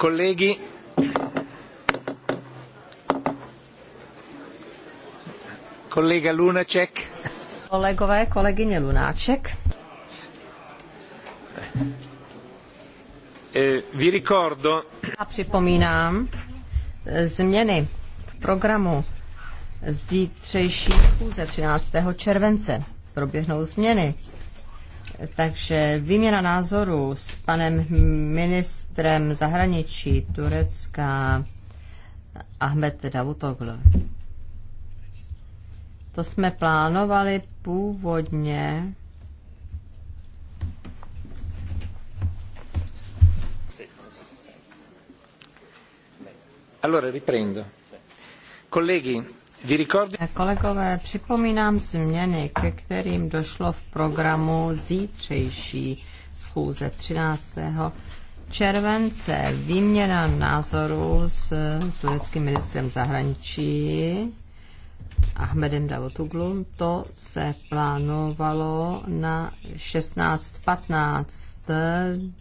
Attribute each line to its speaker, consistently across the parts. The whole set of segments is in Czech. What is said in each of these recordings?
Speaker 1: Colleghi, kolega Lunaček.
Speaker 2: Kolegové, kolegyně Lunáček.
Speaker 1: Eh, vi ricordo.
Speaker 2: A připomínám eh, změny v programu zítřejší schůze 13. července. Proběhnou změny. Takže výměna názorů s panem ministrem zahraničí Turecka Ahmed Davutoglu. To jsme plánovali původně
Speaker 1: Allora riprendo. Colleghi,
Speaker 2: Kolegové, připomínám změny, ke kterým došlo v programu zítřejší schůze 13. července. Výměna názoru s tureckým ministrem zahraničí Ahmedem Davutoglu. To se plánovalo na 16.15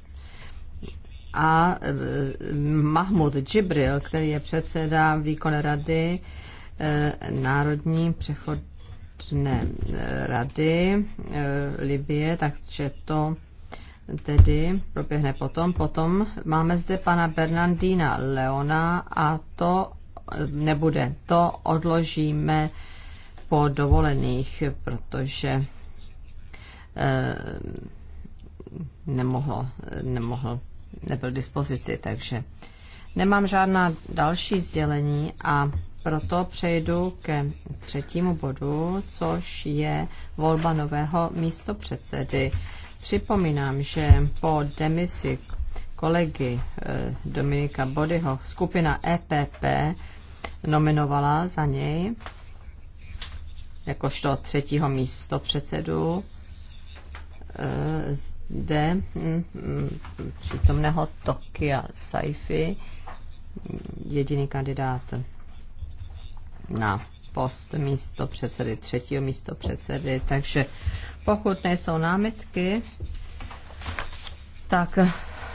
Speaker 2: a eh, Mahmud Džibril, který je předseda výkonné rady, Eh, národní přechodné eh, rady eh, Libie, takže to tedy proběhne potom. Potom máme zde pana Bernardina Leona a to nebude. To odložíme po dovolených, protože nemohlo, nemohl, nebyl k dispozici, takže nemám žádná další sdělení a proto přejdu ke třetímu bodu, což je volba nového místopředsedy. Připomínám, že po demisi kolegy eh, Dominika Bodyho skupina EPP nominovala za něj jakožto třetího místopředsedu eh, zde hm, hm, přítomného Tokia Saifi, jediný kandidát na post místo předsedy, třetího místo předsedy, takže pokud nejsou námitky, tak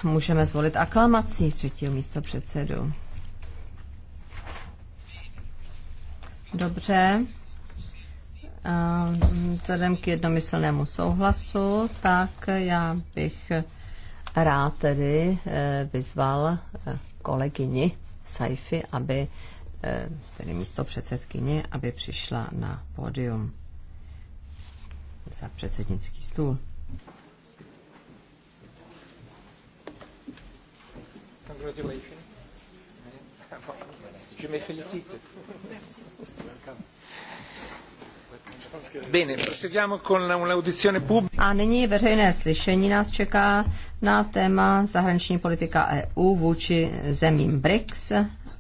Speaker 2: můžeme zvolit aklamací třetího místo předsedu. Dobře. Vzhledem k jednomyslnému souhlasu, tak já bych rád tedy eh, vyzval eh, kolegyni Saifi, aby Eh, tedy místo předsedkyně, aby přišla na pódium za předsednický stůl. A nyní veřejné slyšení nás čeká na téma zahraniční politika EU vůči zemím BRICS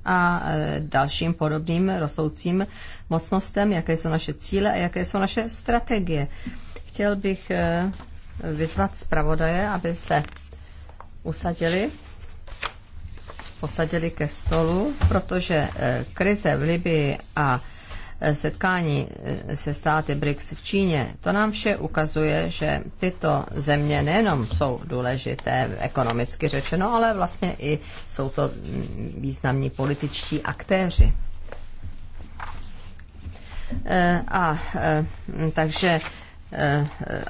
Speaker 2: a e, dalším podobným rostoucím mocnostem, jaké jsou naše cíle a jaké jsou naše strategie. Chtěl bych e, vyzvat zpravodaje, aby se usadili, posadili ke stolu, protože e, krize v Libii a setkání eh, se státy BRICS v Číně, to nám vše ukazuje, že tyto země nejenom jsou důležité ekonomicky řečeno, ale vlastně i jsou to mm, významní političtí aktéři. Eh, a eh, takže Eh,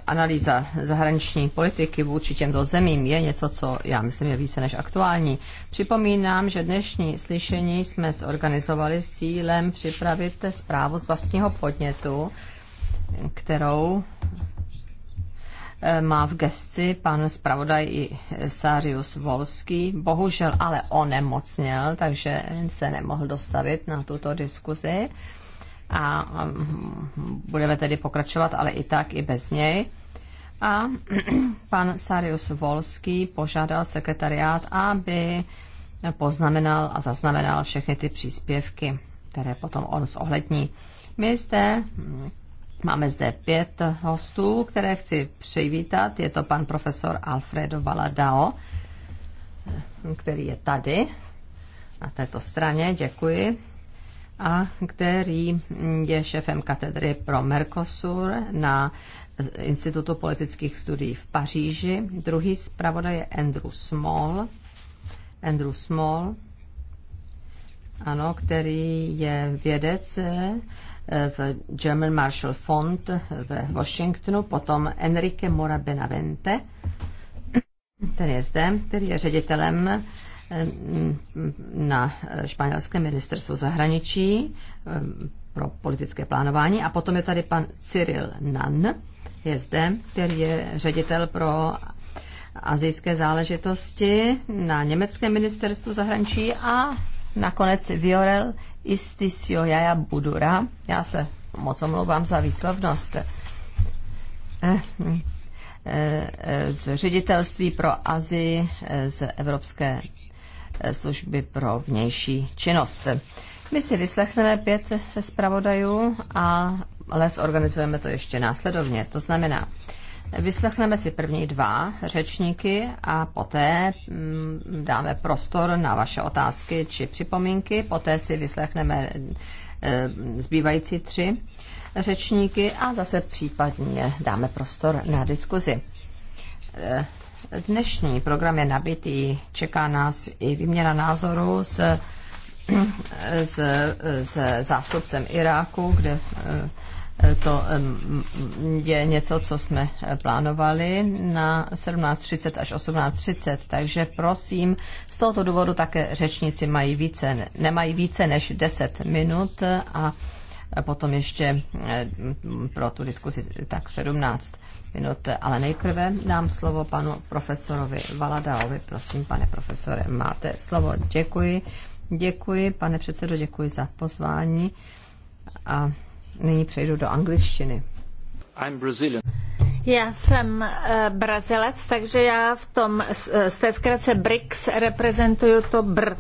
Speaker 2: analýza zahraniční politiky vůči těmto zemím je něco, co já myslím je více než aktuální. Připomínám, že dnešní slyšení jsme zorganizovali s cílem připravit zprávu z vlastního podnětu, kterou eh, má v gesci pan zpravodaj i Sarius Volský. Bohužel ale onemocněl, takže se nemohl dostavit na tuto diskuzi a budeme tedy pokračovat, ale i tak, i bez něj. A pan Sarius Volský požádal sekretariát, aby poznamenal a zaznamenal všechny ty příspěvky, které potom on zohlední. My zde hm, Máme zde pět hostů, které chci přivítat. Je to pan profesor Alfredo Valadao, který je tady na této straně. Děkuji a který je šéfem katedry pro Mercosur na Institutu politických studií v Paříži. Druhý zpravodaj je Andrew Small. Andrew Small, ano, který je vědec eh, v German Marshall Fund ve Washingtonu, potom Enrique Mora Benavente, ten je zde, který je ředitelem na španělské ministerstvo zahraničí pro politické plánování. A potom je tady pan Cyril Nan, je zde, který je ředitel pro azijské záležitosti na německém ministerstvu zahraničí a nakonec Viorel Istisio Jaja Budura. Já se moc omlouvám za výslovnost eh, eh, eh, z ředitelství pro Azii z Evropské služby pro vnější činnost. My si vyslechneme pět zpravodajů, a, les organizujeme to ještě následovně. To znamená, Vyslechneme si první dva řečníky a poté mm, dáme prostor na vaše otázky či připomínky. Poté si vyslechneme eh, zbývající tři řečníky a zase případně dáme prostor na diskuzi. Eh, Dnešní program je nabitý, čeká nás i výměna názorů s, s, s zástupcem Iráku, kde eh, to je něco, co jsme plánovali na 17.30 až 18.30, takže prosím, z tohoto důvodu také řečníci mají více, nemají více než 10 minut a potom ještě eh, pro tu diskusi tak 17 minut, ale nejprve dám slovo panu profesorovi Valadaovi. Prosím, pane profesore, máte slovo. Děkuji. Děkuji, pane předsedo, děkuji za pozvání. A nyní přejdu do angličtiny.
Speaker 1: I'm Brazilian.
Speaker 3: Já jsem eh, Brazilec, takže já v tom eh, z té zkratce BRICS reprezentuju to BR.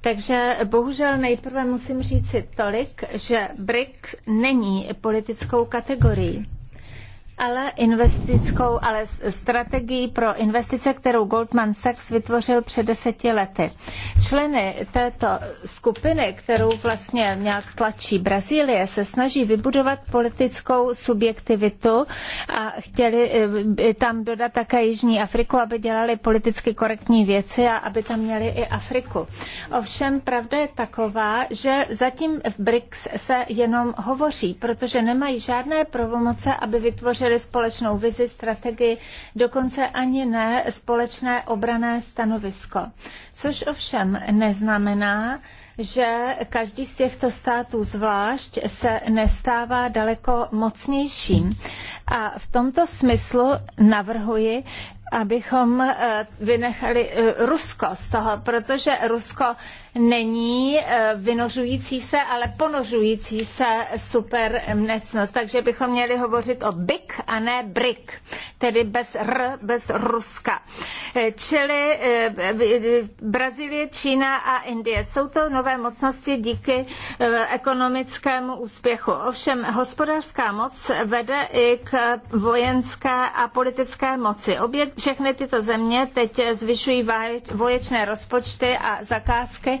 Speaker 3: Takže bohužel nejprve musím říci tolik, že BRICS není politickou kategorií ale investickou, ale strategii pro investice, kterou Goldman Sachs vytvořil před deseti lety. Členy této skupiny, kterou vlastně nějak tlačí Brazílie, se snaží vybudovat politickou subjektivitu a chtěli eh, tam dodat také Jižní Afriku, aby dělali politicky korektní věci a aby tam měli i Afriku. Ovšem pravda je taková, že zatím v BRICS se jenom hovoří, protože nemají žádné pravomoce, aby vytvořili vytvořili společnou vizi, strategii, dokonce ani ne společné obrané stanovisko. Což ovšem neznamená, že každý z těchto států zvlášť se nestává daleko mocnějším. A v tomto smyslu navrhuji, abychom eh, vynechali eh, Rusko z toho, protože Rusko není eh, vynořující se, ale ponořující se supermnecnost. Takže bychom měli hovořit o BIC a ne BRIC, tedy bez R, bez Ruska. Eh, čili eh, Brazílie, Čína a Indie. Jsou to nové mocnosti díky ekonomickému úspěchu. Ovšem hospodářská moc vede i k vojenské a politické moci. Obě všechny tyto země teď zvyšují voječné rozpočty a zakázky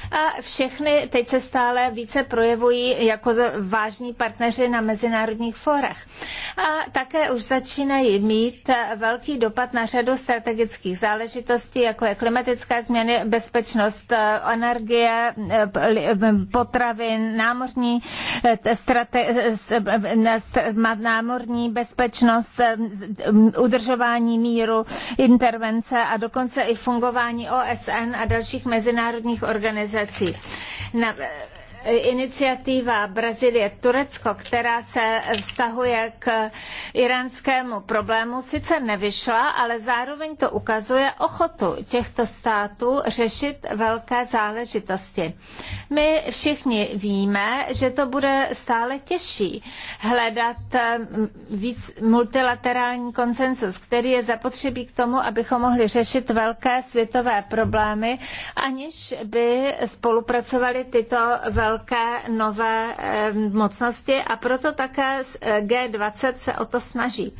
Speaker 3: a všechny teď se stále více projevují jako vážní partneři na mezinárodních fórech. A také už začínají mít velký dopad na řadu strategických záležitostí, jako je klimatické změny, bezpečnost e, energie, e, e, potravin, námořní, námořní bezpečnost, udržování míru, intervence a dokonce i fungování OSN a dalších mezinárodních organizací organizací. Na, iniciativa Brazílie-Turecko, která se vztahuje k iránskému problému, sice nevyšla, ale zároveň to ukazuje ochotu těchto států řešit velké záležitosti. My všichni víme, že to bude stále těžší hledat víc multilaterální konsensus, který je zapotřebí k tomu, abychom mohli řešit velké světové problémy, aniž by spolupracovaly tyto velké velké nové eh, mocnosti a proto také eh, G20 se o to snaží.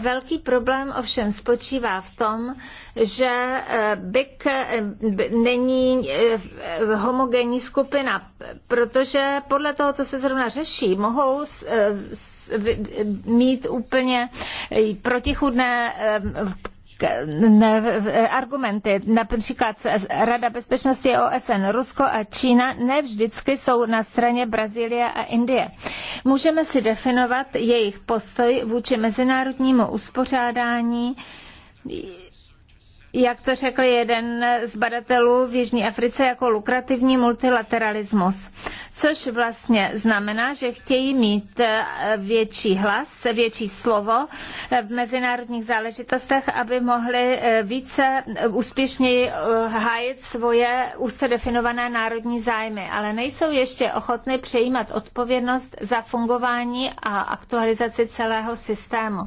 Speaker 3: Velký problém ovšem spočívá v tom, že eh, BIC není homogenní skupina, protože podle toho, co se zrovna řeší, mohou mít úplně protichudné argumenty. Například Rada bezpečnosti OSN, Rusko a Čína ne vždycky jsou na straně Brazílie a Indie. Můžeme si definovat jejich postoj vůči mezinárodnímu uspořádání jak to řekl jeden z badatelů v Jižní Africe, jako lukrativní multilateralismus. Což vlastně znamená, že chtějí mít eh, větší hlas, větší slovo eh, v mezinárodních záležitostech, aby mohli eh, více úspěšněji hájit svoje úse definované národní zájmy, ale nejsou ještě ochotny přejímat odpovědnost za fungování a aktualizaci celého systému.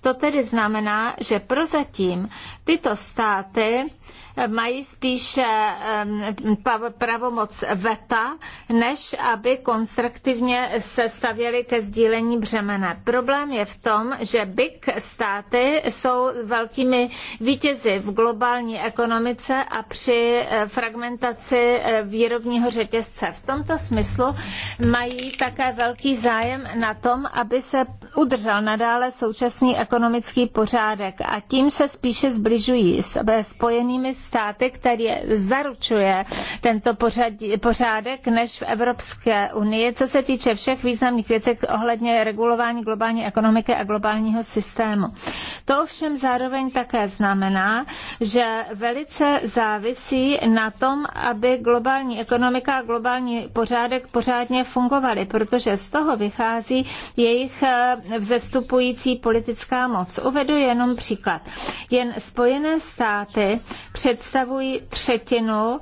Speaker 3: To tedy znamená, že prozatím tyto státy mají spíše pravomoc veta, než aby konstruktivně se stavěly ke sdílení břemene. Problém je v tom, že big státy jsou velkými vítězi v globální ekonomice a při eh, fragmentaci eh, výrobního řetězce. V tomto smyslu mají také velký zájem na tom, aby se udržel nadále současný ekonomický pořádek a tím se spíše zbližují s eh, spojenými státy, který zaručuje tento pořadí, pořádek než v Evropské unii, co se týče všech významných věcí ohledně regulování globální ekonomiky a globálního systému. To ovšem zároveň také znamená, že velice závisí na tom, aby globální ekonomika a globální pořádek pořádně fungovaly, protože z toho vychází jejich eh, vzestupující politická moc. Uvedu jenom příklad. Jen Spojené státy před představují třetinu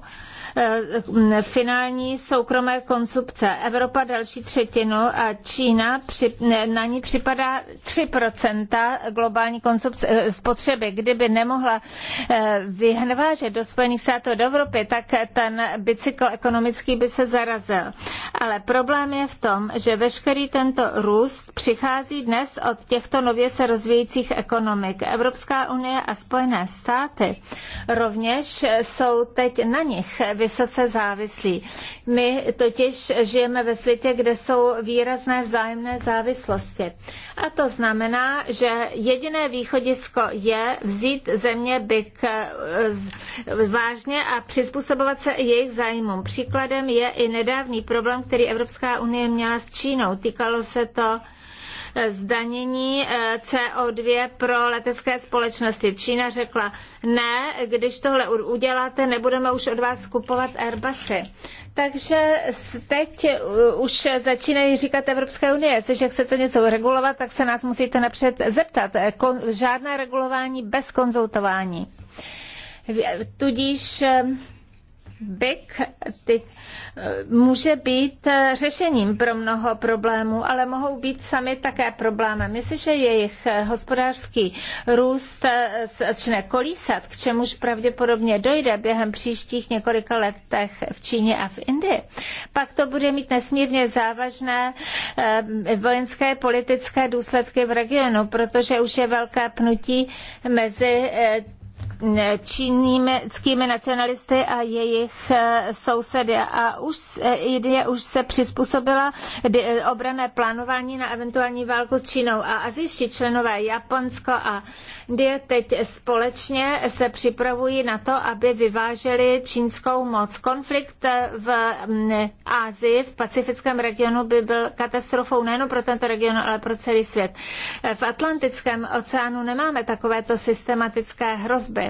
Speaker 3: Eh, finální soukromé konsumpce. Evropa další třetinu a Čína na ní připadá 3% globální konsumpce, eh, spotřeby. Kdyby nemohla eh, vyhnevážet do Spojených států do Evropy, tak ten bicykl ekonomický by se zarazil. Ale problém je v tom, že veškerý tento růst přichází dnes od těchto nově se rozvíjejících ekonomik. Evropská unie a Spojené státy rovněž jsou teď na nich vysoce závislí. My totiž žijeme ve světě, kde jsou výrazné vzájemné závislosti. A to znamená, že jediné východisko je vzít země byk eh, vážně a přizpůsobovat se jejich zájmům. Příkladem je i nedávný problém, který Evropská unie měla s Čínou. Týkalo se to zdanění eh, CO2 pro letecké společnosti. Čína řekla, ne, když tohle uděláte, nebudeme už od vás kupovat Airbusy. Takže teď eh, už začínají říkat Evropské unie, jestliže chcete něco regulovat, tak se nás musíte napřed zeptat. Eh, žádné regulování bez konzultování. Tudíž BIC může být eh, řešením pro mnoho problémů, ale mohou být sami také problémem. že jejich eh, hospodářský růst eh, začne kolísat, k čemuž pravděpodobně dojde během příštích několika letech v Číně a v Indii, pak to bude mít nesmírně závažné vojenské politické důsledky v regionu, protože už je velké pnutí mezi čínskými nacionalisty a jejich eh, sousedy. A už eh, Indie už se přizpůsobila eh, obrané plánování na eventuální válku s Čínou a azijští členové Japonsko a Indie teď společně se připravují na to, aby vyváželi čínskou moc. Konflikt v Asii, mm, v pacifickém regionu by byl katastrofou nejen pro tento region, ale pro celý svět. V Atlantickém oceánu nemáme takovéto systematické hrozby.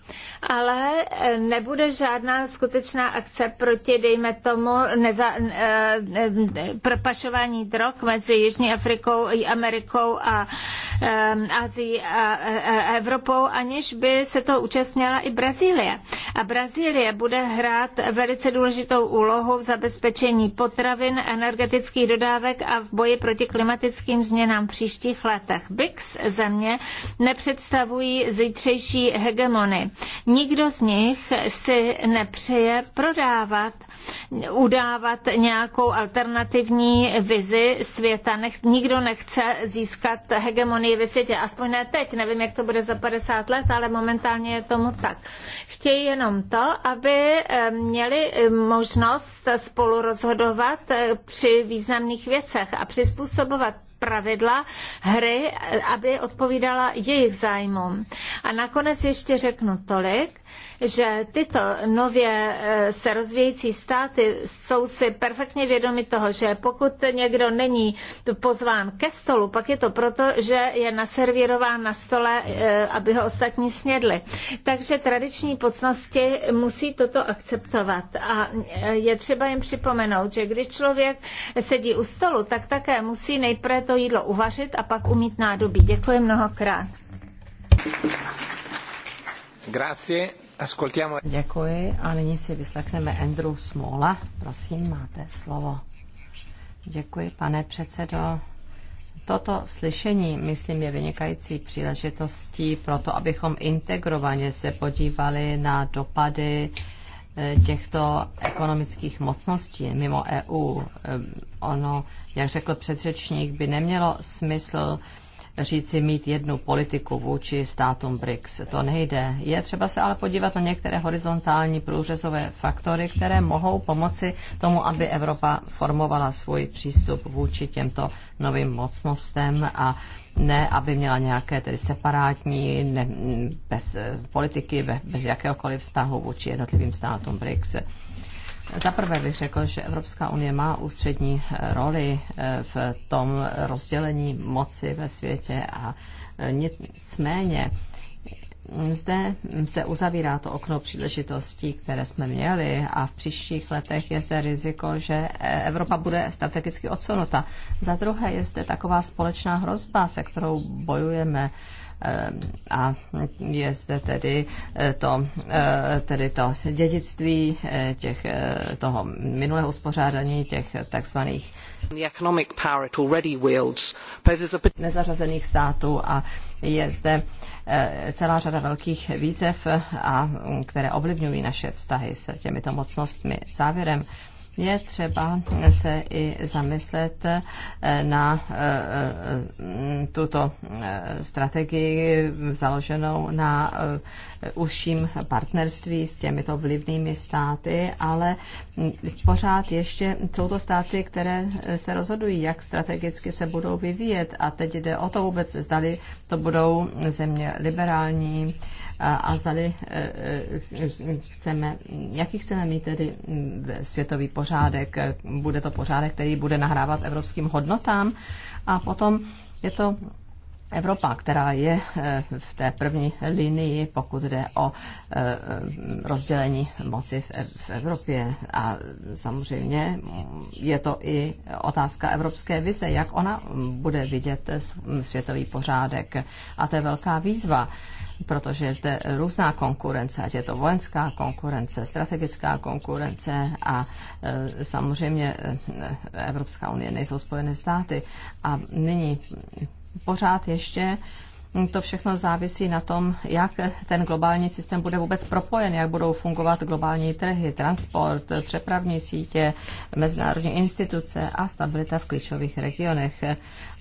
Speaker 3: ale eh, nebude žádná skutečná akce proti, dejme tomu, neza, e, e, propašování drog mezi Jižní Afrikou, Amerikou a e, Azií a e, Evropou, aniž by se to účastnila i Brazílie. A Brazílie bude hrát velice důležitou úlohu v zabezpečení potravin, energetických dodávek a v boji proti klimatickým změnám v příštích letech. BICS země nepředstavují zítřejší hegemony. Nikdo z nich si nepřeje prodávat, udávat nějakou alternativní vizi světa. Nech, nikdo nechce získat hegemonii ve světě, aspoň ne teď, nevím, jak to bude za 50 let, ale momentálně je tomu tak chtějí jenom to, aby eh, měli eh, možnost spolu rozhodovat eh, při významných věcech a přizpůsobovat pravidla hry, aby odpovídala jejich zájmům. A nakonec ještě řeknu tolik, že tyto nově eh, se rozvíjející státy jsou si perfektně vědomi toho, že pokud někdo není pozván ke stolu, pak je to proto, že je naservírován na stole, eh, aby ho ostatní snědli. Takže tradiční pocnosti musí toto akceptovat a eh, je třeba jim připomenout, že když člověk sedí u stolu, tak také musí nejprve to jídlo uvařit a pak umít nádobí. Děkuji mnohokrát.
Speaker 2: Děkuji a nyní si vyslechneme Andrew Smola. Prosím, máte slovo. Děkuji, pane předsedo. Toto slyšení, myslím, je vynikající příležitostí pro to, abychom integrovaně se podívali na dopady eh, těchto ekonomických mocností mimo EU. Eh, ono, jak řekl předřečník, by nemělo smysl říci mít jednu politiku vůči státům BRICS. To nejde. Je třeba se ale podívat na některé horizontální průřezové faktory, které mohou pomoci tomu, aby Evropa formovala svůj přístup vůči těmto novým mocnostem a ne, aby měla nějaké tedy separátní ne, bez, eh, politiky, bez, jakéhokoliv vztahu vůči jednotlivým státům BRICS. Za prvé bych řekl, že Evropská unie má ústřední eh, roli eh, v tom rozdělení moci ve světě a eh, nicméně mm, zde se uzavírá to okno příležitostí, které jsme měli a v příštích letech je zde riziko, že Evropa bude strategicky odsunuta. Za druhé je zde taková společná hrozba, se kterou bojujeme Eh, a je zde tedy eh, to, eh, tedy to dědictví těch, toho minulého uspořádání těch takzvaných nezařazených států a je zde celá řada velkých výzev, a, mm, které ovlivňují naše vztahy s těmito mocnostmi. Závěrem je třeba se i zamyslet eh, na eh, eh, tuto strategii založenou na užším partnerství s těmito vlivnými státy, ale pořád ještě jsou to státy, které se rozhodují, jak strategicky se budou vyvíjet. A teď jde o to vůbec, zdali to budou země liberální a zdali e, e, chceme, jaký chceme mít tedy světový pořádek. Bude to pořádek, který bude nahrávat evropským hodnotám. A potom je to Evropa, která je eh, v té první linii, pokud jde o eh, rozdělení moci v Evropě. A samozřejmě je to i otázka evropské vize, jak ona bude vidět světový pořádek. A to je velká výzva, protože je zde různá konkurence, ať je to vojenská konkurence, strategická konkurence a eh, samozřejmě Evropská unie nejsou spojené státy. A nyní pořád ještě to všechno závisí na tom, jak ten globální systém bude vůbec propojen, jak budou fungovat globální trhy, transport, přepravní sítě, mezinárodní instituce a stabilita v klíčových regionech.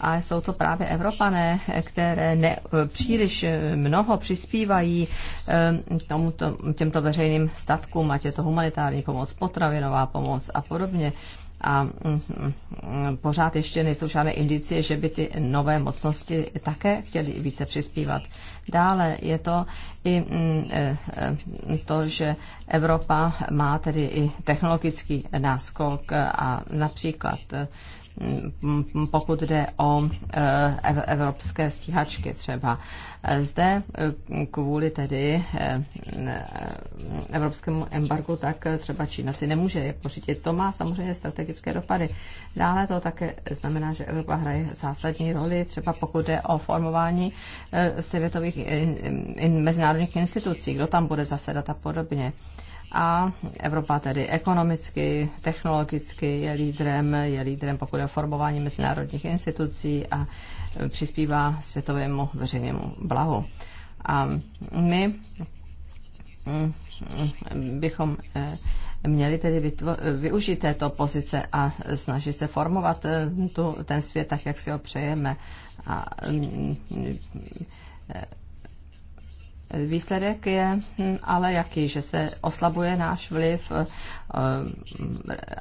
Speaker 2: A jsou to právě Evropané, které ne, příliš mnoho přispívají eh, tomuto, těmto veřejným statkům, ať je to humanitární pomoc, potravinová pomoc a podobně a mm, mm, pořád ještě nejsou žádné indicie, že by ty nové mocnosti také chtěly více přispívat. Dále je to i mm, eh, eh, to, že Evropa má tedy i technologický náskok a například eh, pokud jde o eh, evropské stíhačky třeba. Zde eh, kvůli tedy eh, evropskému embargu, tak třeba Čína si nemůže je pořídit. To má samozřejmě strategické dopady. Dále to také znamená, že Evropa hraje zásadní roli, třeba pokud jde o formování světových mezinárodních institucí, kdo tam bude zasedat a podobně a Evropa tedy ekonomicky, technologicky je lídrem, je lídrem pokud je o formování mezinárodních institucí a přispívá světovému veřejnému blahu. A my mm, bychom eh, měli tedy využít této pozice a snažit se formovat eh, tu, ten svět tak, jak si ho přejeme. A mm, eh, Výsledek je hm, ale jaký, že se oslabuje náš vliv eh,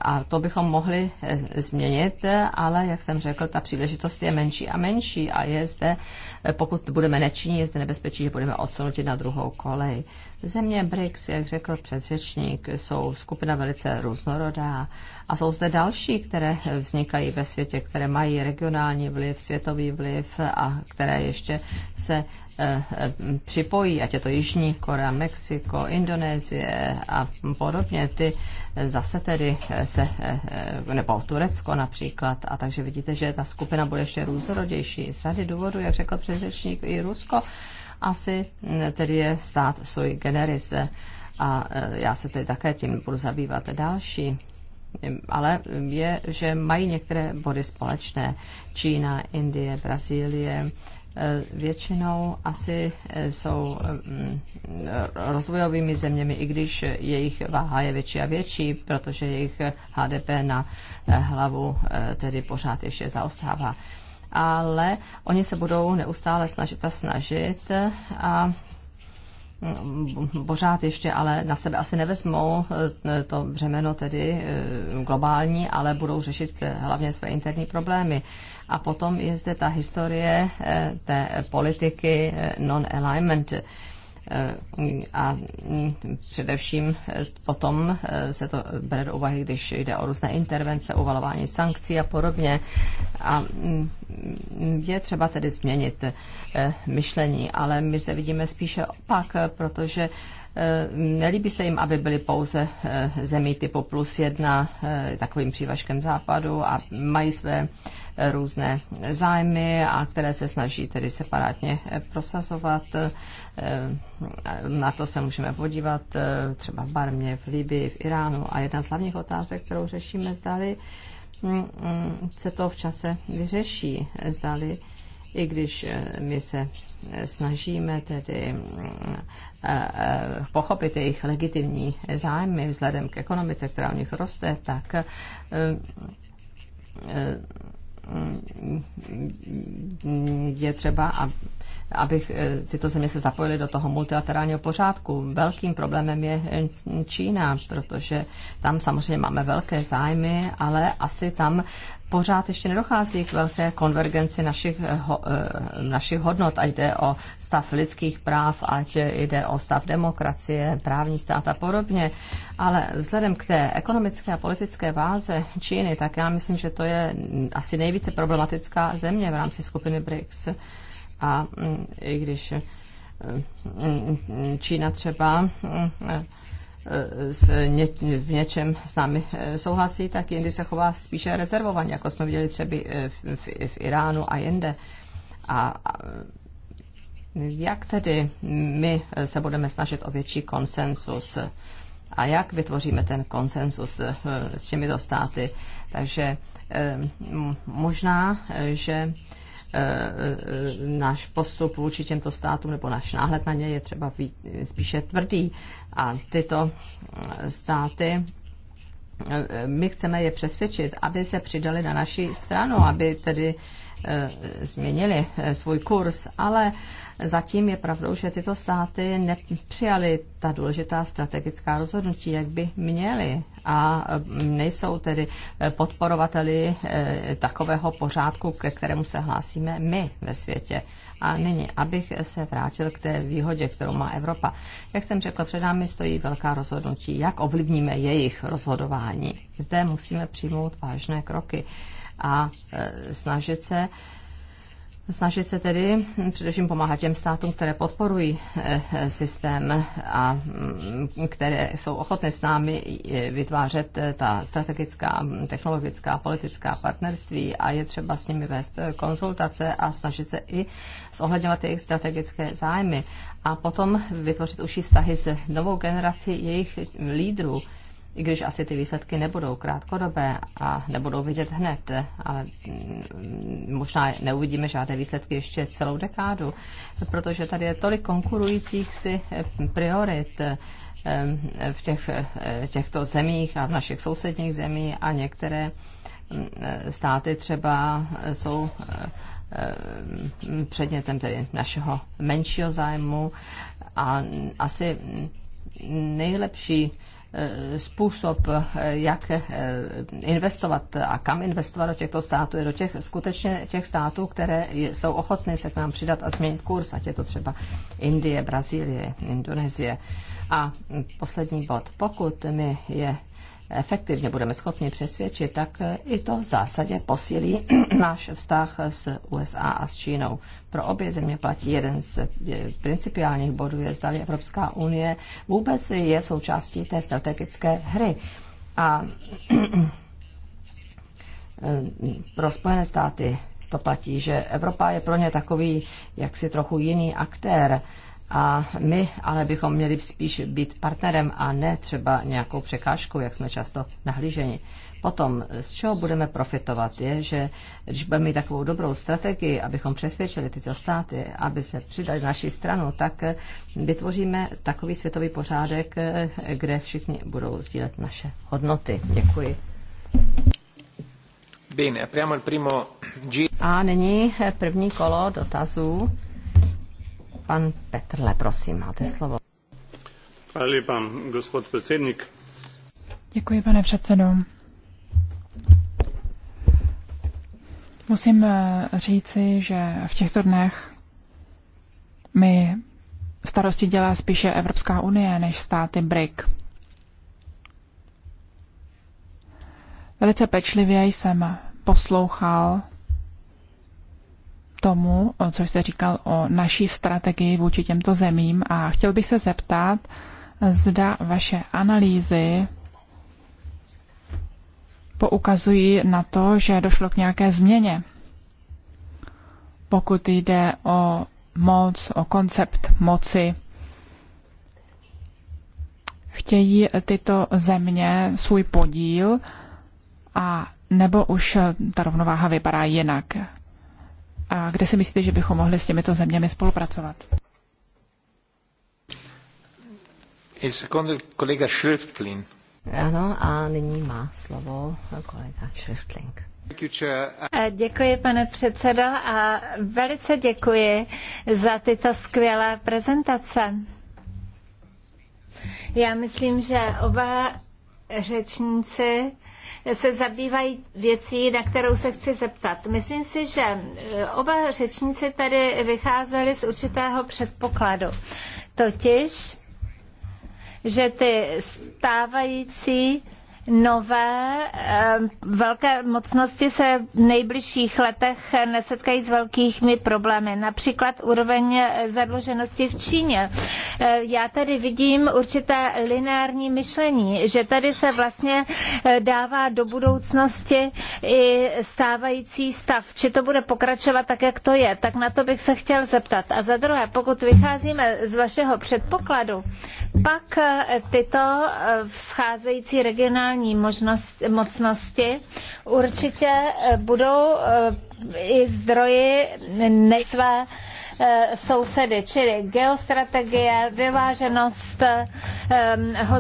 Speaker 2: a to bychom mohli eh, změnit, ale jak jsem řekl, ta příležitost je menší a menší a je zde, eh, pokud budeme nečinit, je zde nebezpečí, že budeme odsunuti na druhou kolej. Země BRICS, jak řekl předřečník, jsou skupina velice různorodá a jsou zde další, které vznikají ve světě, které mají regionální vliv, světový vliv a které ještě se eh, eh, připojí, ať je to Jižní Korea, Mexiko, Indonésie a podobně, ty eh, zase tedy se, nebo Turecko například. A takže vidíte, že ta skupina bude ještě různorodější z řady důvodů, jak řekl předřečník, i Rusko asi tedy je stát sui generis. Eh, a eh, já se tedy také tím budu zabývat další ale je, že mají některé body společné. Čína, Indie, Brazílie, eh, většinou asi jsou mm, rozvojovými zeměmi, i když jejich váha je větší a větší, protože jejich HDP na hlavu tedy pořád ještě zaostává ale oni se budou neustále snažit a snažit a mm, pořád ještě ale na sebe asi nevezmou eh, to břemeno tedy eh, globální, ale budou řešit eh, hlavně své interní problémy. A potom je zde ta historie té politiky non-alignment, a mm, především eh, potom eh, se to bere do úvahy, když jde o různé intervence, uvalování sankcí a podobně. A mm, je třeba tedy změnit eh, myšlení, ale my zde vidíme spíše opak, protože Nelíbí se jim, aby byly pouze zemí typu plus jedna, takovým přívažkem západu a mají své různé zájmy a které se snaží tedy separátně prosazovat. Eh, na to se můžeme podívat eh, třeba v Barmě, v Libii, v Iránu. A jedna z hlavních otázek, kterou řešíme, zdali mm, mm, se to v čase vyřeší, zdali i když eh, my se snažíme tedy mm, pochopit jejich legitimní zájmy vzhledem k ekonomice, která u nich roste, tak je třeba, abych eh, tyto země se zapojily do toho multilaterálního pořádku. Velkým problémem je eh, Čína, protože tam samozřejmě máme velké zájmy, ale asi tam pořád ještě nedochází k velké konvergenci našich, eh, ho, našich hodnot, ať jde o stav lidských práv, ať jde o stav demokracie, právní stát a podobně. Ale vzhledem k té ekonomické a politické váze Číny, tak já myslím, že to je asi nejvíce problematická země v rámci skupiny BRICS. A i když eh, Čína třeba eh, v něčem s námi eh, souhlasí, tak jindy se chová spíše rezervovaně, jako jsme viděli třeba v, v, v Iránu a jinde. A, a jak tedy my se budeme snažit o větší konsensus a jak vytvoříme ten konsensus s těmito státy? Takže možná, že Eh, eh, náš postup vůči těmto státům nebo náš náhled na ně je třeba spíše tvrdý. A tyto eh, státy my chceme je přesvědčit, aby se přidali na naši stranu, aby tedy změnili svůj kurz, ale zatím je pravdou, že tyto státy nepřijaly ta důležitá strategická rozhodnutí, jak by měly a nejsou tedy podporovateli e, takového pořádku, ke kterému se hlásíme my ve světě. A nyní, abych se vrátil k té výhodě, kterou má Evropa. Jak jsem řekl, před námi stojí velká rozhodnutí, jak ovlivníme jejich rozhodování. Zde musíme přijmout vážné kroky a e, snažit se Snažit se tedy především pomáhat těm státům, které podporují eh, systém a mm, které jsou ochotné s námi eh, vytvářet eh, ta strategická, mm, technologická, politická partnerství a je třeba s nimi vést konzultace a snažit se i zohledňovat jejich strategické zájmy a potom vytvořit užší vztahy s novou generací jejich lídrů i když asi ty výsledky nebudou krátkodobé a nebudou vidět hned, ale mm, možná neuvidíme žádné výsledky ještě celou dekádu, protože tady je tolik konkurujících si eh, priorit eh, eh, v těch, těchto zemích a v našich sousedních zemích a některé mm, státy třeba jsou předmětem tedy našeho menšího zájmu a asi mm, nejlepší Eh, způsob, eh, jak eh, investovat a kam investovat do těchto států, je do těch skutečně těch států, které jsou ochotné se k nám přidat a změnit kurz, ať je to třeba Indie, Brazílie, Indonésie. A poslední bod. Pokud my je efektivně budeme schopni přesvědčit, tak eh, i to v zásadě posílí náš vztah s USA a s Čínou. Pro obě země platí jeden z eh, principiálních bodů, je zda Evropská unie vůbec je součástí té strategické hry. A eh, pro Spojené státy to platí, že Evropa je pro ně takový jaksi trochu jiný aktér a my ale bychom měli spíš být partnerem a ne třeba nějakou překážkou, jak jsme často nahlíženi. Potom, z čeho budeme profitovat, je, že když budeme mít takovou dobrou strategii, abychom přesvědčili tyto státy, aby se přidali naší stranu, tak vytvoříme takový světový pořádek, kde všichni budou sdílet naše hodnoty. Děkuji. A nyní první kolo dotazů. Pan Petrle, prosím, máte slovo.
Speaker 3: Hvala pan
Speaker 2: gospod
Speaker 4: Děkuji, pane předsedo. Musím eh, říci, že v těchto dnech mi starosti dělá spíše Evropská unie než státy BRIC. Velice pečlivě jsem poslouchal tomu, co jste říkal o naší strategii vůči těmto zemím a chtěl bych se zeptat, zda vaše analýzy poukazují na to, že došlo k nějaké změně. Pokud jde o moc, o koncept moci, chtějí tyto země svůj podíl a nebo už ta rovnováha vypadá jinak a kde si myslíte, že bychom mohli s těmito zeměmi spolupracovat?
Speaker 1: kolega eh, Schriftling.
Speaker 2: Ano, a nyní má slovo kolega Schriftling.
Speaker 3: Eh, děkuji, pane předsedo, a velice děkuji za tyto skvělé prezentace. Já myslím, že oba řečníci se zabývají věcí, na kterou se chci zeptat. Myslím si, že e, oba řečníci tady vycházeli z určitého předpokladu. Totiž, že ty stávající nové eh, velké mocnosti se v nejbližších letech nesetkají s velkými problémy. Například úroveň zadluženosti v Číně. Eh, já tady vidím určité lineární myšlení, že tady se vlastně eh, dává do budoucnosti i stávající stav. Či to bude pokračovat tak, jak to je? Tak na to bych se chtěl zeptat. A za druhé, pokud vycházíme z vašeho předpokladu, pak eh, tyto scházející eh, regionální možnost, mocnosti určitě eh, budou i zdroji ne své sousedy, čili geostrategie, vyváženost ehm,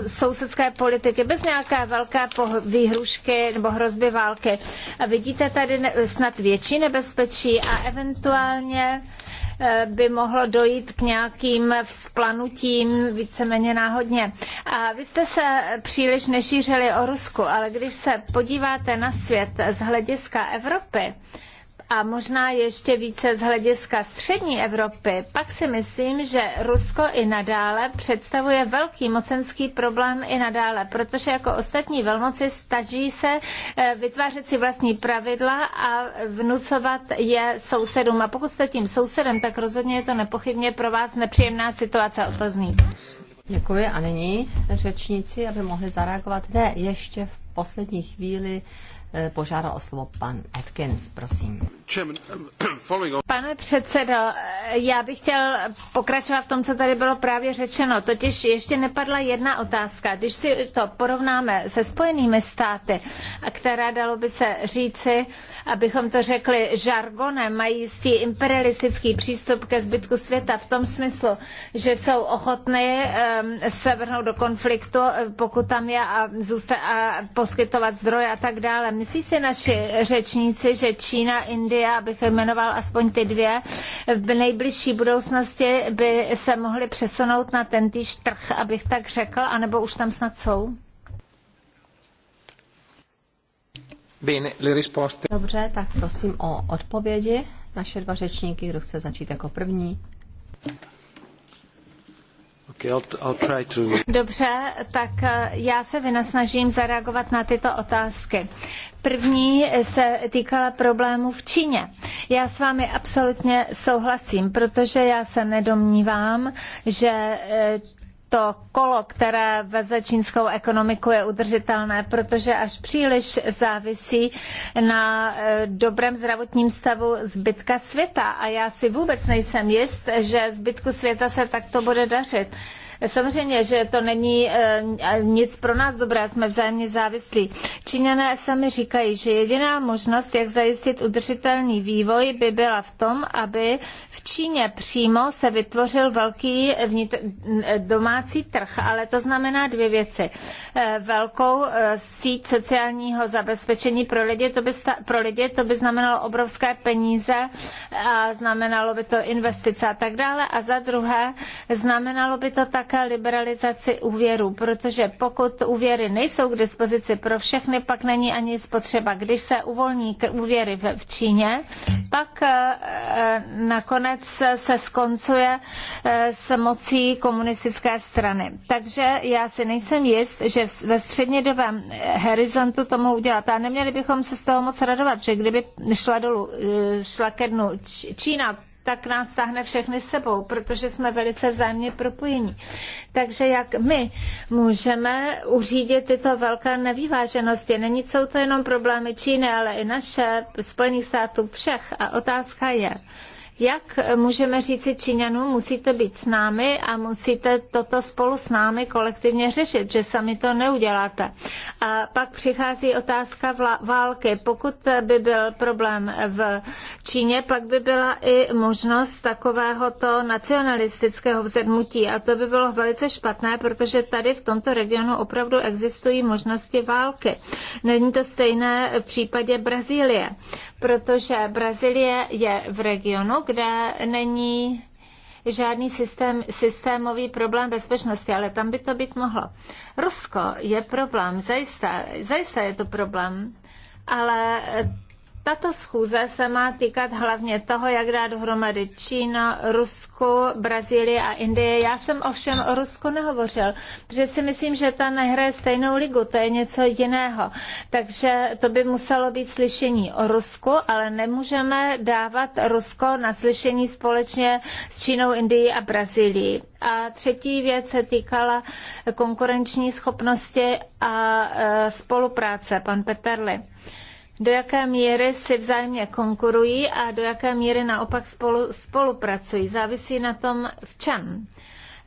Speaker 3: sousedské politiky bez nějaké velké výhrušky nebo hrozby války. A vidíte tady snad větší nebezpečí a eventuálně Eh, by mohlo dojít k nějakým vzplanutím víceméně náhodně. A vy jste se příliš nešířili o Rusku, ale když se podíváte na svět z hlediska Evropy, a možná ještě více z hlediska střední Evropy, pak si myslím, že Rusko i nadále představuje velký mocenský problém i nadále, protože jako ostatní velmoci staží se eh, vytvářet si vlastní pravidla a vnucovat je sousedům. A pokud jste tím sousedem, tak rozhodně je to nepochybně pro vás nepříjemná situace otazník. Děkuji a nyní řečníci, aby mohli zareagovat. Ne, ještě v poslední chvíli Eh, požádal o slovo
Speaker 2: pan Atkins, prosím.
Speaker 3: Pane předsedo, eh, já bych chtěl pokračovat v tom, co tady bylo právě řečeno. Totiž ještě nepadla jedna otázka. Když si to porovnáme se Spojenými státy, která dalo by se říci, abychom to řekli žargonem, mají jistý imperialistický přístup ke zbytku světa v tom smyslu, že jsou ochotny eh, se vrhnout do konfliktu, pokud tam je a, zůsta- a poskytovat zdroje a tak dále. Myslí si naši řečníci, že Čína, Indie, abych jmenoval aspoň ty dvě, v nejbližší budoucnosti by se mohly přesunout na tentýž trh, abych tak řekl, anebo už tam snad jsou?
Speaker 2: Dobře, tak prosím o odpovědi. Naše dva řečníky, kdo chce začít jako první.
Speaker 3: Dobře, tak eh, já se vynasnažím zareagovat na tyto otázky. První se týkala problému v Číně. Já s vámi absolutně souhlasím, protože já se nedomnívám, že eh, to kolo, které veze čínskou ekonomiku, je udržitelné, protože až příliš závisí na eh, dobrém zdravotním stavu zbytka světa. A já si vůbec nejsem jist, že zbytku světa se takto bude dařit. Samozřejmě, že to není eh, nic pro nás dobré, jsme vzájemně závislí. Číňané sami říkají, že jediná možnost, jak zajistit udržitelný vývoj, by byla v tom, aby v Číně přímo se vytvořil velký eh, domácí trh, ale to znamená dvě věci. Eh, velkou síť sociálního zabezpečení pro lidi, to by, sta- pro lidi, to by znamenalo obrovské peníze a znamenalo by to investice a tak dále. A za druhé, znamenalo by to tak také liberalizaci úvěru, protože pokud úvěry nejsou k dispozici pro všechny, pak není ani spotřeba. Když se uvolní úvěry v Číně, pak eh, eh, nakonec se skoncuje eh, s mocí komunistické strany. Takže já si nejsem jist, že ve střednědobém horizontu tomu udělat. A neměli bychom se z toho moc radovat, že kdyby šla dolů, šla ke dnu Čína, tak nás stáhne všechny sebou, protože jsme velice vzájemně propojení. Takže jak my můžeme uřídit tyto velké nevýváženosti? Není jsou to jenom problémy Číny, ale i naše, Spojených států, všech. A otázka je, jak můžeme říci Číňanům, musíte být s námi a musíte toto spolu s námi kolektivně řešit, že sami to neuděláte. A pak přichází otázka války. Pokud by byl problém v Číně, pak by byla i možnost takovéhoto nacionalistického vzedmutí a to by bylo velice špatné, protože tady v tomto regionu opravdu existují možnosti války. Není to stejné v případě Brazílie, protože Brazílie je v regionu, kde není žádný systém, systémový problém bezpečnosti, ale tam by to být mohlo. Rusko je problém, zajisté, zajisté je to problém, ale tato schůze se má týkat hlavně toho, jak dát dohromady Čína, Rusko, Brazílie a Indie. Já jsem ovšem o Rusku nehovořil, protože si myslím, že ta nehraje stejnou ligu, to je něco jiného. Takže to by muselo být slyšení o Rusku, ale nemůžeme dávat Rusko na slyšení společně s Čínou, Indií a Brazílií. A třetí věc se týkala konkurenční schopnosti a e, spolupráce, pan Peterli do jaké míry si vzájemně konkurují a do jaké míry naopak spolu, spolupracují. Závisí na tom v čem.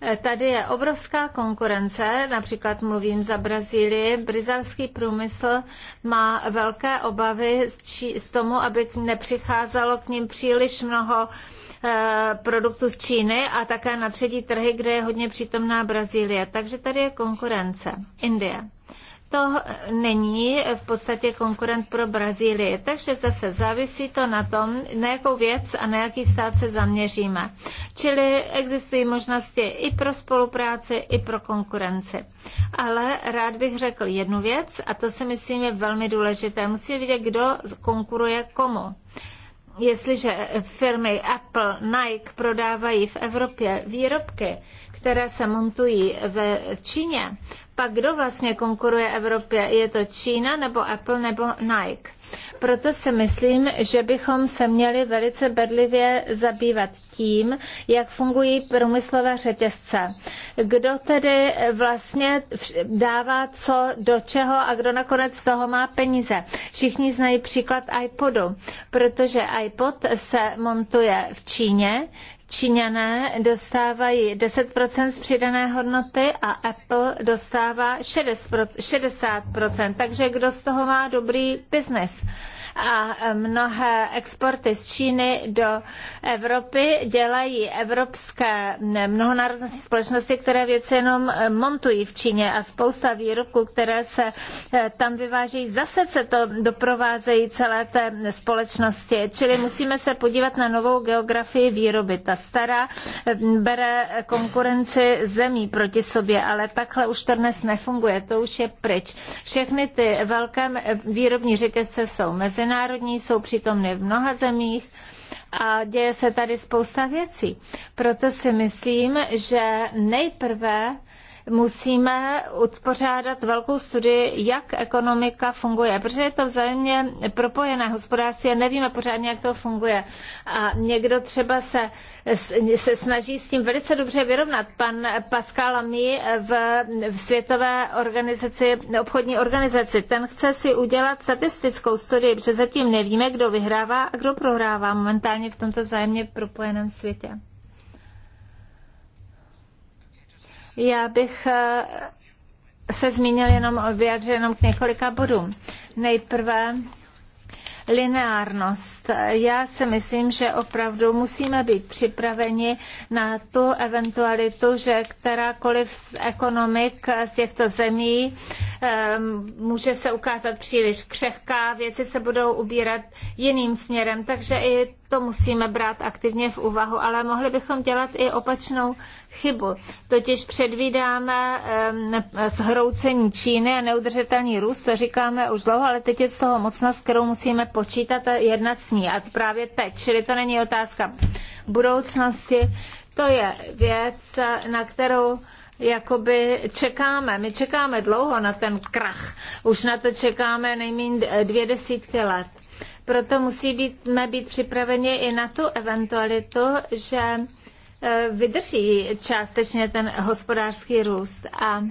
Speaker 3: E, tady je obrovská konkurence, například mluvím za Brazílii. Brazilský průmysl má velké obavy z, tomu, aby nepřicházelo k ním příliš mnoho e, produktů z Číny a také na třetí trhy, kde je hodně přítomná Brazílie. Takže tady je konkurence. Indie to není v podstatě konkurent pro Brazílii. Takže zase závisí to na tom, na jakou věc a na jaký stát se zaměříme. Čili existují možnosti i pro spolupráci, i pro konkurenci. Ale rád bych řekl jednu věc a to si myslím je velmi důležité. Musíme vidět, kdo konkuruje komu jestliže firmy Apple, Nike prodávají v Evropě výrobky, které se montují v Číně, pak kdo vlastně konkuruje Evropě? Je to Čína nebo Apple nebo Nike? Proto si myslím, že bychom se měli velice bedlivě zabývat tím, jak fungují průmyslové řetězce. Kdo tedy vlastně dává co do čeho a kdo nakonec z toho má peníze. Všichni znají příklad iPodu, protože iPod se montuje v Číně, Číňané dostávají 10% z přidané hodnoty a Apple dostává 60%, takže kdo z toho má dobrý biznis? a mnohé exporty z Číny do Evropy dělají evropské mnohonárodnostní společnosti, které věci jenom eh, montují v Číně a spousta výrobků, které se eh, tam vyvážejí, zase se to doprovázejí celé té společnosti. Čili musíme se podívat na novou geografii výroby. Ta stará eh, bere konkurenci zemí proti sobě, ale takhle už to dnes nefunguje, to už je pryč. Všechny ty velké výrobní řetězce jsou mezi mezinárodní, jsou přítomny v mnoha zemích a děje se tady spousta věcí. Proto si myslím, že nejprve musíme uspořádat velkou studii, jak ekonomika funguje, protože je to vzájemně propojené hospodářství a nevíme pořádně, jak to funguje. A někdo třeba se, se snaží s tím velice dobře vyrovnat. Pan Pascal Lamy v, v Světové organizaci, obchodní organizaci, ten chce si udělat statistickou studii, protože zatím nevíme, kdo vyhrává a kdo prohrává momentálně v tomto vzájemně propojeném světě. Já bych eh, se zmínil jenom o jenom k několika bodům. Nejprve lineárnost. Já si myslím, že opravdu musíme být připraveni na tu eventualitu, že kterákoliv z ekonomik z těchto zemí ehm, může se ukázat příliš křehká, věci se budou ubírat jiným směrem, takže i to musíme brát aktivně v úvahu, ale mohli bychom dělat i opačnou chybu. Totiž předvídáme ehm, zhroucení Číny a neudržitelný růst, to říkáme už dlouho, ale teď je z toho mocnost, kterou musíme počítat a jednat s ní. A právě teď, čili to není otázka budoucnosti, to je věc, na kterou jakoby čekáme. My čekáme dlouho na ten krach. Už na to čekáme nejméně dvě desítky let. Proto musíme být, být připraveni i na tu eventualitu, že Eh, vydrží částečně ten hospodářský růst a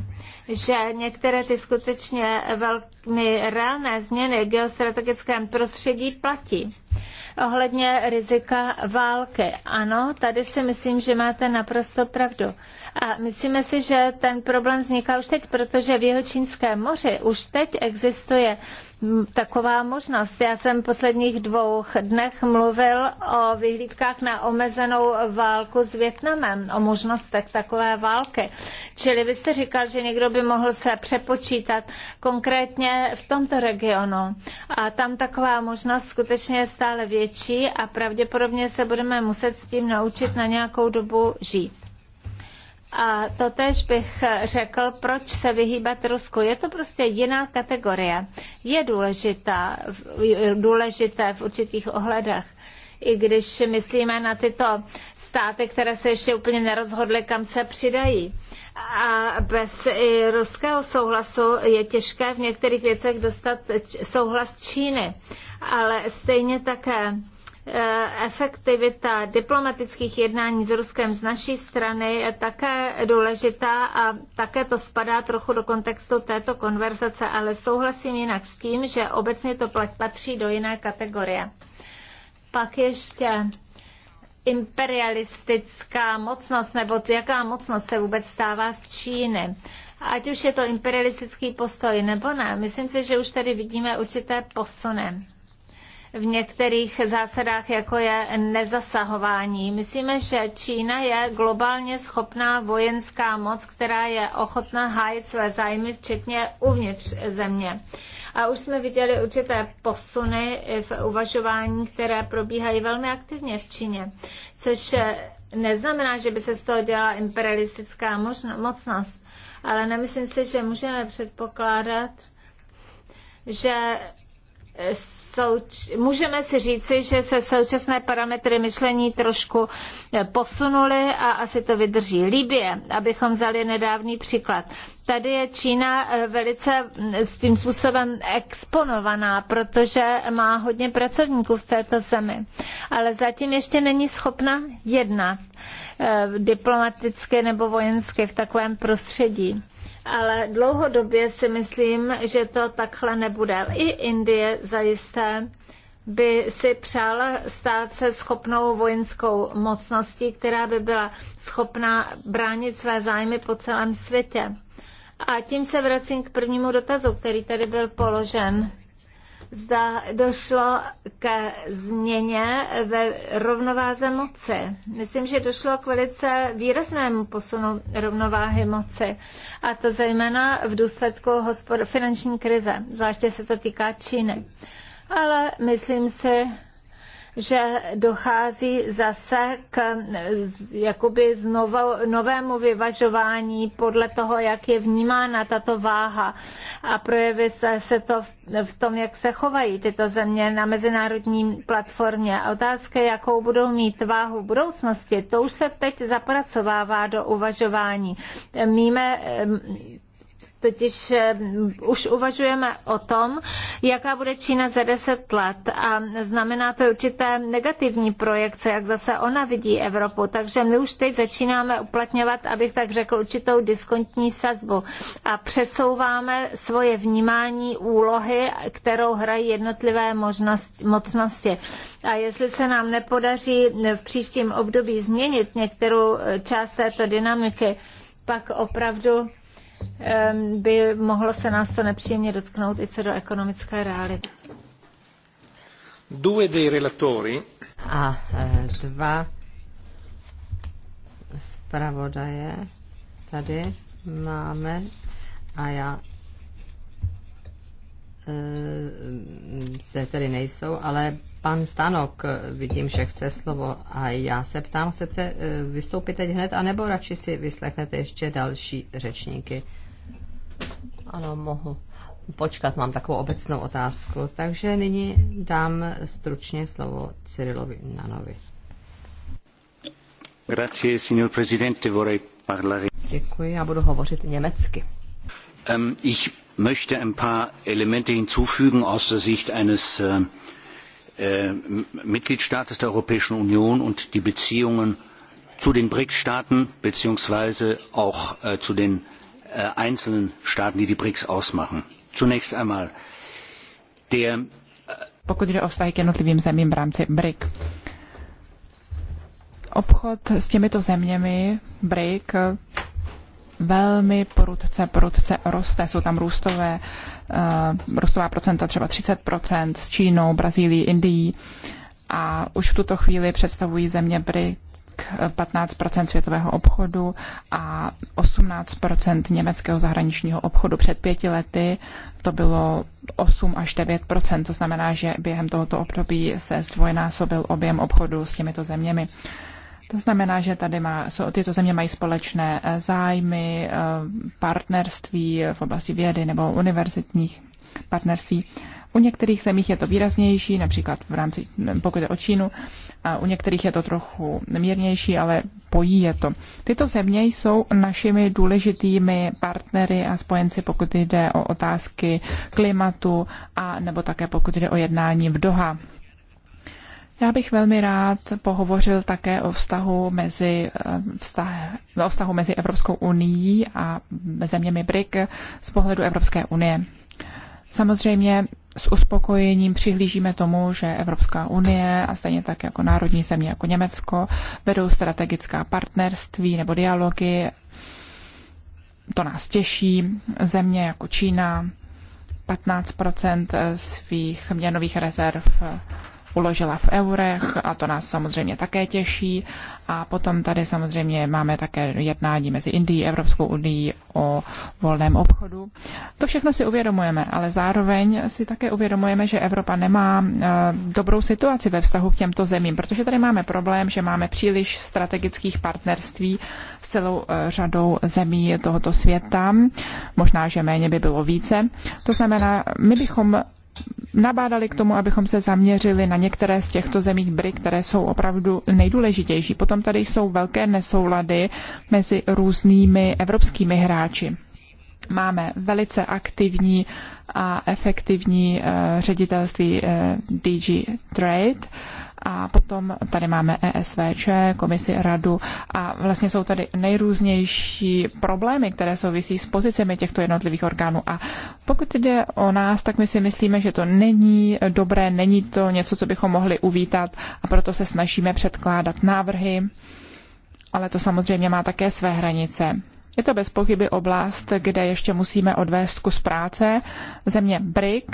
Speaker 3: že některé ty skutečně velmi reálné změny v geostrategickém prostředí platí. Ohledně rizika války. Ano, tady si myslím, že máte naprosto pravdu. A myslíme si, že ten problém vzniká už teď, protože v Jihočínském moři už teď existuje taková možnost. Já jsem v posledních dvou dnech mluvil o vyhlídkách na omezenou válku s Větnamem, o možnostech takové války. Čili vy jste říkal, že někdo by mohl se přepočítat konkrétně v tomto regionu. A tam taková možnost skutečně je stále větší a pravděpodobně se budeme muset s tím naučit na nějakou dobu žít. A to tež bych řekl, proč se vyhýbat Rusku. Je to prostě jiná kategorie. Je důležitá, důležité v určitých ohledech i když myslíme na tyto státy, které se ještě úplně nerozhodly, kam se přidají. A bez ruského souhlasu je těžké v některých věcech dostat souhlas Číny, ale stejně také Eh, efektivita diplomatických jednání s Ruskem z naší strany je také důležitá a také to spadá trochu do kontextu této konverzace, ale souhlasím jinak s tím, že obecně to patří do jiné kategorie. Pak ještě imperialistická mocnost, nebo jaká mocnost se vůbec stává z Číny. Ať už je to imperialistický postoj nebo ne, myslím si, že už tady vidíme určité posuny v některých zásadách, jako je nezasahování. Myslíme, že Čína je globálně schopná vojenská moc, která je ochotná hájit své zájmy, včetně uvnitř země. A už jsme viděli určité posuny v uvažování, které probíhají velmi aktivně v Číně, což neznamená, že by se z toho dělala imperialistická mocnost, ale nemyslím si, že můžeme předpokládat, že souč- můžeme si říci, že se současné parametry myšlení trošku eh, posunuly a asi to vydrží. Líbě, abychom vzali nedávný příklad. Tady je Čína eh, velice svým mm, způsobem exponovaná, protože má hodně pracovníků v této zemi, ale zatím ještě není schopna jednat eh, diplomaticky nebo vojensky v takovém prostředí ale dlouhodobě si myslím, že to takhle nebude. I Indie zajisté by si přála stát se schopnou vojenskou mocností, která by byla schopná bránit své zájmy po celém světě. A tím se vracím k prvnímu dotazu, který tady byl položen zda došlo ke změně ve rovnováze moci. Myslím, že došlo k velice výraznému posunu rovnováhy moci, a to zejména v důsledku finanční krize, zvláště se to týká Číny. Ale myslím si, že dochází zase k jakoby znovu, novému vyvažování podle toho, jak je vnímána tato váha a projevy se, se to v, v tom, jak se chovají tyto země na mezinárodní platformě. Otázka, jakou budou mít váhu v budoucnosti, to už se teď zapracovává do uvažování. Míme totiž eh, už uvažujeme o tom, jaká bude Čína za deset let a znamená to určité negativní projekce, jak zase ona vidí Evropu. Takže my už teď začínáme uplatňovat, abych tak řekl, určitou diskontní sazbu a přesouváme svoje vnímání úlohy, kterou hrají jednotlivé možnost, mocnosti. A jestli se nám nepodaří v příštím období změnit některou eh, část této dynamiky, pak opravdu by mohlo se nás to nepříjemně dotknout i co do ekonomické reality.
Speaker 1: Due dei relatori.
Speaker 2: A e, dva zpravodaje tady máme a já e, zde tady nejsou, ale Pan Tanok, vidím, že chce slovo a já se ptám, chcete eh, vystoupit teď hned, anebo radši si vyslechnete ještě další řečníky? Ano, mohu počkat, mám takovou obecnou otázku. Takže nyní dám stručně slovo Cyrilovi Nanovi.
Speaker 1: Grazie, signor presidente, vorrei parlare.
Speaker 2: Děkuji, já budu hovořit německy.
Speaker 1: Um, ich möchte ein paar Elemente hinzufügen aus der Sicht eines uh, Äh, Mitgliedstaates der Europäischen Union und die Beziehungen zu den BRICS-Staaten beziehungsweise auch äh, zu den äh, einzelnen Staaten, die die BRICS ausmachen. Zunächst einmal, der,
Speaker 4: pokud jde o vztahy k jednotlivým zemím v rámci BRIC. Obchod s těmito zeměmi BRIC velmi prudce, prudce roste. Jsou tam růstové, uh, růstová procenta třeba 30% s Čínou, Brazílií, Indií a už v tuto chvíli představují země BRIC eh, 15 světového obchodu a 18 německého zahraničního obchodu. Před pěti lety to bylo 8 až 9 to znamená, že během tohoto období se zdvojnásobil objem obchodu s těmito zeměmi. Uh, to znamená, že tady má, jsou, tyto země mají společné eh, zájmy, eh, partnerství v oblasti vědy nebo univerzitních partnerství. U některých zemích je to výraznější, například v rámci, eh, pokud je o Čínu, a u některých je to trochu mírnější, ale pojí je to. Tyto země jsou našimi důležitými partnery a spojenci, pokud jde o otázky klimatu a nebo také pokud jde o jednání v Doha. Já bych velmi rád pohovořil také o vztahu mezi, eh, vztah, o vztahu mezi Evropskou unii a zeměmi BRIC z pohledu Evropské unie. Samozřejmě s uspokojením přihlížíme tomu, že Evropská unie a stejně tak jako národní země jako Německo vedou strategická partnerství nebo dialogy. To nás těší. Země jako Čína 15 svých měnových rezerv uložila v eurech a to nás samozřejmě také těší. A potom tady samozřejmě máme také jednání mezi Indií a Evropskou unii o volném obchodu. To všechno si uvědomujeme, ale zároveň si také uvědomujeme, že Evropa nemá eh, dobrou situaci ve vztahu k těmto zemím, protože tady máme problém, že máme příliš strategických partnerství s celou eh, řadou zemí tohoto světa. Možná, že méně by bylo více. To znamená, my bychom nabádali k tomu, abychom se zaměřili na některé z těchto zemí BRI, které jsou opravdu nejdůležitější. Potom tady jsou velké nesoulady mezi různými evropskými hráči. Máme velice aktivní a efektivní eh, ředitelství eh, DG Trade, a potom tady máme ESVČ, komisi radu a vlastně jsou tady nejrůznější problémy, které souvisí s pozicemi těchto jednotlivých orgánů. A pokud jde o nás, tak my si myslíme, že to není dobré, není to něco, co bychom mohli uvítat a proto se snažíme předkládat návrhy, ale to samozřejmě má také své hranice. Je to bez pochyby oblast, kde ještě musíme odvést kus práce. Země BRIC,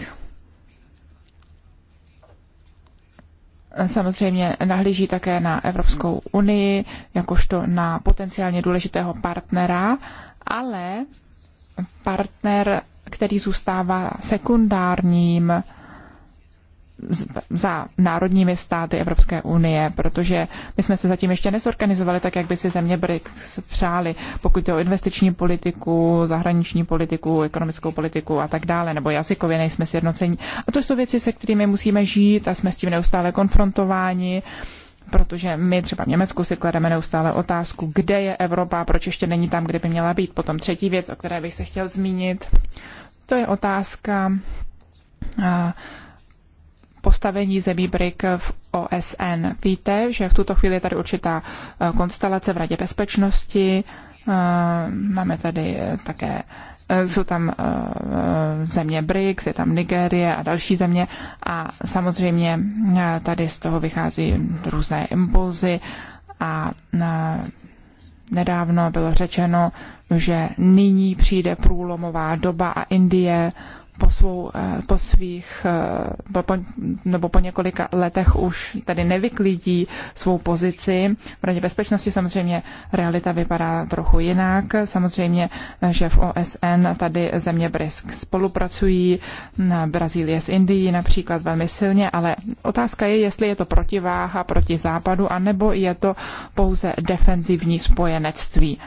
Speaker 4: samozřejmě nahlíží také na Evropskou unii jakožto na potenciálně důležitého partnera, ale partner, který zůstává sekundárním za národními státy Evropské unie, protože my jsme se zatím ještě nesorganizovali tak, jak by si země BRICS přáli, pokud jde o investiční politiku, zahraniční politiku, ekonomickou politiku a tak dále, nebo jazykově nejsme sjednocení. A to jsou věci, se kterými musíme žít a jsme s tím neustále konfrontováni protože my třeba v Německu si klademe neustále otázku, kde je Evropa, proč ještě není tam, kde by měla být. Potom třetí věc, o které bych se chtěl zmínit, to je otázka postavení zemí BRIC v OSN. Víte, že v tuto chvíli je tady určitá eh, konstelace v Radě bezpečnosti, eh, máme tady eh, také jsou tam země BRICS, je tam Nigérie a další země a samozřejmě tady z toho vychází různé impulzy a nedávno bylo řečeno, že nyní přijde průlomová doba a Indie po, svou, eh, po svých, eh, po, po, nebo po několika letech už tady nevyklidí svou pozici. V Radě bezpečnosti samozřejmě realita vypadá trochu jinak. Samozřejmě, eh, že v OSN tady země BRISK spolupracují, Brazílie s Indií například velmi silně, ale otázka je, jestli je to protiváha proti západu, anebo je to pouze defenzivní spojenectví.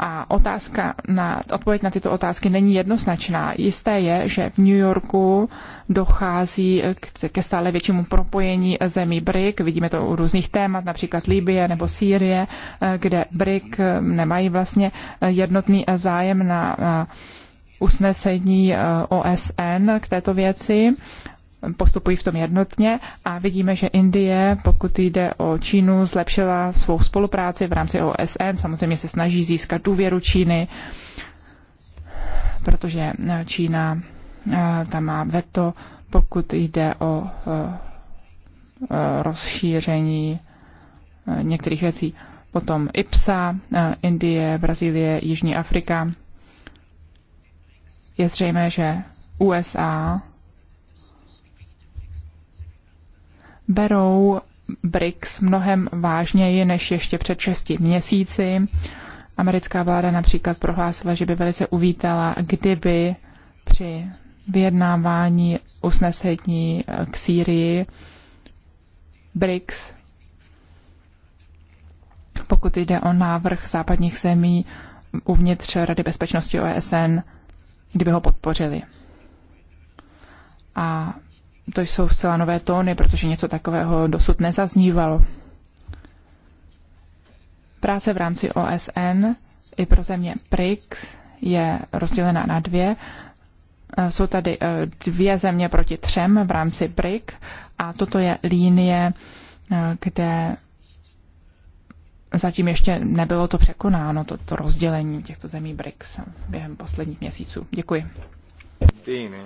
Speaker 4: A otázka na, odpověď na tyto otázky není jednoznačná. Jisté je, že v New Yorku dochází k, ke stále většímu propojení zemí BRIC. Vidíme to u různých témat, například Libie nebo Sýrie, eh, kde BRIC eh, nemají vlastně eh, jednotný zájem na, na usnesení OSN k této věci postupují v tom jednotně a vidíme, že Indie, pokud jde o Čínu, zlepšila svou spolupráci v rámci OSN, samozřejmě se snaží získat důvěru Číny, protože eh, Čína eh, tam má veto, pokud jde o eh, rozšíření některých věcí. Potom IPSA, Indie, Brazílie, Jižní Afrika. Je zřejmé, že USA berou BRICS mnohem vážněji než ještě před šesti měsíci. Americká vláda například prohlásila, že by velice uvítala, kdyby při vyjednávání usnesení k Sýrii BRICS, pokud jde o návrh západních zemí uvnitř Rady bezpečnosti OSN, kdyby ho podpořili. A to jsou zcela nové tóny, protože něco takového dosud nezaznívalo. Práce v rámci OSN i pro země BRICS je rozdělena na dvě. E, jsou tady e, dvě země proti třem v rámci BRIC a toto je línie, e, kde zatím ještě nebylo to překonáno, to, to rozdělení těchto zemí BRICS během posledních měsíců. Děkuji. Dýny.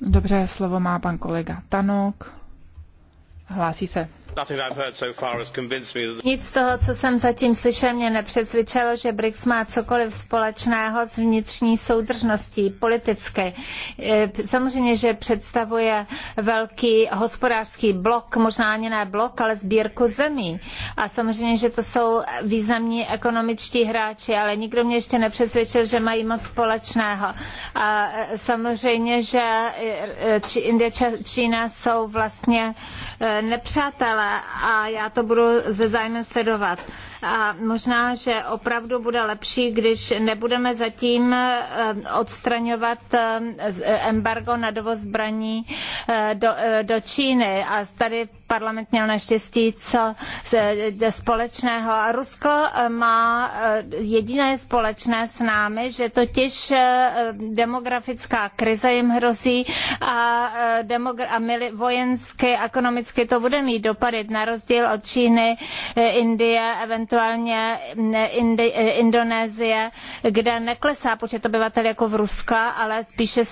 Speaker 4: Dobře, slovo má pan kolega Tanok. Hlásí se. Nic
Speaker 3: z toho, co jsem zatím slyšel, mě nepřesvědčilo, že BRICS má cokoliv společného s vnitřní soudržností politické. E, samozřejmě, že představuje velký hospodářský blok, možná ani ne blok, ale sbírku zemí. A samozřejmě, že to jsou významní ekonomičtí hráči, ale nikdo mě ještě nepřesvědčil, že mají moc společného. A e, samozřejmě, že e, Indie Čína jsou vlastně nepřátelé a já to budu ze zájmem sledovat. A možná, že opravdu bude lepší, když nebudeme zatím e, odstraňovat e, e, embargo na dovoz zbraní do, do Číny. A tady parlament měl naštěstí co e, společného. A Rusko e, má e, jediné společné s námi, že totiž demografická krize jim hrozí a, demogra- a mili- vojensky, ekonomicky to bude mít dopady na rozdíl od Číny, Indie, eventuálně Indi- Indonésie, kde neklesá počet obyvatel jako v Ruska, ale spíše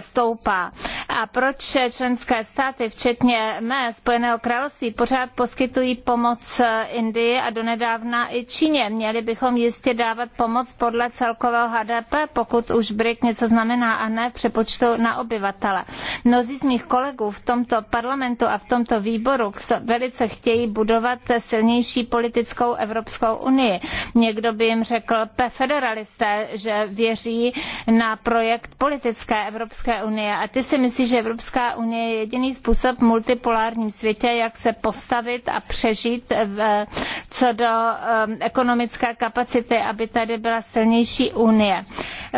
Speaker 3: stoupá. A proč členské státy, včetně mé, Spojené Spojeného království pořád poskytují pomoc eh, Indii a donedávna i Číně. Měli bychom jistě dávat pomoc podle celkového HDP, pokud už BRIC něco znamená a ne v přepočtu na obyvatele. Mnozí z mých kolegů v tomto parlamentu a v tomto výboru velice chtějí budovat silnější politickou Evropskou unii. Někdo by jim řekl federalisté, že věří na projekt politické Evropské unie a ty si myslí, že Evropská unie je jediný způsob multipolárním světem světě, jak se postavit a přežít v, co do um, ekonomické kapacity, aby tady byla silnější unie.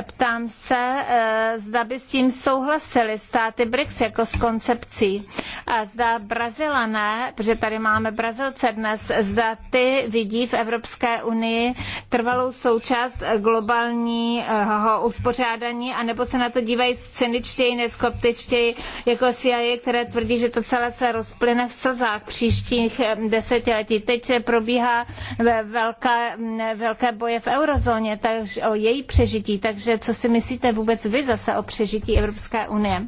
Speaker 3: Ptám se, uh, zda by s tím souhlasili státy BRICS jako s koncepcí. A zda Brazilané, protože tady máme Brazilce dnes, zda ty vidí v Evropské unii trvalou součást globálního uspořádání, anebo se na to dívají cyničtěji, neskoptičtěji, jako CIA, které tvrdí, že to celé se rozplyne zůstane v slzách příštích eh, desetiletí. Teď se probíhá eh, velké, mm, velké boje v eurozóně takže o její přežití, takže co si myslíte vůbec vy zase o přežití Evropské unie?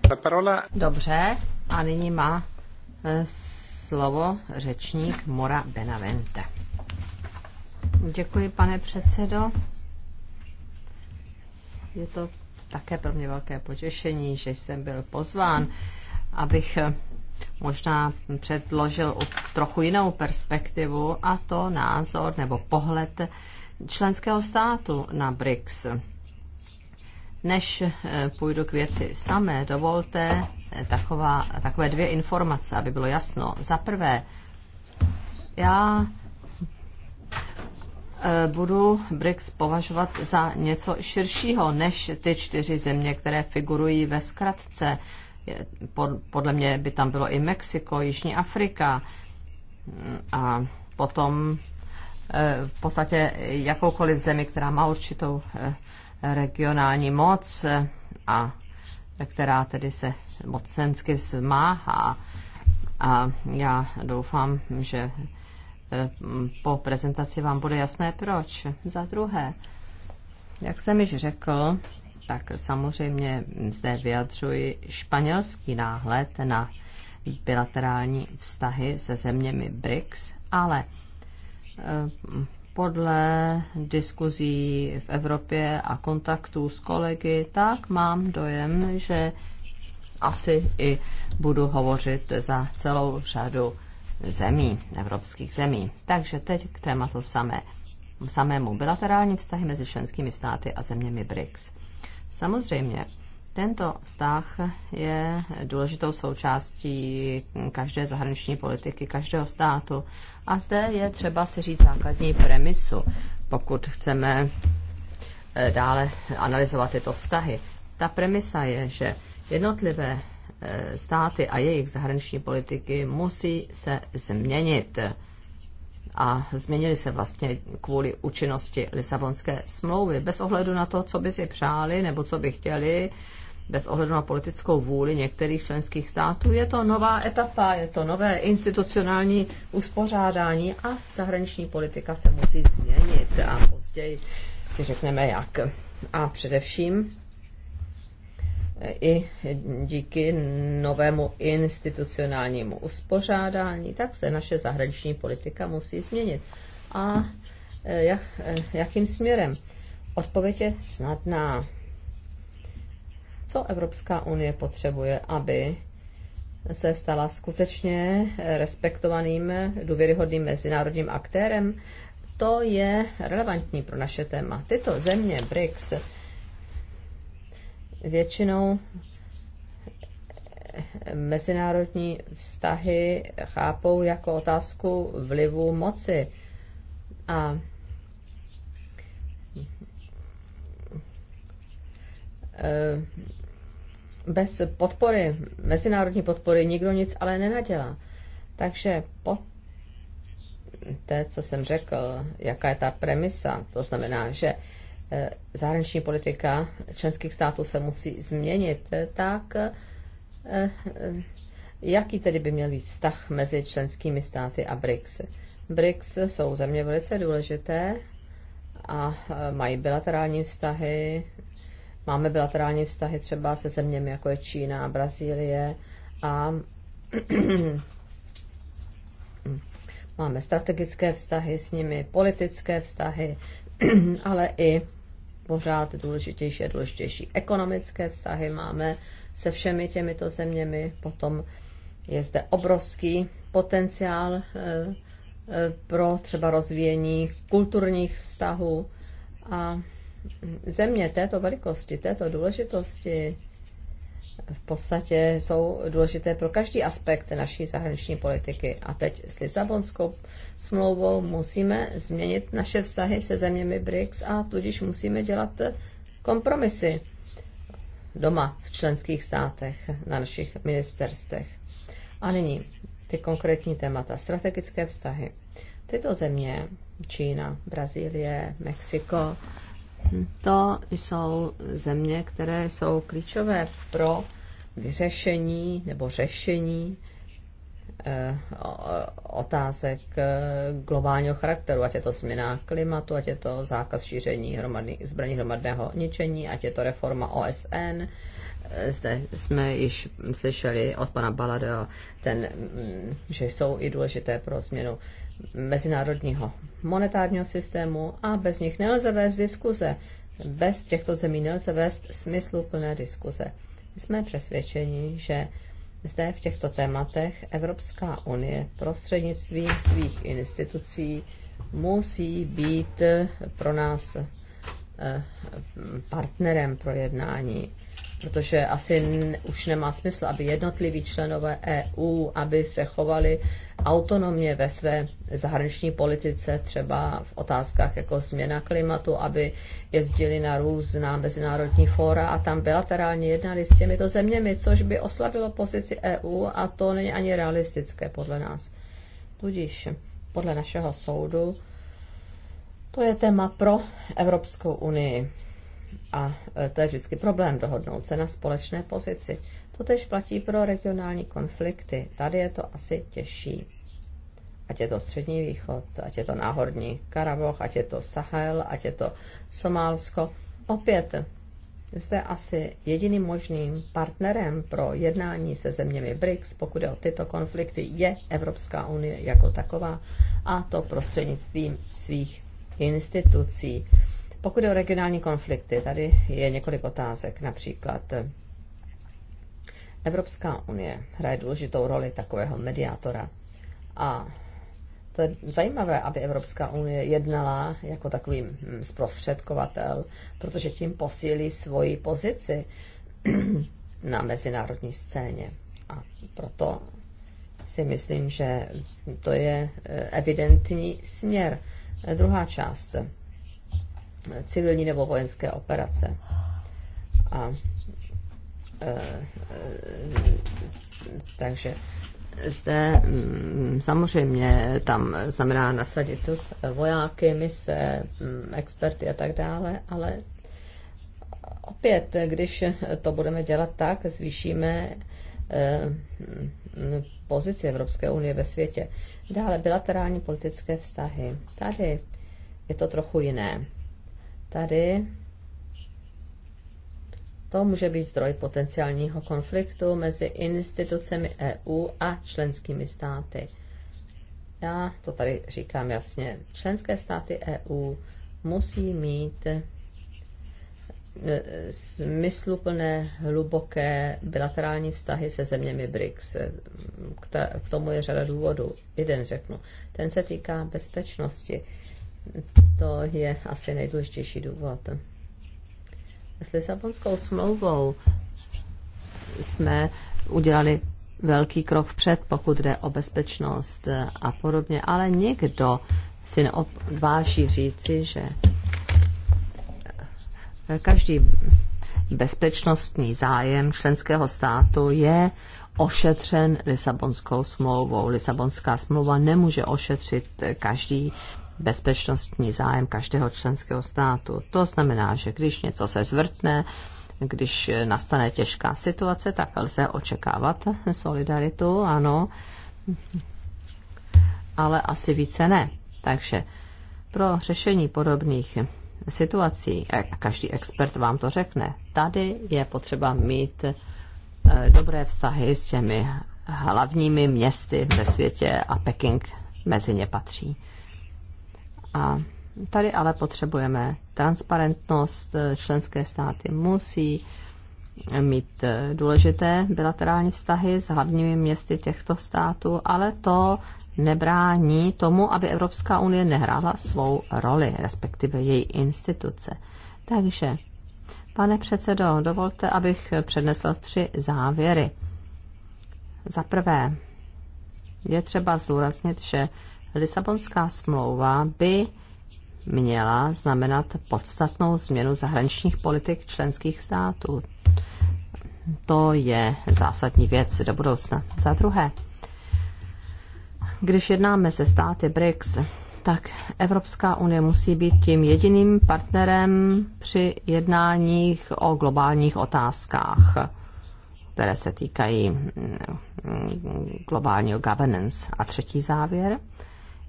Speaker 3: Dobře, a
Speaker 2: nyní má eh, slovo řečník Mora Benavente. Děkuji, pane předsedo. Je to také pro mě velké potěšení, že jsem byl pozván, abych možná předložil trochu jinou perspektivu a to názor nebo pohled členského státu na BRICS. Než eh, půjdu k věci samé, dovolte eh, taková, takové dvě informace, aby bylo jasno. Za prvé, já eh, budu BRICS považovat za něco širšího než ty čtyři země, které figurují ve zkratce podle mě by tam bylo i Mexiko, Jižní Afrika a potom eh, v podstatě jakoukoliv zemi, která má určitou eh, regionální moc eh, a která tedy se mocensky zmáhá. A já doufám, že po prezentaci vám bude jasné proč. Za druhé, jak jsem již řekl, tak samozřejmě zde vyjadřuji španělský náhled na bilaterální vztahy se zeměmi BRICS, ale eh, podle diskuzí v Evropě a kontaktů s kolegy, tak mám dojem, že asi i budu hovořit za celou řadu zemí, evropských zemí. Takže teď k tématu samé, samému bilaterální vztahy mezi členskými státy a zeměmi BRICS. Samozřejmě, tento vztah je důležitou součástí každé zahraniční politiky, každého státu. A zde je třeba si říct základní premisu, pokud chceme eh, dále analyzovat tyto vztahy. Ta premisa je, že jednotlivé eh, státy a jejich zahraniční politiky musí se změnit a změnily se vlastně kvůli účinnosti Lisabonské smlouvy. Bez ohledu na to, co by si přáli nebo co by chtěli, bez ohledu na politickou vůli některých členských států, je to nová etapa, je to nové institucionální uspořádání a zahraniční politika se musí změnit a později si řekneme jak. A především i díky novému institucionálnímu uspořádání, tak se naše zahraniční politika musí změnit. A e, jak, e, jakým směrem? Odpověď je snadná. Co Evropská unie potřebuje, aby se stala skutečně respektovaným, důvěryhodným mezinárodním aktérem? To je relevantní pro naše téma. Tyto země BRICS většinou eh, mezinárodní vztahy chápou jako otázku vlivu moci. A eh, bez podpory, mezinárodní podpory, nikdo nic ale nenadělá. Takže po té, co jsem řekl, jaká je ta premisa, to znamená, že Eh, zahraniční politika členských států se musí změnit, tak eh, eh, jaký tedy by měl být vztah mezi členskými státy a BRICS? BRICS jsou země velice důležité a mají bilaterální vztahy. Máme bilaterální vztahy třeba se zeměmi, jako je Čína Brazílie a máme strategické vztahy s nimi, politické vztahy, ale i pořád důležitější a důležitější. Ekonomické vztahy máme se všemi těmito zeměmi, potom je zde obrovský potenciál eh, eh, pro třeba rozvíjení kulturních vztahů a země této velikosti, této důležitosti v podstatě jsou důležité pro každý aspekt naší zahraniční politiky. A teď s Lisabonskou smlouvou musíme změnit naše vztahy se zeměmi BRICS a tudíž musíme dělat kompromisy doma v členských státech, na našich ministerstech. A nyní ty konkrétní témata, strategické vztahy. Tyto země, Čína, Brazílie, Mexiko, to jsou země, které jsou klíčové pro vyřešení nebo řešení eh, otázek eh, globálního charakteru, ať je to změna klimatu, ať je to zákaz šíření hromadný, zbraní hromadného ničení, ať je to reforma OSN. Eh, zde jsme již slyšeli od pana Balada, ten, mm, že jsou i důležité pro změnu mezinárodního monetárního systému a bez nich nelze vést diskuze. Bez těchto zemí nelze vést smysluplné diskuze. Jsme přesvědčeni, že zde v těchto tématech Evropská unie prostřednictvím svých institucí musí být pro nás eh, partnerem pro jednání protože asi už nemá smysl, aby jednotliví členové EU, aby se chovali autonomně ve své zahraniční politice, třeba v otázkách jako změna klimatu, aby jezdili na různá mezinárodní fóra a tam bilaterálně jednali s těmito zeměmi, což by oslabilo pozici EU a to není ani realistické podle nás. Tudíž podle našeho soudu to je téma pro Evropskou unii. A e, to je vždycky problém dohodnout se na společné pozici. Totež platí pro regionální konflikty. Tady je to asi těžší. Ať je to Střední východ, ať je to Náhorní Karaboch, ať je to Sahel, ať je to Somálsko. Opět jste asi jediným možným partnerem pro jednání se zeměmi BRICS, pokud je o tyto konflikty, je Evropská unie jako taková a to prostřednictvím svých institucí pokud je o regionální konflikty, tady je několik otázek. Například eh, Evropská unie hraje důležitou roli takového mediátora. A to je zajímavé, aby Evropská unie jednala jako takový mm, zprostředkovatel, protože tím posílí svoji pozici na mezinárodní scéně. A proto si myslím, že to je eh, evidentní směr. Eh, druhá část civilní nebo vojenské operace. A, e, e, takže zde mm, samozřejmě tam znamená nasadit vojáky, mise, mm, experty a tak dále, ale opět, když to budeme dělat tak, zvýšíme e, mm, pozici Evropské unie ve světě. Dále bilaterální politické vztahy. Tady je to trochu jiné. Tady to může být zdroj potenciálního konfliktu mezi institucemi EU a členskými státy. Já to tady říkám jasně. Členské státy EU musí mít e, smysluplné, hluboké bilaterální vztahy se zeměmi BRICS. K tomu je řada důvodů. Jeden řeknu. Ten se týká bezpečnosti. To je asi nejdůležitější důvod. S Lisabonskou smlouvou jsme udělali velký krok vpřed, pokud jde o bezpečnost a podobně, ale nikdo si neodváží říci, že každý bezpečnostní zájem členského státu je ošetřen Lisabonskou smlouvou. Lisabonská smlouva nemůže ošetřit každý bezpečnostní zájem každého členského státu. To znamená, že když něco se zvrtne, když nastane těžká situace, tak lze očekávat solidaritu, ano, ale asi více ne. Takže pro řešení podobných situací, a každý expert vám to řekne, tady je potřeba mít eh, dobré vztahy s těmi hlavními městy ve světě a Peking mezi ně patří. A tady ale potřebujeme transparentnost. Členské státy musí mít důležité bilaterální vztahy s hlavními městy těchto států, ale to nebrání tomu, aby Evropská unie nehrála svou roli, respektive její instituce. Takže, pane předsedo, dovolte, abych přednesl tři závěry. Za prvé, je třeba zdůraznit, že Lisabonská smlouva by měla znamenat podstatnou změnu zahraničních politik členských států. To je zásadní věc do budoucna. Za druhé, když jednáme se státy BRICS, tak Evropská unie musí být tím jediným partnerem při jednáních o globálních otázkách, které se týkají mm, mm, globálního governance. A třetí závěr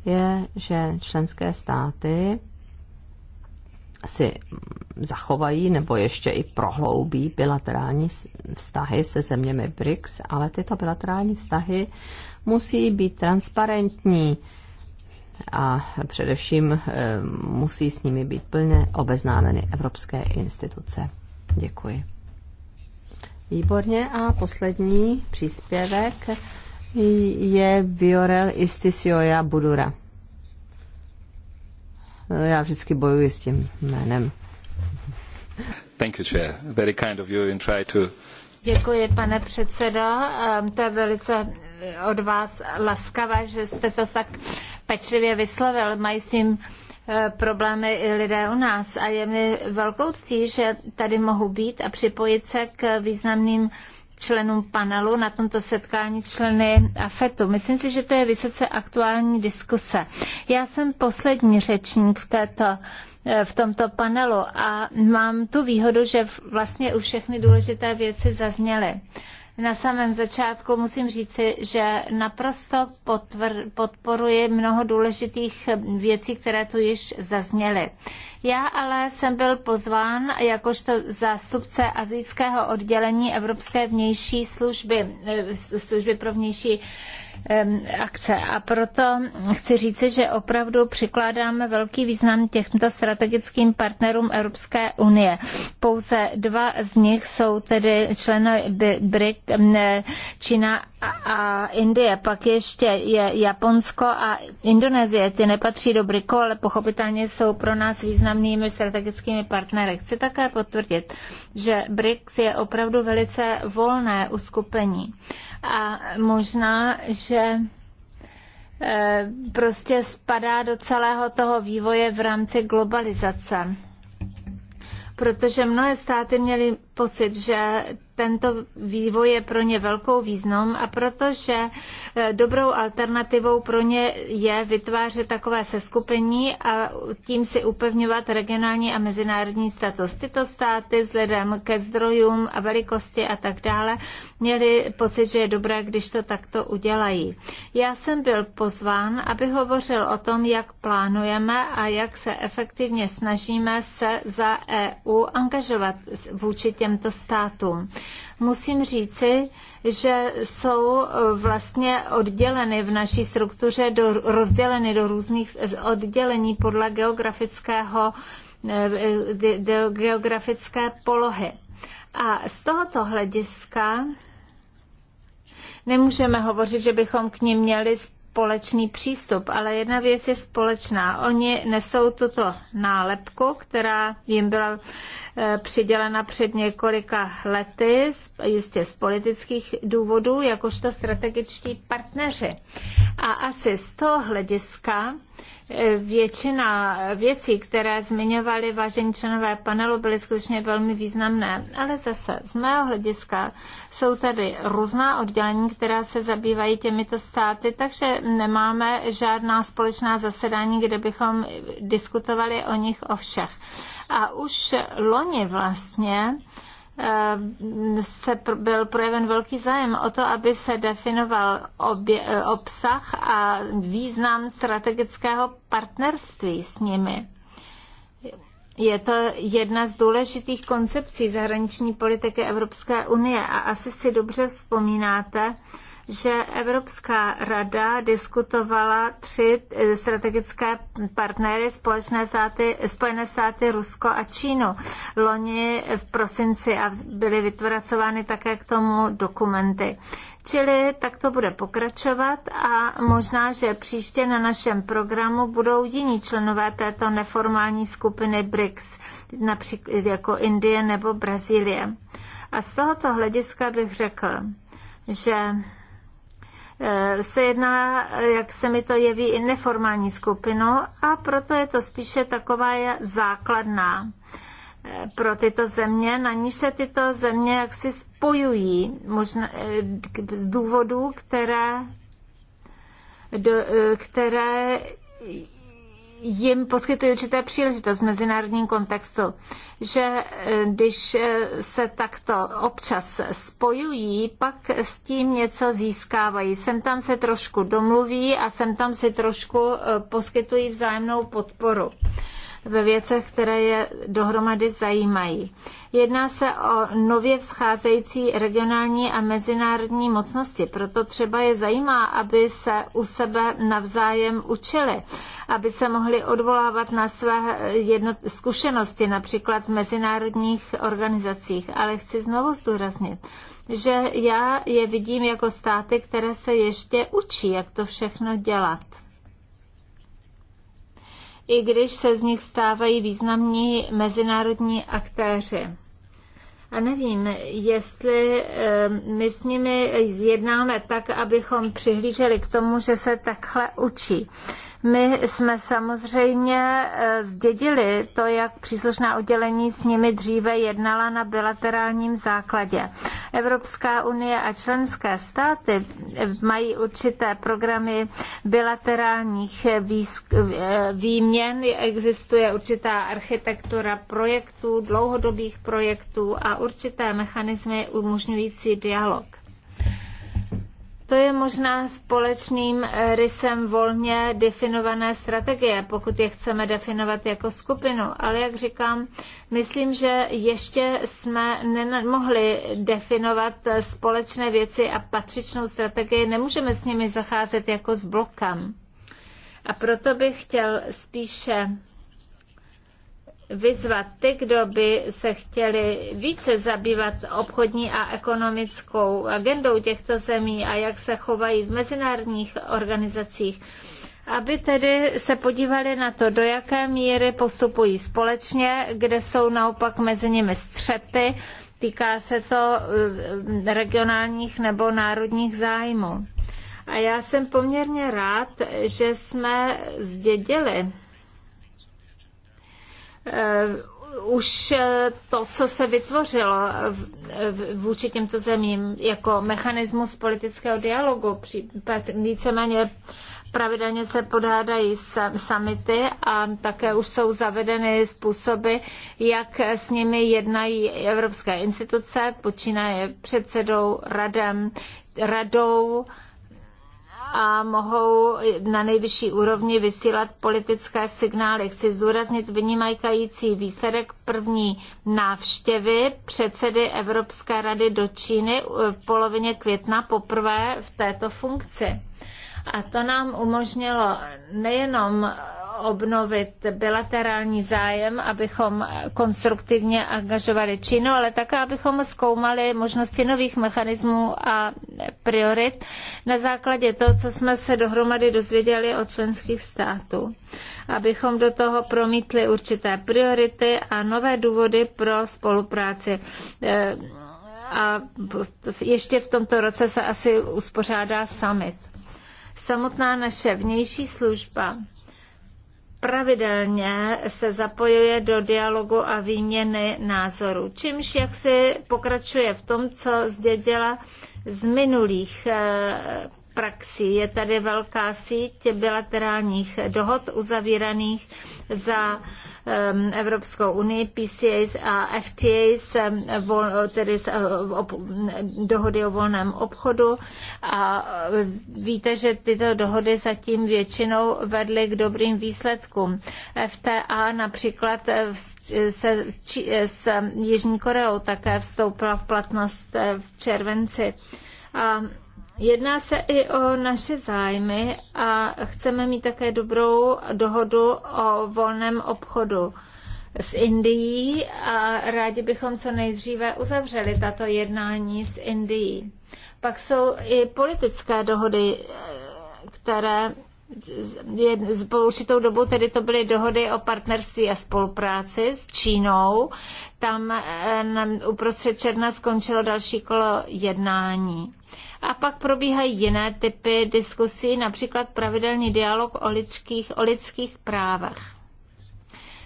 Speaker 2: je, že členské státy si zachovají nebo ještě i prohloubí bilaterální vztahy se zeměmi BRICS, ale tyto bilaterální vztahy musí být transparentní a především eh, musí s nimi být plně obeznámeny evropské instituce. Děkuji. Výborně a poslední příspěvek je Biorel Istisioja Budura. Já vždycky bojuji s tím jménem.
Speaker 4: Thank you, Chair. Very kind of you in try to...
Speaker 3: Děkuji, pane předsedo. Um, To je velice eh, od vás laskavé, že jste to tak pečlivě vyslovil. Mají s tím eh, problémy i lidé u nás a je mi velkou ctí, že tady mohu být a připojit se k významným uh, členům panelu na tomto setkání členy AFETu. Myslím si, že to je vysoce aktuální diskuse. Já jsem poslední řečník v této eh, v tomto panelu a mám tu výhodu, že vlastně už všechny důležité věci zazněly na samém začátku musím říci, že naprosto potvr- podporuji mnoho důležitých věcí, které tu již zazněly. Já ale jsem byl pozván jakožto zástupce azijského oddělení Evropské vnější služby, eh, služby pro vnější akce. A proto chci říci, že opravdu přikládáme velký význam těmto strategickým partnerům Evropské unie. Pouze dva z nich jsou tedy členy BRIC, Čína a Indie. Pak ještě je Japonsko a Indonésie. Ty nepatří do BRICu, ale pochopitelně jsou pro nás významnými strategickými partnery. Chci také potvrdit, že BRICS je opravdu velice volné uskupení a možná, že eh, prostě spadá do celého toho vývoje v rámci globalizace protože mnohé státy měly pocit, že tento vývoj je pro ně velkou význam a protože eh, dobrou alternativou pro ně je vytvářet takové seskupení a tím si upevňovat regionální a mezinárodní status. Tyto státy vzhledem ke zdrojům a velikosti a tak dále měli pocit, že je dobré, když to takto udělají. Já jsem byl pozván, aby hovořil o tom, jak plánujeme a jak se efektivně snažíme se za EU angažovat vůči těmto státům. Musím říci, že jsou eh, vlastně odděleny v naší struktuře, do, rozděleny do různých eh, oddělení podle geografického eh, geografické polohy. A z tohoto hlediska nemůžeme hovořit, že bychom k ním měli společný přístup, ale jedna věc je společná. Oni nesou tuto nálepku, která jim byla eh, přidělena před několika lety, jistě z politických důvodů, jakožto strategičtí partneři. A asi z toho hlediska Většina věcí, které zmiňovali vážení členové panelu, byly skutečně velmi významné. Ale zase, z mého hlediska, jsou tady různá oddělení, která se zabývají těmito státy, takže nemáme žádná společná zasedání, kde bychom diskutovali o nich o všech. A už loni vlastně Ehm, se byl projeven velký zájem o to, aby se definoval obě, eh, obsah a význam strategického partnerství s nimi. Je to jedna z důležitých koncepcí zahraniční politiky Evropské unie a asi si dobře vzpomínáte, že Evropská rada diskutovala tři eh, strategické partnery, společné státy, Spojené státy, Rusko a Čínu. Loni v prosinci a byly vytvracovány také k tomu dokumenty. Čili tak to bude pokračovat a možná, že příště na našem programu budou jiní členové této neformální skupiny BRICS, například jako Indie nebo Brazílie. A z tohoto hlediska bych řekl, že Eh, se jedná, eh, jak se mi to jeví, i neformální skupinu a proto je to spíše taková základná eh, pro tyto země, na níž se tyto země jaksi spojují možná, z důvodů, které, do, které jim poskytují určité příležitost v mezinárodním kontextu, že eh, když eh, se takto občas spojují, pak s tím něco získávají. Sem tam se trošku domluví a sem tam si trošku eh, poskytují vzájemnou podporu ve věcech, které je dohromady zajímají. Jedná se o nově vzcházející regionální a mezinárodní mocnosti, proto třeba je zajímá, aby se u sebe navzájem učili, aby se mohli odvolávat na své jednot- zkušenosti, například v mezinárodních organizacích. Ale chci znovu zdůraznit, že já je vidím jako státy, které se ještě učí, jak to všechno dělat i když se z nich stávají významní mezinárodní aktéři. A nevím, jestli eh, my s nimi jednáme tak, abychom přihlíželi k tomu, že se takhle učí. My jsme samozřejmě eh, zdědili to, jak příslušná oddělení s nimi dříve jednala na bilaterálním základě. Evropská unie a členské státy eh, mají určité programy bilaterálních eh, výměn, existuje určitá architektura projektů, dlouhodobých projektů a určité mechanismy umožňující dialog. To je možná společným eh, rysem volně definované strategie, pokud je chceme definovat jako skupinu. Ale jak říkám, myslím, že ještě jsme nemohli definovat eh, společné věci a patřičnou strategii. Nemůžeme s nimi zacházet jako s blokem. A proto bych chtěl spíše vyzvat ty, kdo by se chtěli více zabývat obchodní a ekonomickou agendou těchto zemí a jak se chovají v mezinárodních organizacích, aby tedy se podívali na to, do jaké míry postupují společně, kde jsou naopak mezi nimi střepy, týká se to eh, regionálních nebo národních zájmů. A já jsem poměrně rád, že jsme zdědili Eh, už eh, to, co se vytvořilo eh, vůči těmto zemím jako mechanismus politického dialogu, víceméně pravidelně se podádají samity a také už jsou zavedeny způsoby, jak s nimi jednají evropské instituce, počínaje předsedou radem, radou, a mohou na nejvyšší úrovni vysílat politické signály. Chci zdůraznit vynímající výsledek první návštěvy předsedy Evropské rady do Číny v polovině května poprvé v této funkci. A to nám umožnilo nejenom obnovit bilaterální zájem, abychom konstruktivně angažovali Čínu, ale také, abychom zkoumali možnosti nových mechanismů a priorit na základě toho, co jsme se dohromady dozvěděli od členských států. Abychom do toho promítli určité priority a nové důvody pro spolupráci eh, a ještě v tomto roce se asi uspořádá summit. Samotná naše vnější služba pravidelně se zapojuje do dialogu a výměny názorů, čímž jak si pokračuje v tom, co zdědila z minulých eh, praxí. Je tady velká síť bilaterálních dohod uzavíraných za Evropskou unii, PCAs a FTAs, tedy eh, dohody o volném obchodu. A eh, víte, že tyto dohody zatím většinou vedly k dobrým výsledkům. FTA například eh, se, s Jižní Koreou také vstoupila v platnost v červenci. A Jedná se i o naše zájmy a chceme mít také dobrou dohodu o volném obchodu s Indií a rádi bychom co nejdříve uzavřeli tato jednání s Indií. Pak jsou i politické dohody, které je, po určitou dobu tedy to byly dohody o partnerství a spolupráci s Čínou. Tam eh, uprostřed června skončilo další kolo jednání. A pak probíhají jiné typy diskusí, například pravidelný dialog o lidských, o lidských právech.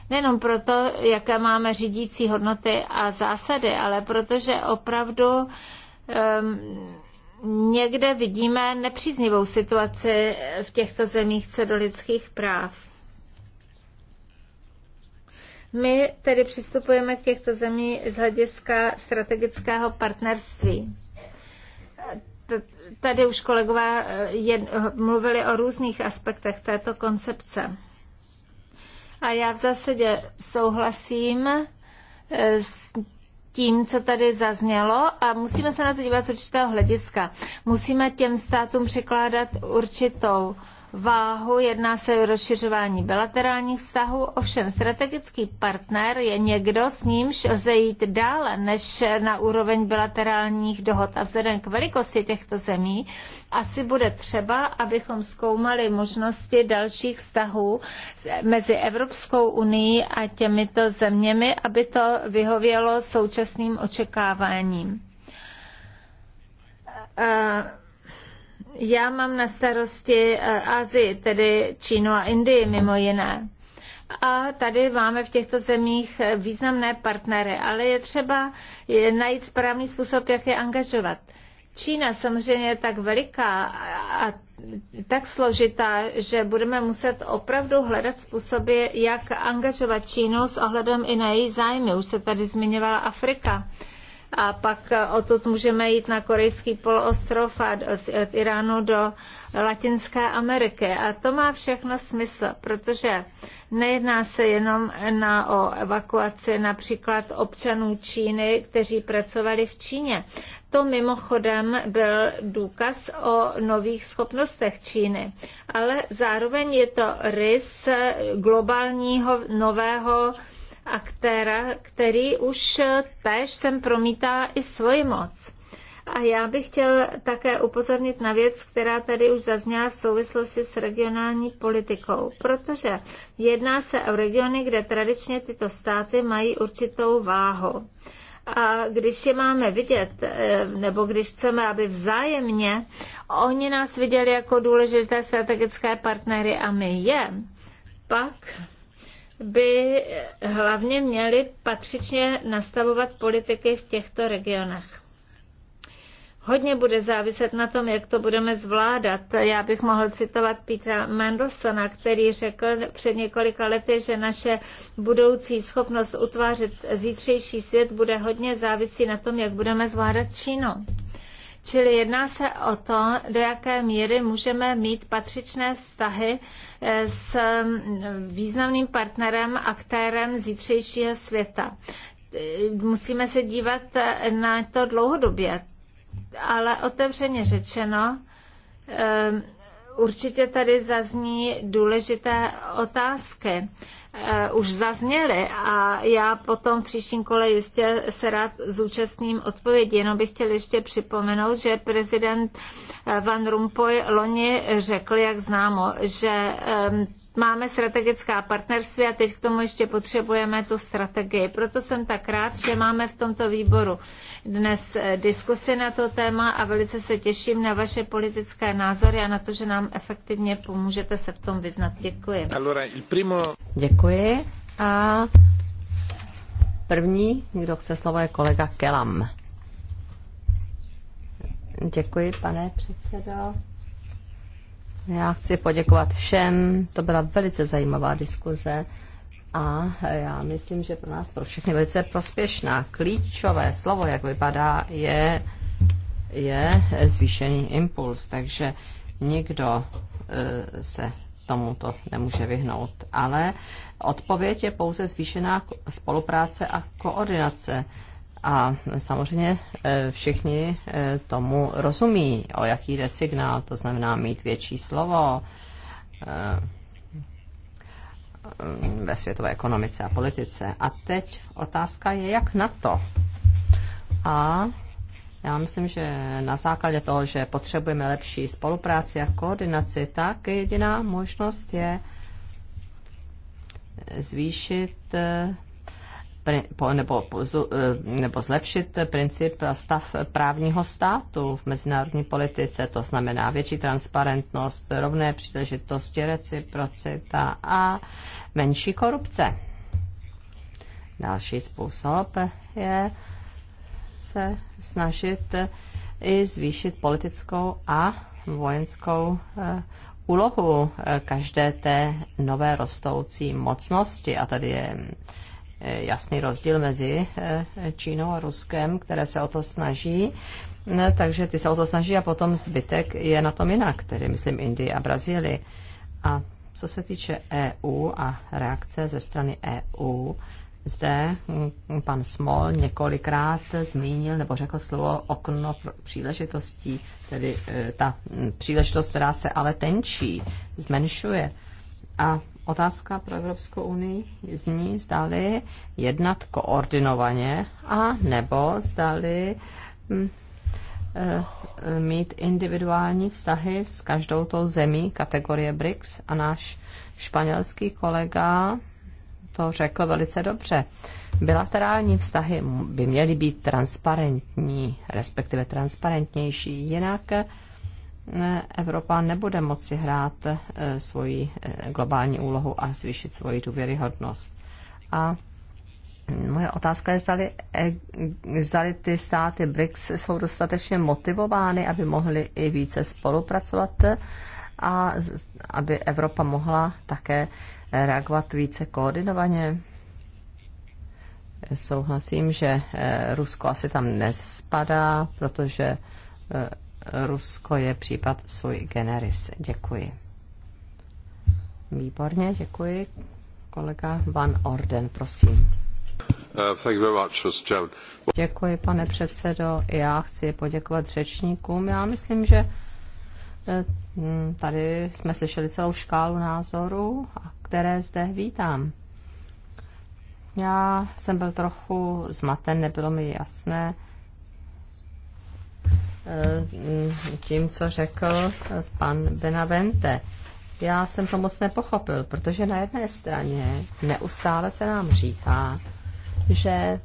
Speaker 3: Nejenom proto, jaké máme řídící hodnoty a zásady, ale protože opravdu um, někde vidíme nepříznivou situaci v těchto zemích co do lidských práv. My tedy přistupujeme k těchto zemí z hlediska strategického partnerství tady už kolegové eh, jed, eh, mluvili o různých aspektech této koncepce. A já v zásadě souhlasím eh, s tím, co tady zaznělo a musíme se na to dívat z určitého hlediska. Musíme těm státům překládat určitou uh, váhu, jedná se o rozšiřování bilaterálních vztahů, ovšem strategický partner je někdo, s nímž lze jít dále než na úroveň bilaterálních dohod. A vzhledem k velikosti těchto zemí asi bude třeba, abychom zkoumali možnosti dalších vztahů mezi Evropskou unii a těmito zeměmi, aby to vyhovělo současným očekáváním. Uh, já mám na starosti eh, Asii, tedy Čínu a Indii mimo jiné. A tady máme v těchto zemích eh, významné partnery, ale je třeba eh, najít správný způsob, jak je angažovat. Čína samozřejmě je tak veliká a tak složitá, že budeme muset opravdu hledat způsoby, jak angažovat Čínu s ohledem i na její zájmy. Už se tady zmiňovala Afrika a pak eh, odtud můžeme jít na korejský poloostrov a z eh, Iránu do Latinské Ameriky. A to má všechno smysl, protože nejedná se jenom na, o evakuaci například občanů Číny, kteří pracovali v Číně. To mimochodem byl důkaz o nových schopnostech Číny, ale zároveň je to rys globálního nového aktéra, který už též sem promítá i svoji moc. A já bych chtěl také upozornit na věc, která tady už zazněla v souvislosti s regionální politikou, protože jedná se o regiony, kde tradičně tyto státy mají určitou váhu. A když je máme vidět, eh, nebo když chceme, aby vzájemně oni nás viděli jako důležité strategické partnery a my je, pak by hlavně měly patřičně nastavovat politiky v těchto regionech. Hodně bude záviset na tom, jak to budeme zvládat. Já bych mohl citovat Petra Mendelsona, který řekl před několika lety, že naše budoucí schopnost utvářet zítřejší svět bude hodně závisí na tom, jak budeme zvládat Čínu. Čili jedná se o to, do jaké míry můžeme mít patřičné vztahy eh, s mm, významným partnerem, aktérem zítřejšího světa. Eh, musíme se dívat eh, na to dlouhodobě, ale otevřeně řečeno, určitě tady zazní důležité otázky Eh, už zazněly a já potom v příštím kole jistě se rád zúčastním odpovědi. Jenom bych chtěl ještě připomenout, že prezident eh, Van Rompuy loni řekl, jak známo, že máme strategická partnerství a teď k tomu ještě potřebujeme tu strategii. Proto jsem tak rád, že máme v tomto výboru dnes eh, diskusi na to téma a velice se těším na vaše politické názory a na to, že nám efektivně pomůžete se v tom vyznat. Děkuji.
Speaker 2: Děkuji.
Speaker 3: A první, kdo chce slovo, je kolega Kelam.
Speaker 2: Děkuji, pane předsedo. Já chci poděkovat všem, to byla velice zajímavá diskuze a já myslím, že pro nás, pro všechny velice prospěšná. Klíčové slovo, jak vypadá, je, je zvýšený impuls, takže nikdo uh, se tomuto nemůže vyhnout. Ale odpověď je pouze zvýšená spolupráce a koordinace. A samozřejmě e, všichni e, tomu rozumí, o jaký jde signál, to znamená mít větší slovo e, mm, ve světové ekonomice a politice. A teď otázka je, jak na to. A já myslím, že na základě toho, že potřebujeme lepší spolupráci a koordinaci, tak jediná možnost je zvýšit nebo, eh, nebo zlepšit princip stav právního státu v mezinárodní politice, to znamená větší transparentnost, rovné příležitosti, reciprocita a menší korupce. Další způsob je se snažit i zvýšit politickou a vojenskou eh, úlohu eh, každé té nové rostoucí mocnosti. A tady je jasný rozdíl mezi eh, Čínou a Ruskem, které se o to snaží. Ne, takže ty se o to snaží a potom zbytek je na tom jinak, tedy myslím Indii a Brazílii. A co se týče EU a reakce ze strany EU, zde hm, pan Smol několikrát zmínil nebo řekl slovo okno příležitostí, tedy eh, ta hm, příležitost, která se ale tenčí, zmenšuje. A Otázka pro Evropskou unii zní, zdali jednat koordinovaně a nebo zdali hm, eh, mít individuální vztahy s každou tou zemí kategorie BRICS a náš španělský kolega to řekl velice dobře. Bilaterální vztahy by měly být transparentní, respektive transparentnější, jinak Evropa nebude moci hrát eh, svoji eh, globální úlohu a zvýšit svoji důvěryhodnost. A moje otázka je, zdali, e- zdali ty státy BRICS jsou dostatečně motivovány, aby mohly i více spolupracovat eh, a aby Evropa mohla také reagovat více koordinovaně. Souhlasím, že Rusko asi tam nespadá, protože Rusko je případ sui generis. Děkuji. Výborně, děkuji. Kolega Van Orden, prosím.
Speaker 1: Uh,
Speaker 2: děkuji, pane předsedo. Já chci poděkovat řečníkům. Já myslím, že eh, hm, tady jsme slyšeli celou škálu názorů, které zde vítám. Já jsem byl trochu zmaten, nebylo mi jasné, Eh, tím, co řekl pan Benavente. Já jsem to moc nepochopil, protože na jedné straně neustále se nám říká, že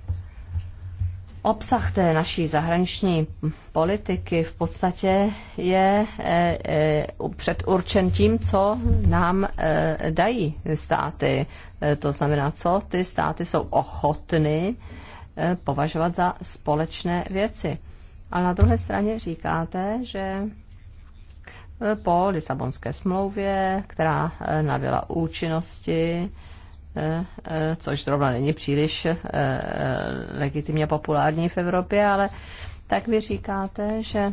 Speaker 2: obsah té naší zahraniční politiky v podstatě je eh, eh, předurčen tím, co nám dají státy. To znamená, co ty státy jsou ochotny považovat za společné věci. A na druhé straně říkáte, že e, po Lisabonské smlouvě, která e, nabyla účinnosti, e, což zrovna není příliš legitimně populární v Evropě, ale tak vy říkáte, že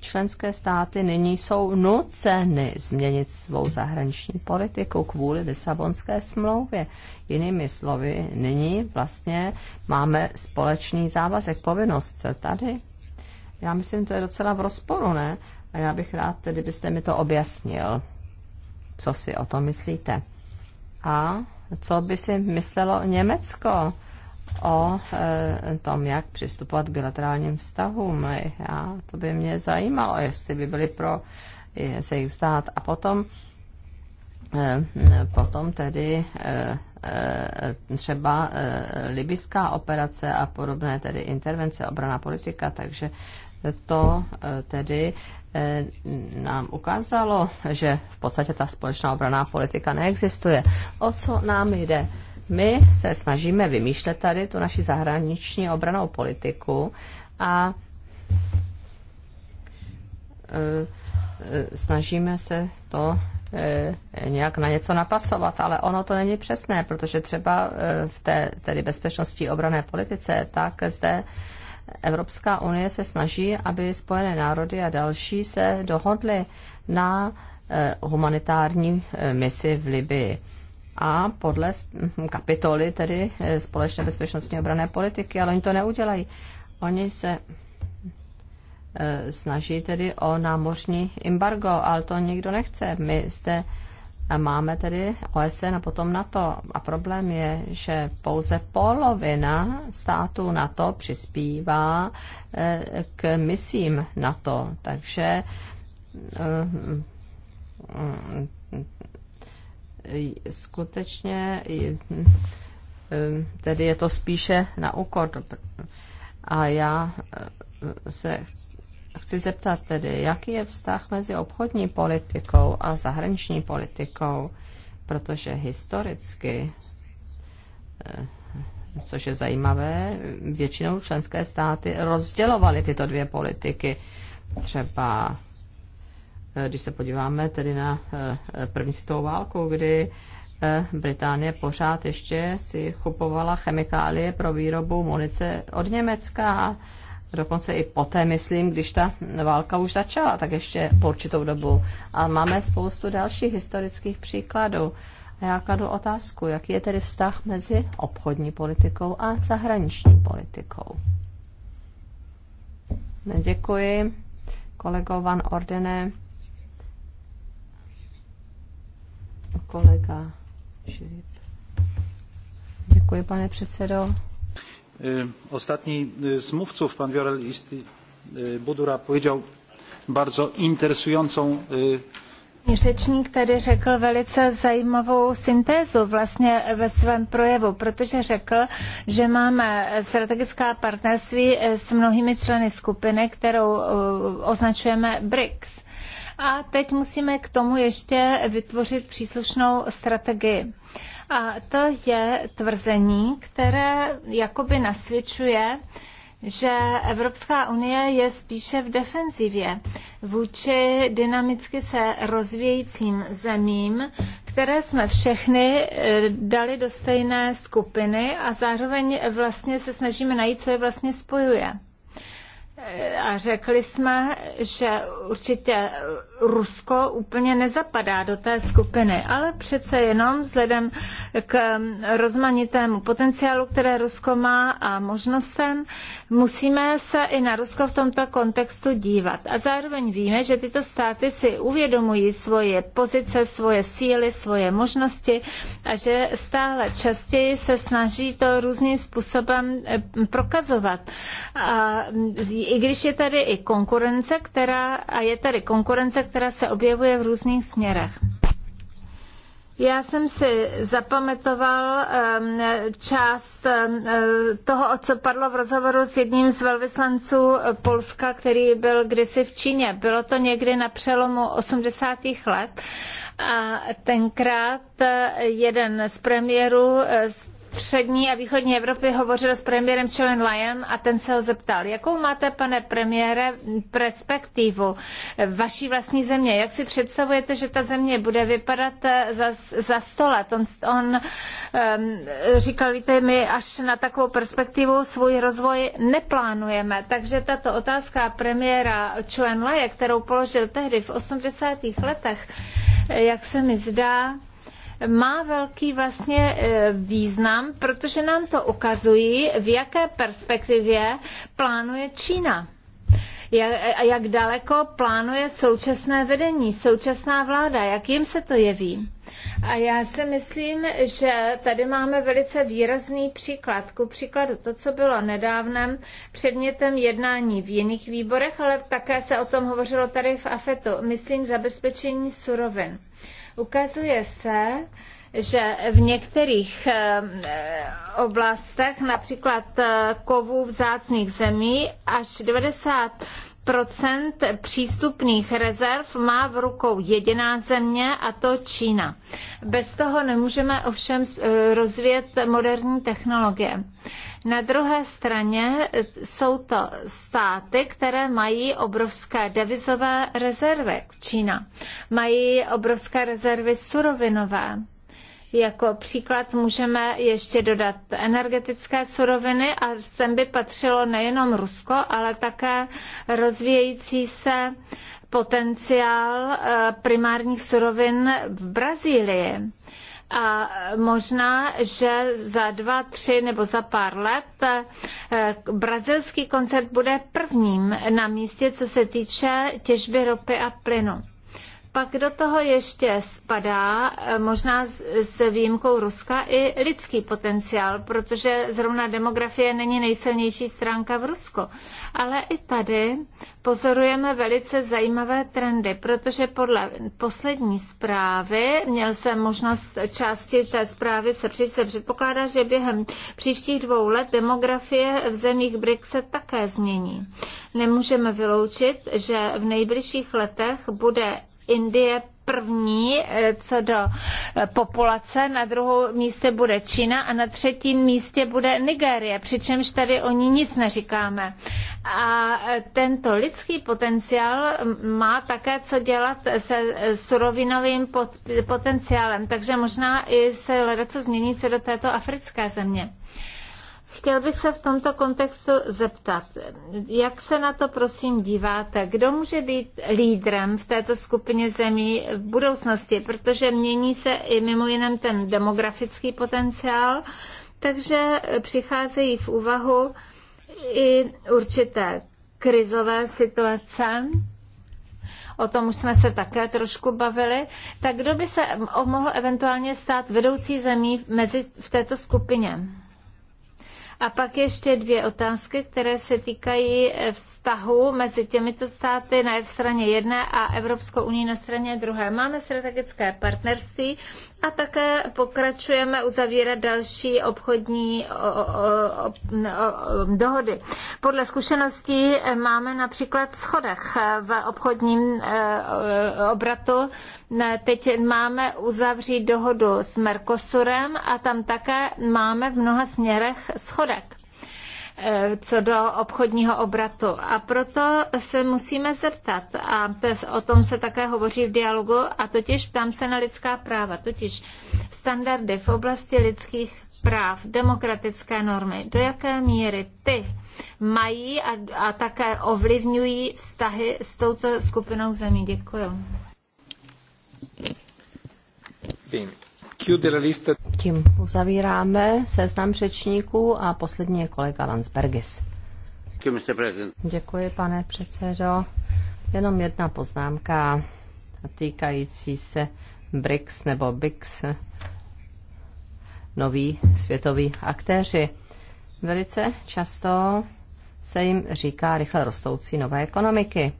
Speaker 2: členské státy nyní jsou nuceny změnit svou zahraniční politiku kvůli Lisabonské smlouvě. Jinými slovy, nyní vlastně máme společný závazek, povinnost tady já myslím, to je docela v rozporu, ne? A já bych rád, tedy byste mi to objasnil, co si o tom myslíte. A co by si myslelo Německo o e, tom, jak přistupovat k bilaterálním vztahům? Já, to by mě zajímalo, jestli by byli pro se jich stát. A potom, e, potom tedy e, e třeba e, libyská operace a podobné tedy intervence, obraná politika, takže to eh, tedy eh, nám ukázalo, že v podstatě ta společná obraná politika neexistuje. O co nám jde? My se snažíme vymýšlet tady tu naši zahraniční obranou politiku a eh, snažíme se to nějak na něco napasovat, ale ono to není přesné, protože třeba v té tedy bezpečnosti obrané politice, tak zde Evropská unie se snaží, aby Spojené národy a další se dohodly na eh, humanitární eh, misi v Libii. A podle hm, kapitoly tedy eh, společné bezpečnostní obrané politiky, ale oni to neudělají. Oni se snaží tedy o námořní embargo, ale to nikdo nechce. My jste máme tedy OSN a potom NATO. A problém je, že pouze polovina států NATO přispívá eh, k misím NATO. Takže eh, hm, hm, skutečně eh, tedy je to spíše na úkor. A já se chci zeptat tedy, jaký je vztah mezi obchodní politikou a zahraniční politikou, protože historicky, eh, což je zajímavé, většinou členské státy rozdělovaly tyto dvě politiky. Třeba eh, když se podíváme tedy na eh, první světovou válku, kdy Británie pořád ještě si kupovala chemikálie pro výrobu munice od Německa dokonce i poté, myslím, když ta válka už začala, tak ještě po určitou dobu. A máme spoustu dalších historických příkladů. A já kladu otázku, jaký je tedy vztah mezi obchodní politikou a zahraniční politikou. Děkuji, kolego Van Ordene. Kolega Širip. Děkuji, pane předsedo.
Speaker 1: E, ostatni e, z mówców pan viorel e, budura powiedział bardzo interesującą
Speaker 3: Řečník tady řekl velice zajímavou syntézu vlastně ve svém projevu, protože řekl, že máme strategická partnerství s mnohými členy skupiny, kterou označujeme BRICS. A teď musíme k tomu ještě vytvořit příslušnou strategii. A to je tvrzení, které jakoby nasvědčuje, že Evropská unie je spíše v defenzivě vůči dynamicky se rozvíjícím zemím, které jsme všechny eh, dali do stejné skupiny a zároveň vlastně se snažíme najít, co je vlastně spojuje. Eh, a řekli jsme, že určitě Rusko úplně nezapadá do té skupiny, ale přece jenom vzhledem k rozmanitému potenciálu, které Rusko má a možnostem, musíme se i na Rusko v tomto kontextu dívat. A zároveň víme, že tyto státy si uvědomují svoje pozice, svoje síly, svoje možnosti a že stále častěji se snaží to různým způsobem eh, prokazovat. A mm, i když je tady i konkurence, která, a je tady konkurence, která se objevuje v různých směrech. Já jsem si zapamatoval ehm, část ehm, toho, o co padlo v rozhovoru s jedním z velvyslanců eh, Polska, který byl kdysi v Číně. Bylo to někdy na přelomu 80. let a tenkrát eh, jeden z premiérů z eh, přední a východní Evropy hovořil s premiérem Chilin Lyon a ten se ho zeptal, jakou máte, pane premiére, perspektivu vaší vlastní země? Jak si představujete, že ta země bude vypadat eh, za, za let? On, on um, říkal, víte, my až na takovou perspektivu svůj rozvoj neplánujeme. Takže tato otázka premiéra Chilin Lyon, kterou položil tehdy v 80. letech, jak se mi zdá, má velký vlastně e, význam, protože nám to ukazují, v jaké perspektivě plánuje Čína jak, jak daleko plánuje současné vedení, současná vláda, jak jim se to jeví. A já si myslím, že tady máme velice výrazný příklad. Ku příkladu to, co bylo nedávnem předmětem jednání v jiných výborech, ale také se o tom hovořilo tady v AFETu, myslím zabezpečení surovin. Ukazuje se, že v některých eh, oblastech, například eh, kovů vzácných zemí, až 90 přístupných rezerv má v rukou jediná země a to Čína. Bez toho nemůžeme ovšem eh, rozvíjet moderní technologie. Na druhé straně eh, jsou to státy, které mají obrovské devizové rezervy. Čína. Mají obrovské rezervy surovinové jako příklad můžeme ještě dodat energetické suroviny a sem by patřilo nejenom Rusko, ale také rozvíjející se potenciál eh, primárních surovin v Brazílii. A možná, že za dva, tři nebo za pár let eh, brazilský koncert bude prvním na místě, co se týče těžby ropy a plynu. Pak do toho ještě spadá, eh, možná s výjimkou Ruska, i lidský potenciál, protože zrovna demografie není nejsilnější stránka v Rusku. Ale i tady pozorujeme velice zajímavé trendy, protože podle poslední zprávy, měl jsem možnost části té zprávy se přijít, se předpokládá, že během příštích dvou let demografie v zemích BRIC se také změní. Nemůžeme vyloučit, že v nejbližších letech bude Indie první eh, co do eh, populace, na druhou místě bude Čína a na třetím místě bude Nigérie, přičemž tady o ní nic neříkáme. A eh, tento lidský potenciál má také co dělat se surovinovým potenciálem, takže možná i se co změní co do této africké země. Chtěl bych se v tomto kontextu zeptat, jak se na to prosím díváte? Kdo může být lídrem v této skupině zemí v budoucnosti? Protože mění se i mimo jiném ten demografický potenciál, takže přicházejí v úvahu i určité krizové situace, o tom už jsme se také trošku bavili, tak kdo by se mohl eventuálně stát vedoucí zemí mezi, v této skupině? A pak ještě dvě otázky, které se týkají eh, vztahu mezi těmito státy na straně jedné a Evropskou unii na straně druhé. Máme strategické partnerství a také pokračujeme uzavírat další obchodní dohody. Podle zkušeností eh, máme například v schodech eh, v obchodním eh, obratu. Teď máme uzavřít dohodu s Mercosurem a tam také máme v mnoha směrech schodek co do obchodního obratu. A proto se musíme zeptat, a to, o tom se také hovoří v dialogu, a totiž ptám se na lidská práva, totiž standardy v oblasti lidských práv, demokratické normy, do jaké míry ty mají a, a také ovlivňují vztahy s touto skupinou zemí. Děkuji. Tím uzavíráme
Speaker 2: seznam řečníků a poslední je kolega Landsbergis. Děkuji, pane předsedo. Jenom jedna poznámka týkající se BRICS nebo BICS, noví světoví aktéři. Velice často se jim říká rychle rostoucí nové ekonomiky.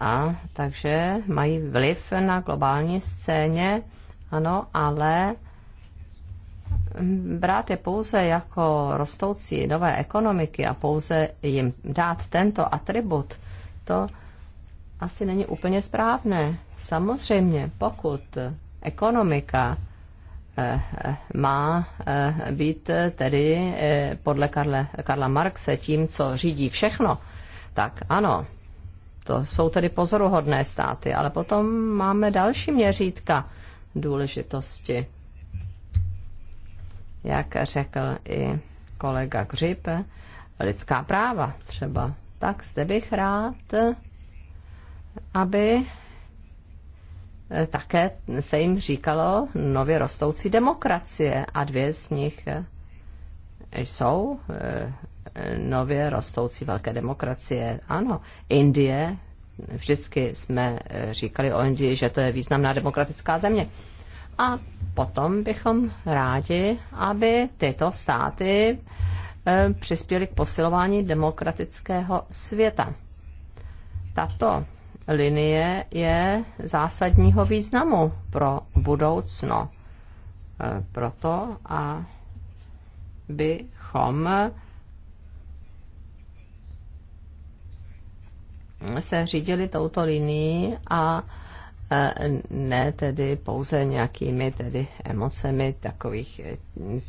Speaker 2: A takže mají vliv na globální scéně ano, ale brát je pouze jako rostoucí nové ekonomiky a pouze jim dát tento atribut, to asi není úplně správné. Samozřejmě, pokud ekonomika eh, eh, má eh, být tedy podle Karle, Karla Marxe tím, co řídí všechno, tak ano, to jsou tedy pozoruhodné státy, ale potom máme další měřítka důležitosti. Jak řekl i kolega Křip, lidská práva třeba. Tak zde bych rád, aby také se jim říkalo nově rostoucí demokracie a dvě z nich jsou eh, nově rostoucí velké demokracie. Ano, Indie vždycky jsme eh, říkali o Indii, že to je významná demokratická země. A potom bychom rádi, aby tyto státy eh, přispěly k posilování demokratického světa. Tato linie je zásadního významu pro budoucno. Eh, proto, a bychom se řídili touto linií a e, ne tedy pouze nějakými tedy emocemi takových e,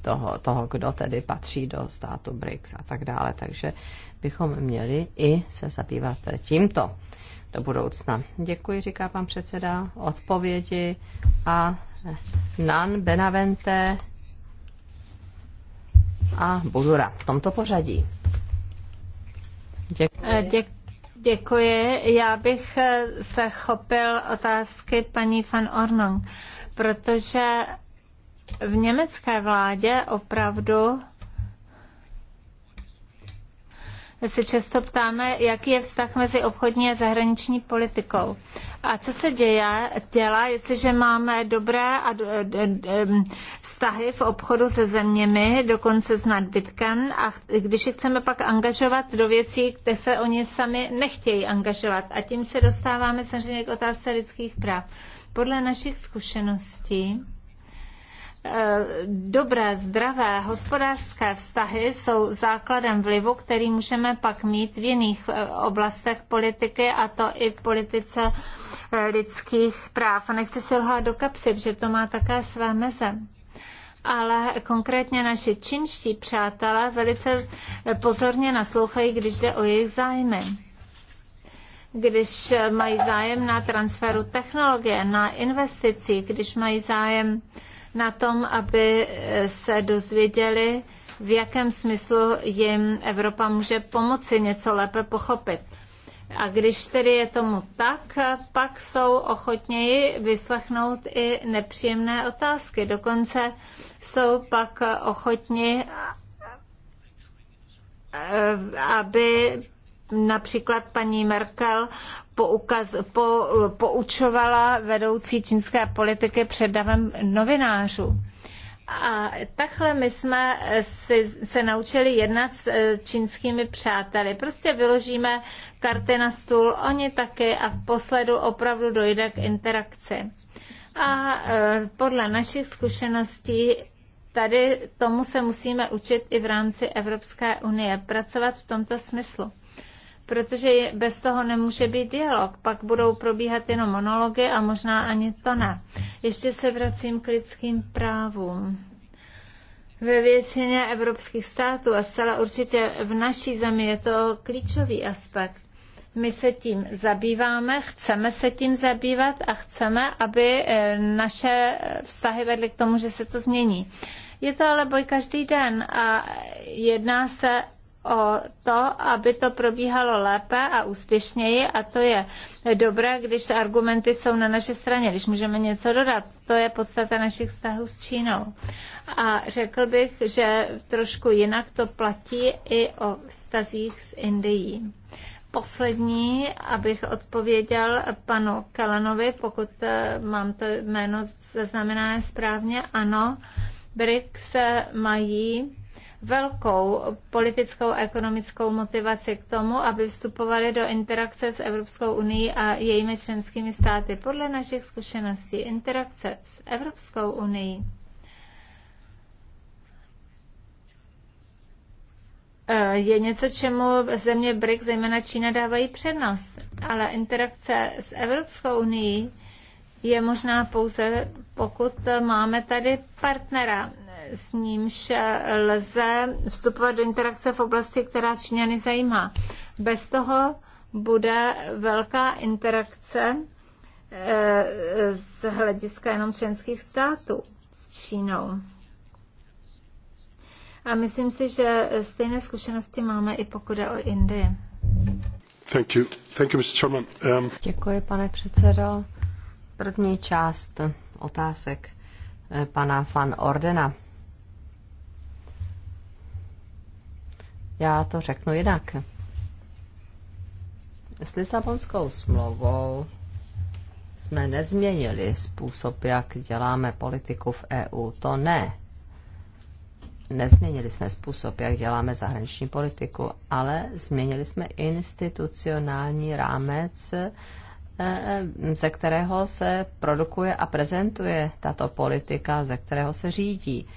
Speaker 2: toho, toho, kdo tedy patří do státu BRICS a tak dále. Takže bychom měli i se zabývat tímto do budoucna. Děkuji, říká pan předseda, odpovědi a Nan Benavente a Budura v tomto pořadí. Děkuji. E,
Speaker 3: děkuji. Děkuji. Já bych eh, se chopil otázky paní van Ornong, protože v německé vládě opravdu se často ptáme, jaký je vztah mezi obchodní a zahraniční politikou. A co se děje, dělá, jestliže máme dobré a d, d, d, vztahy v obchodu se zeměmi, dokonce s nadbytkem, a když je chceme pak angažovat do věcí, kde se oni sami nechtějí angažovat. A tím se dostáváme samozřejmě k otázce lidských práv. Podle našich zkušeností, dobré, zdravé hospodářské vztahy jsou základem vlivu, který můžeme pak mít v jiných eh, oblastech politiky a to i v politice eh, lidských práv. A nechci si lhát do kapsy, že to má také své meze ale konkrétně naši čínští přátelé velice eh, pozorně naslouchají, když jde o jejich zájmy. Když mají zájem na transferu technologie, na investicích, když mají zájem uh, na tom, aby eh, se dozvěděli, v jakém smyslu jim Evropa může pomoci něco lépe pochopit. A když tedy je tomu tak, pak jsou ochotněji vyslechnout i nepříjemné otázky. Dokonce jsou pak ochotni, eh, aby například paní Merkel poukaz, po, poučovala vedoucí čínské politiky před davem novinářů. A takhle my jsme si, se naučili jednat s eh, čínskými přáteli. Prostě vyložíme karty na stůl, oni taky a v posledu opravdu dojde k interakci. A eh, podle našich zkušeností tady tomu se musíme učit i v rámci Evropské unie, pracovat v tomto smyslu protože bez toho nemůže být dialog. Pak budou probíhat jenom monology a možná ani to ne. Ještě se vracím k lidským právům. Ve většině evropských států a zcela určitě v naší zemi je to klíčový aspekt. My se tím zabýváme, chceme se tím zabývat a chceme, aby eh, naše vztahy vedly k tomu, že se to změní. Je to ale boj každý den a eh, jedná se o to, aby to probíhalo lépe a úspěšněji a to je dobré, když argumenty jsou na naší straně, když můžeme něco dodat. To je podstata našich vztahů s Čínou. A řekl bych, že trošku jinak to platí i o vztazích s Indií. Poslední, abych odpověděl panu Kalanovi, pokud eh, mám to jméno zaznamenané správně, ano, BRICS mají velkou politickou a ekonomickou motivaci k tomu, aby vstupovali do interakce s Evropskou unii a jejími členskými státy. Podle našich zkušeností interakce s Evropskou unii eh, je něco, čemu země BRIC, zejména Čína, dávají přednost. Ale interakce s Evropskou unii je možná pouze, pokud máme tady partnera, s nímž lze vstupovat do interakce v oblasti, která Číňany zajímá. Bez toho bude velká interakce eh, z hlediska jenom členských států s Čínou. A myslím si, že stejné zkušenosti máme i pokud je o Indii.
Speaker 1: Thank you. Thank you, Mr. Chairman. Um...
Speaker 3: Děkuji, pane předsedo.
Speaker 2: První část otázek eh, pana Van Ordena. Já to řeknu jinak. S Lisabonskou smlouvou jsme nezměnili způsob, jak děláme politiku v EU. To ne. Nezměnili jsme způsob, jak děláme zahraniční politiku, ale změnili jsme institucionální rámec, eh, eh, ze kterého se produkuje a prezentuje tato politika, ze kterého se řídí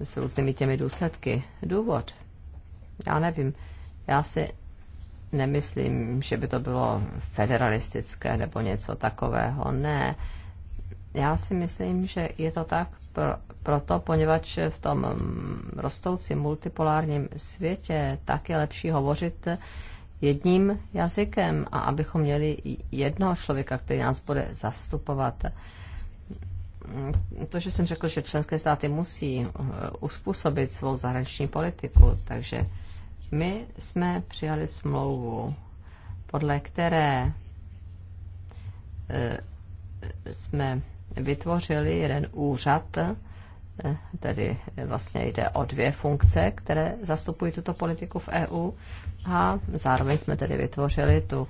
Speaker 2: s různými těmi důsledky. Důvod, já nevím. Já si nemyslím, že by to bylo federalistické nebo něco takového. Ne. Já si myslím, že je to tak pro, proto, poněvadž v tom mm, rostoucím multipolárním světě tak je lepší hovořit jedním jazykem a abychom měli jednoho člověka, který nás bude zastupovat. To, že jsem řekl, že členské státy musí eh, uspůsobit svou zahraniční politiku, takže my jsme přijali smlouvu, podle které e, jsme vytvořili jeden úřad, e, tedy vlastně jde o dvě funkce, které zastupují tuto politiku v EU a zároveň jsme tedy vytvořili tu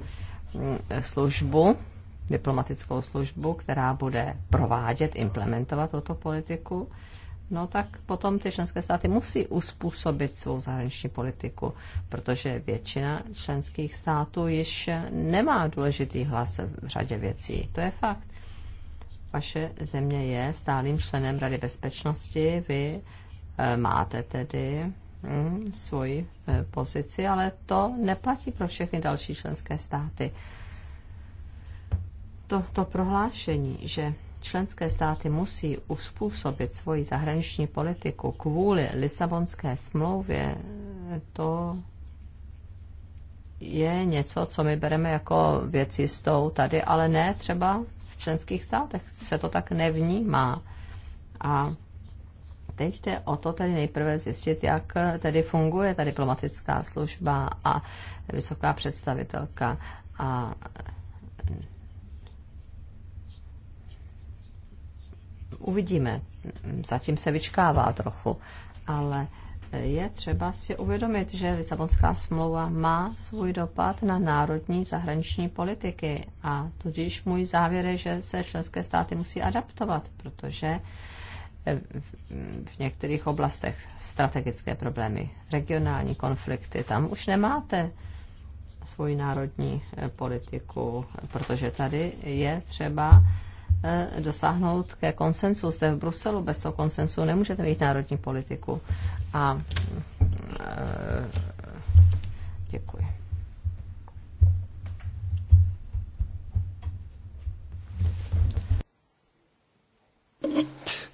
Speaker 2: službu, diplomatickou službu, která bude provádět, implementovat tuto politiku no tak potom ty členské státy musí uspůsobit svou zahraniční politiku, protože většina členských států již nemá důležitý hlas v řadě věcí. To je fakt. Vaše země je stálým členem Rady bezpečnosti, vy eh, máte tedy hm, svoji eh, pozici, ale to neplatí pro všechny další členské státy. To, to prohlášení, že členské státy musí uspůsobit svoji zahraniční politiku kvůli Lisabonské smlouvě, to je něco, co my bereme jako věc jistou tady, ale ne třeba v členských státech. Se to tak nevnímá. A teď jde o to tedy nejprve zjistit, jak tedy funguje ta diplomatická služba a vysoká představitelka. A Uvidíme. Zatím se vyčkává trochu, ale je třeba si uvědomit, že Lisabonská smlouva má svůj dopad na národní zahraniční politiky a tudíž můj závěr je, že se členské státy musí adaptovat, protože v některých oblastech strategické problémy, regionální konflikty, tam už nemáte svoji národní politiku, protože tady je třeba Eh, dosáhnout ke konsensu. Jste v Bruselu, bez toho konsensu nemůžete mít národní politiku. A eh, děkuji.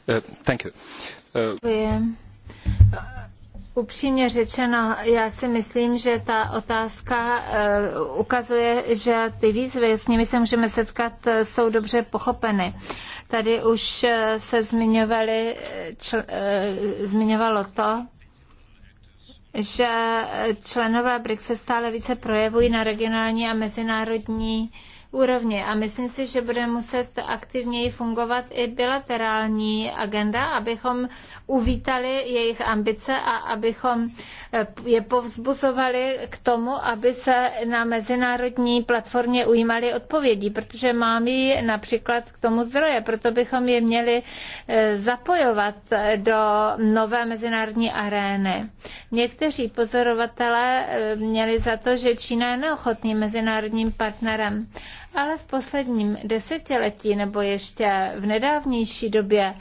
Speaker 4: Eh, thank you.
Speaker 3: yeah. Upřímně řečeno, já si myslím, že ta otázka eh, ukazuje, že ty výzvy, s nimi se můžeme setkat, eh, jsou dobře pochopeny. Tady už eh, se zmiňovali, čl, zmiňovalo to, že členové BRICS se stále více projevují na regionální a mezinárodní uh, úrovni. A myslím si, že bude muset aktivněji fungovat i bilaterální agenda, abychom uvítali jejich ambice a abychom eh, je povzbuzovali k tomu, aby se na mezinárodní platformě ujímali odpovědí, protože mám ji například k tomu zdroje, proto bychom je měli eh, zapojovat eh, do nové mezinárodní arény. Někteří pozorovatelé měli za to, že Čína je neochotným mezinárodním partnerem ale v posledním desetiletí nebo ještě v nedávnější době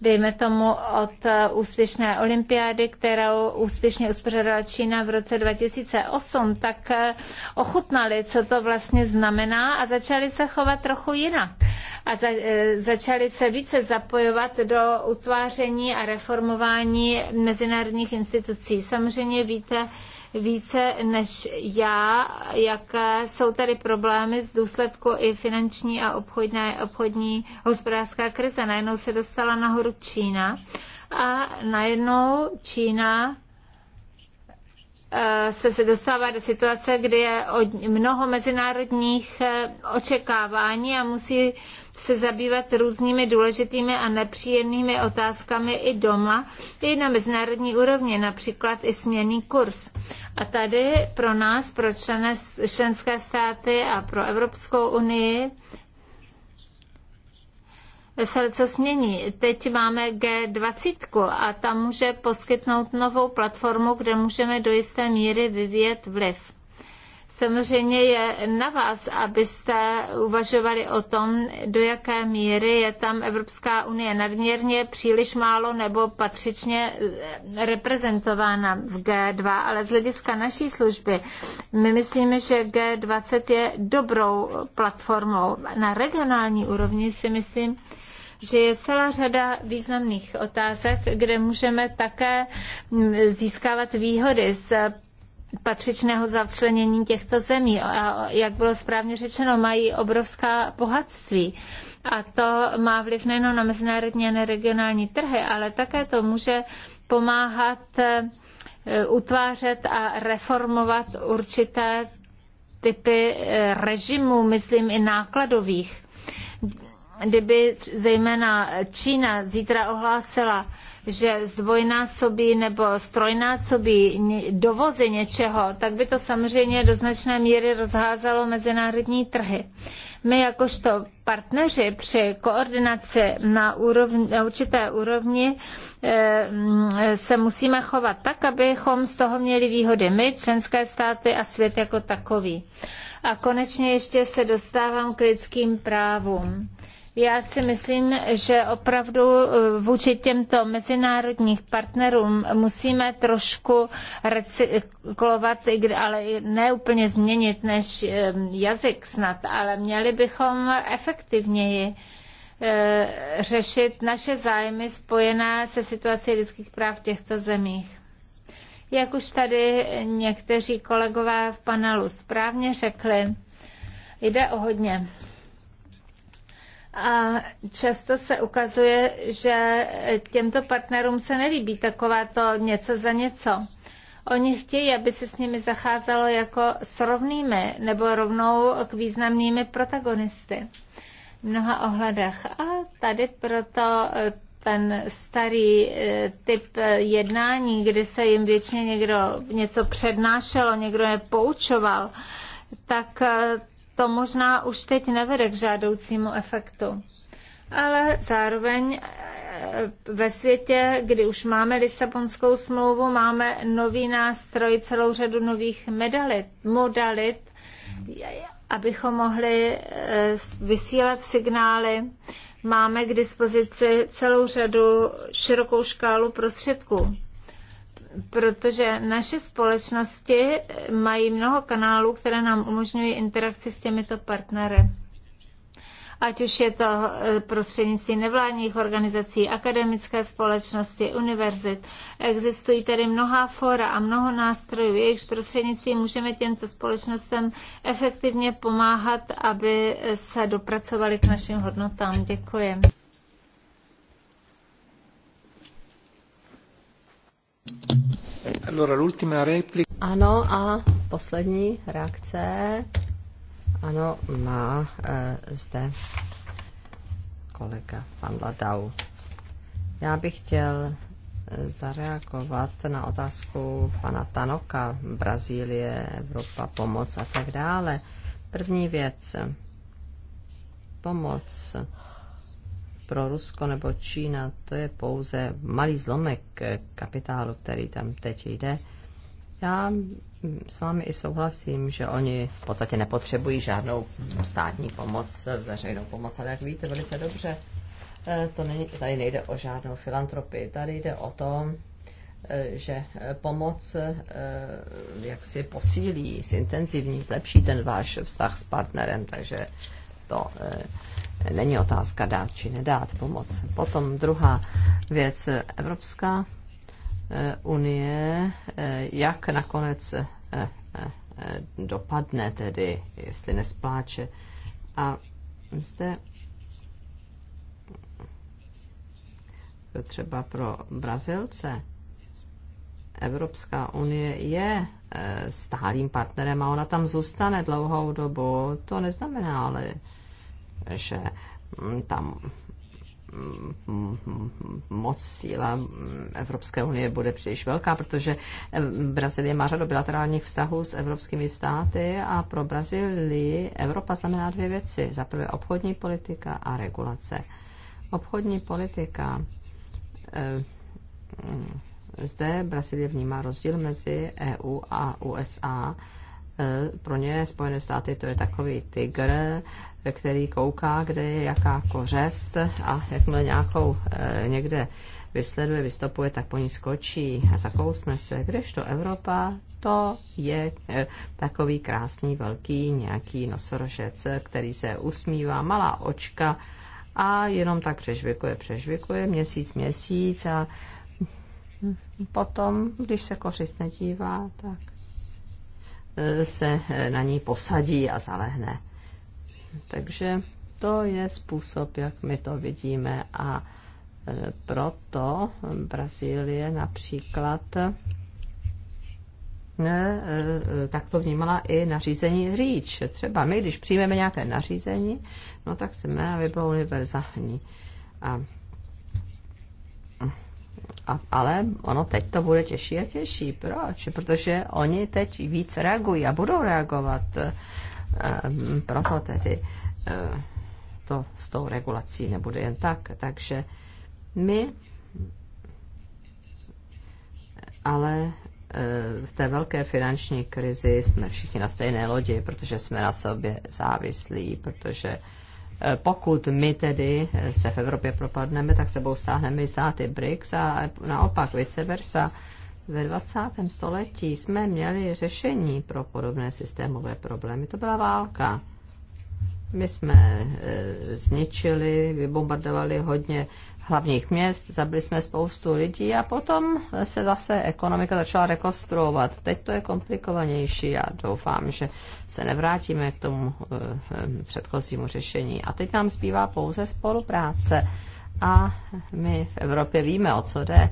Speaker 3: dejme tomu od eh, úspěšné olympiády, kterou úspěšně uspořádala Čína v roce 2008, tak eh, ochutnali, co to vlastně znamená a začali se chovat trochu jinak. A za, eh, začali se více zapojovat do utváření a reformování mezinárodních institucí. Samozřejmě víte, více než já, jaké jsou tady problémy z důsledku i finanční a obchodní, obchodní hospodářská krize. Najednou se dostala nahoru Čína a najednou Čína Eh, se, se dostává do situace, kdy je mnoho mezinárodních eh, očekávání a musí se zabývat různými důležitými a nepříjemnými otázkami i doma, i na mezinárodní úrovni, například i směný kurz. A tady pro nás, pro členské státy a pro Evropskou unii se co změní. Teď máme G20 a tam může poskytnout novou platformu, kde můžeme do jisté míry vyvíjet vliv. Samozřejmě je na vás, abyste uvažovali o tom, do jaké míry je tam Evropská unie nadměrně, příliš málo nebo patřičně eh, reprezentována v G2, ale z hlediska naší služby my myslíme, že G20 je dobrou platformou. Na regionální úrovni si myslím, že je celá řada významných otázek, kde můžeme také mm, získávat výhody z patřičného začlenění těchto zemí. A jak bylo správně řečeno, mají obrovská bohatství. A to má vliv nejen na mezinárodní a na regionální trhy, ale také to může pomáhat eh, utvářet a reformovat určité typy eh, režimů, myslím i nákladových kdyby zejména Čína zítra ohlásila, že zdvojnásobí nebo strojnásobí dovozy něčeho, tak by to samozřejmě do značné míry rozházalo mezinárodní trhy. My jakožto partneři při koordinaci na, úrovni, na určité úrovni eh, mm, se musíme chovat tak, abychom z toho měli výhody my, členské státy a svět jako takový. A konečně ještě se dostávám k lidským právům. Já si myslím, že opravdu eh, vůči těmto mezinárodních partnerům musíme trošku recyklovat, ale ne úplně změnit než eh, jazyk snad, ale měli bychom efektivněji eh, řešit naše zájmy spojené se situací lidských práv v těchto zemích. Jak už tady někteří kolegové v panelu správně řekli, jde o hodně. A často se ukazuje, že těmto partnerům se nelíbí takováto něco za něco. Oni chtějí, aby se s nimi zacházelo jako s rovnými nebo rovnou k významnými protagonisty v mnoha ohledech. A tady proto eh, ten starý eh, typ eh, jednání, kdy se jim většině někdo něco přednášelo, někdo je poučoval, tak to možná už teď nevede k žádoucímu efektu. Ale zároveň e, ve světě, kdy už máme Lisabonskou smlouvu, máme nový nástroj, celou řadu nových medalit, modalit, abychom mohli e, vysílat signály. Máme k dispozici celou řadu širokou škálu prostředků protože naše společnosti mají mnoho kanálů, které nám umožňují interakci s těmito partnery. Ať už je to eh, prostřednictví nevládních organizací, akademické společnosti, univerzit. Existují tedy mnohá fora a mnoho nástrojů, jejichž prostřednictví můžeme těmto společnostem efektivně pomáhat, aby se dopracovali k našim hodnotám. Děkuji.
Speaker 1: Allora, l'ultima replica.
Speaker 2: Ano a poslední reakce. Ano, má e, zde kolega pan Ladau. Já bych chtěl eh, zareagovat na otázku pana Tanoka, Brazílie, Evropa, pomoc a tak dále. První věc, pomoc pro Rusko nebo Čína, to je pouze malý zlomek eh, kapitálu, který tam teď jde. Já mm, s vámi i souhlasím, že oni v podstatě nepotřebují žádnou státní pomoc, veřejnou pomoc, ale jak víte velice dobře, eh, to není, tady nejde o žádnou filantropii, tady jde o to, eh, že pomoc jak si posílí, zintenzivní, zlepší ten váš vztah s partnerem, takže to Není otázka dát či nedát pomoc. Potom druhá věc, Evropská eh, unie, eh, jak nakonec eh, dopadne tedy, jestli nespláče. A zde třeba pro Brazilce Evropská unie je stálým partnerem a ona tam zůstane dlouhou dobu. To neznamená ale, že mm, tam mm, moc síla Evropské unie bude příliš velká, protože eh, Brazílie má řadu bilaterálních vztahů s evropskými státy a pro Brazílii Evropa znamená dvě věci. Za prvé obchodní politika a regulace. Obchodní politika. Eh, zde Brazílie vnímá rozdíl mezi EU a USA eh, pro ně Spojené státy to je takový tygr, který kouká, kde je jaká kořest a jakmile nějakou eh, někde vysleduje, vystopuje, tak po ní skočí a zakousne se. Kdežto Evropa, to je eh, takový krásný, velký nějaký nosorožec, eh, který se usmívá, malá očka a jenom tak přežvikuje, přežvikuje, měsíc, měsíc a potom, když se kořist nedívá, tak se na ní posadí a zalehne. Takže to je způsob, jak my to vidíme a e, proto Brazílie například ne, e, tak to vnímala i nařízení REACH. Třeba my, když přijmeme nějaké nařízení, no tak chceme, aby bylo univerzální. A, a, ale ono teď to bude těžší a těžší. Proč? Protože oni teď víc reagují a budou reagovat Ehm, proto tedy eh, to s tou regulací nebude jen tak. Takže my ale eh, v té velké finanční krizi jsme všichni na stejné lodi, protože jsme na sobě závislí, protože eh, pokud my tedy se v Evropě propadneme, tak sebou stáhneme i státy BRICS a naopak vice versa ve 20. století jsme měli řešení pro podobné systémové problémy. To byla válka. My jsme e, zničili, vybombardovali hodně hlavních měst, zabili jsme spoustu lidí a potom se zase ekonomika začala rekonstruovat. Teď to je komplikovanější a doufám, že se nevrátíme k tomu e, e, předchozímu řešení. A teď nám zbývá pouze spolupráce. A my v Evropě víme, o co jde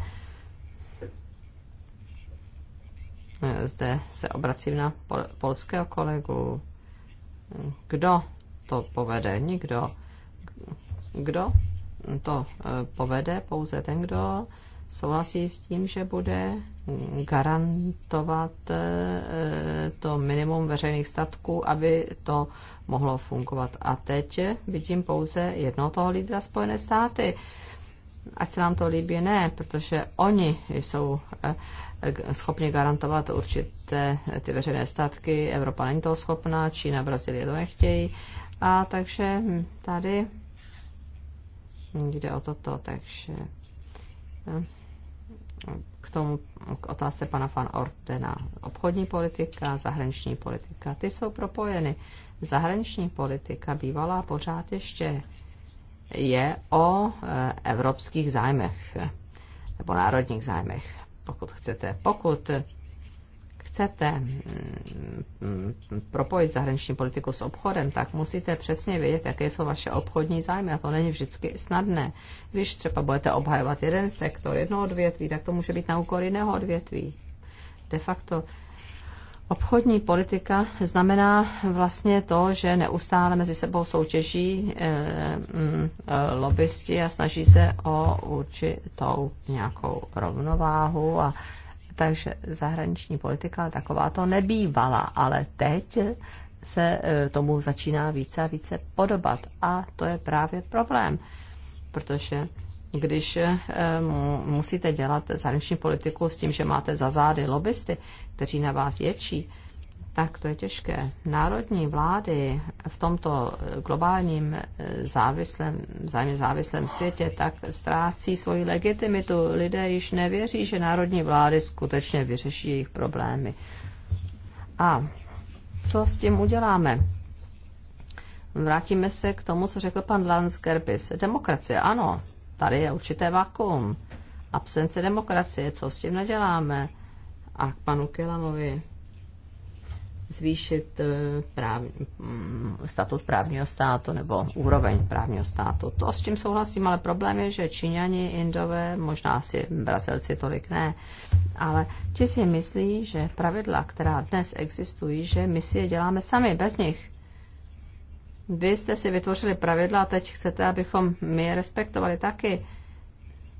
Speaker 2: Zde se obracím na polského kolegu. Kdo to povede? Nikdo. Kdo to eh, povede? Pouze ten, kdo souhlasí s tím, že bude garantovat eh, to minimum veřejných statků, aby to mohlo fungovat. A teď vidím pouze jednoho toho lídra Spojené státy. Ať se nám to líbí, ne, protože oni jsou eh, schopni garantovat určité ty veřejné statky. Evropa není toho schopná, Čína, Brazílie to nechtějí. A takže tady jde o toto, takže eh, k tomu k otázce pana Van Ortena. Obchodní politika, zahraniční politika, ty jsou propojeny. Zahraniční politika bývalá pořád ještě je o eh, evropských zájmech nebo národních zájmech pokud chcete. Pokud chcete mm, mm, propojit zahraniční politiku s obchodem, tak musíte přesně vědět, jaké jsou vaše obchodní zájmy a to není vždycky snadné. Když třeba budete obhajovat jeden sektor, jedno odvětví, tak to může být na úkor jiného odvětví. De facto Obchodní politika znamená vlastně to, že neustále mezi sebou soutěží eh, mm, eh, lobbysti a snaží se o určitou nějakou rovnováhu. A, takže zahraniční politika taková to nebývala, ale teď se eh, tomu začíná více a více podobat. A to je právě problém, protože když eh, musíte dělat zahraniční politiku s tím, že máte za zády lobbysty, kteří na vás ječí, tak to je těžké. Národní vlády v tomto globálním eh, závislém, vzájemně závislém světě tak ztrácí svoji legitimitu. Lidé již nevěří, že národní vlády skutečně vyřeší jejich problémy. A co s tím uděláme? Vrátíme se k tomu, co řekl pan Landskerpis. Demokracie, ano, tady je určité vakuum, absence demokracie, co s tím naděláme? A k panu Kilamovi zvýšit eh, práv, mm, statut právního státu nebo úroveň právního státu. To s tím souhlasím, ale problém je, že Číňani, Indové, možná asi Brazilci tolik ne, ale ti si myslí, že pravidla, která dnes existují, že my si je děláme sami bez nich. Vy jste si vytvořili pravidla a teď chcete, abychom my je respektovali taky.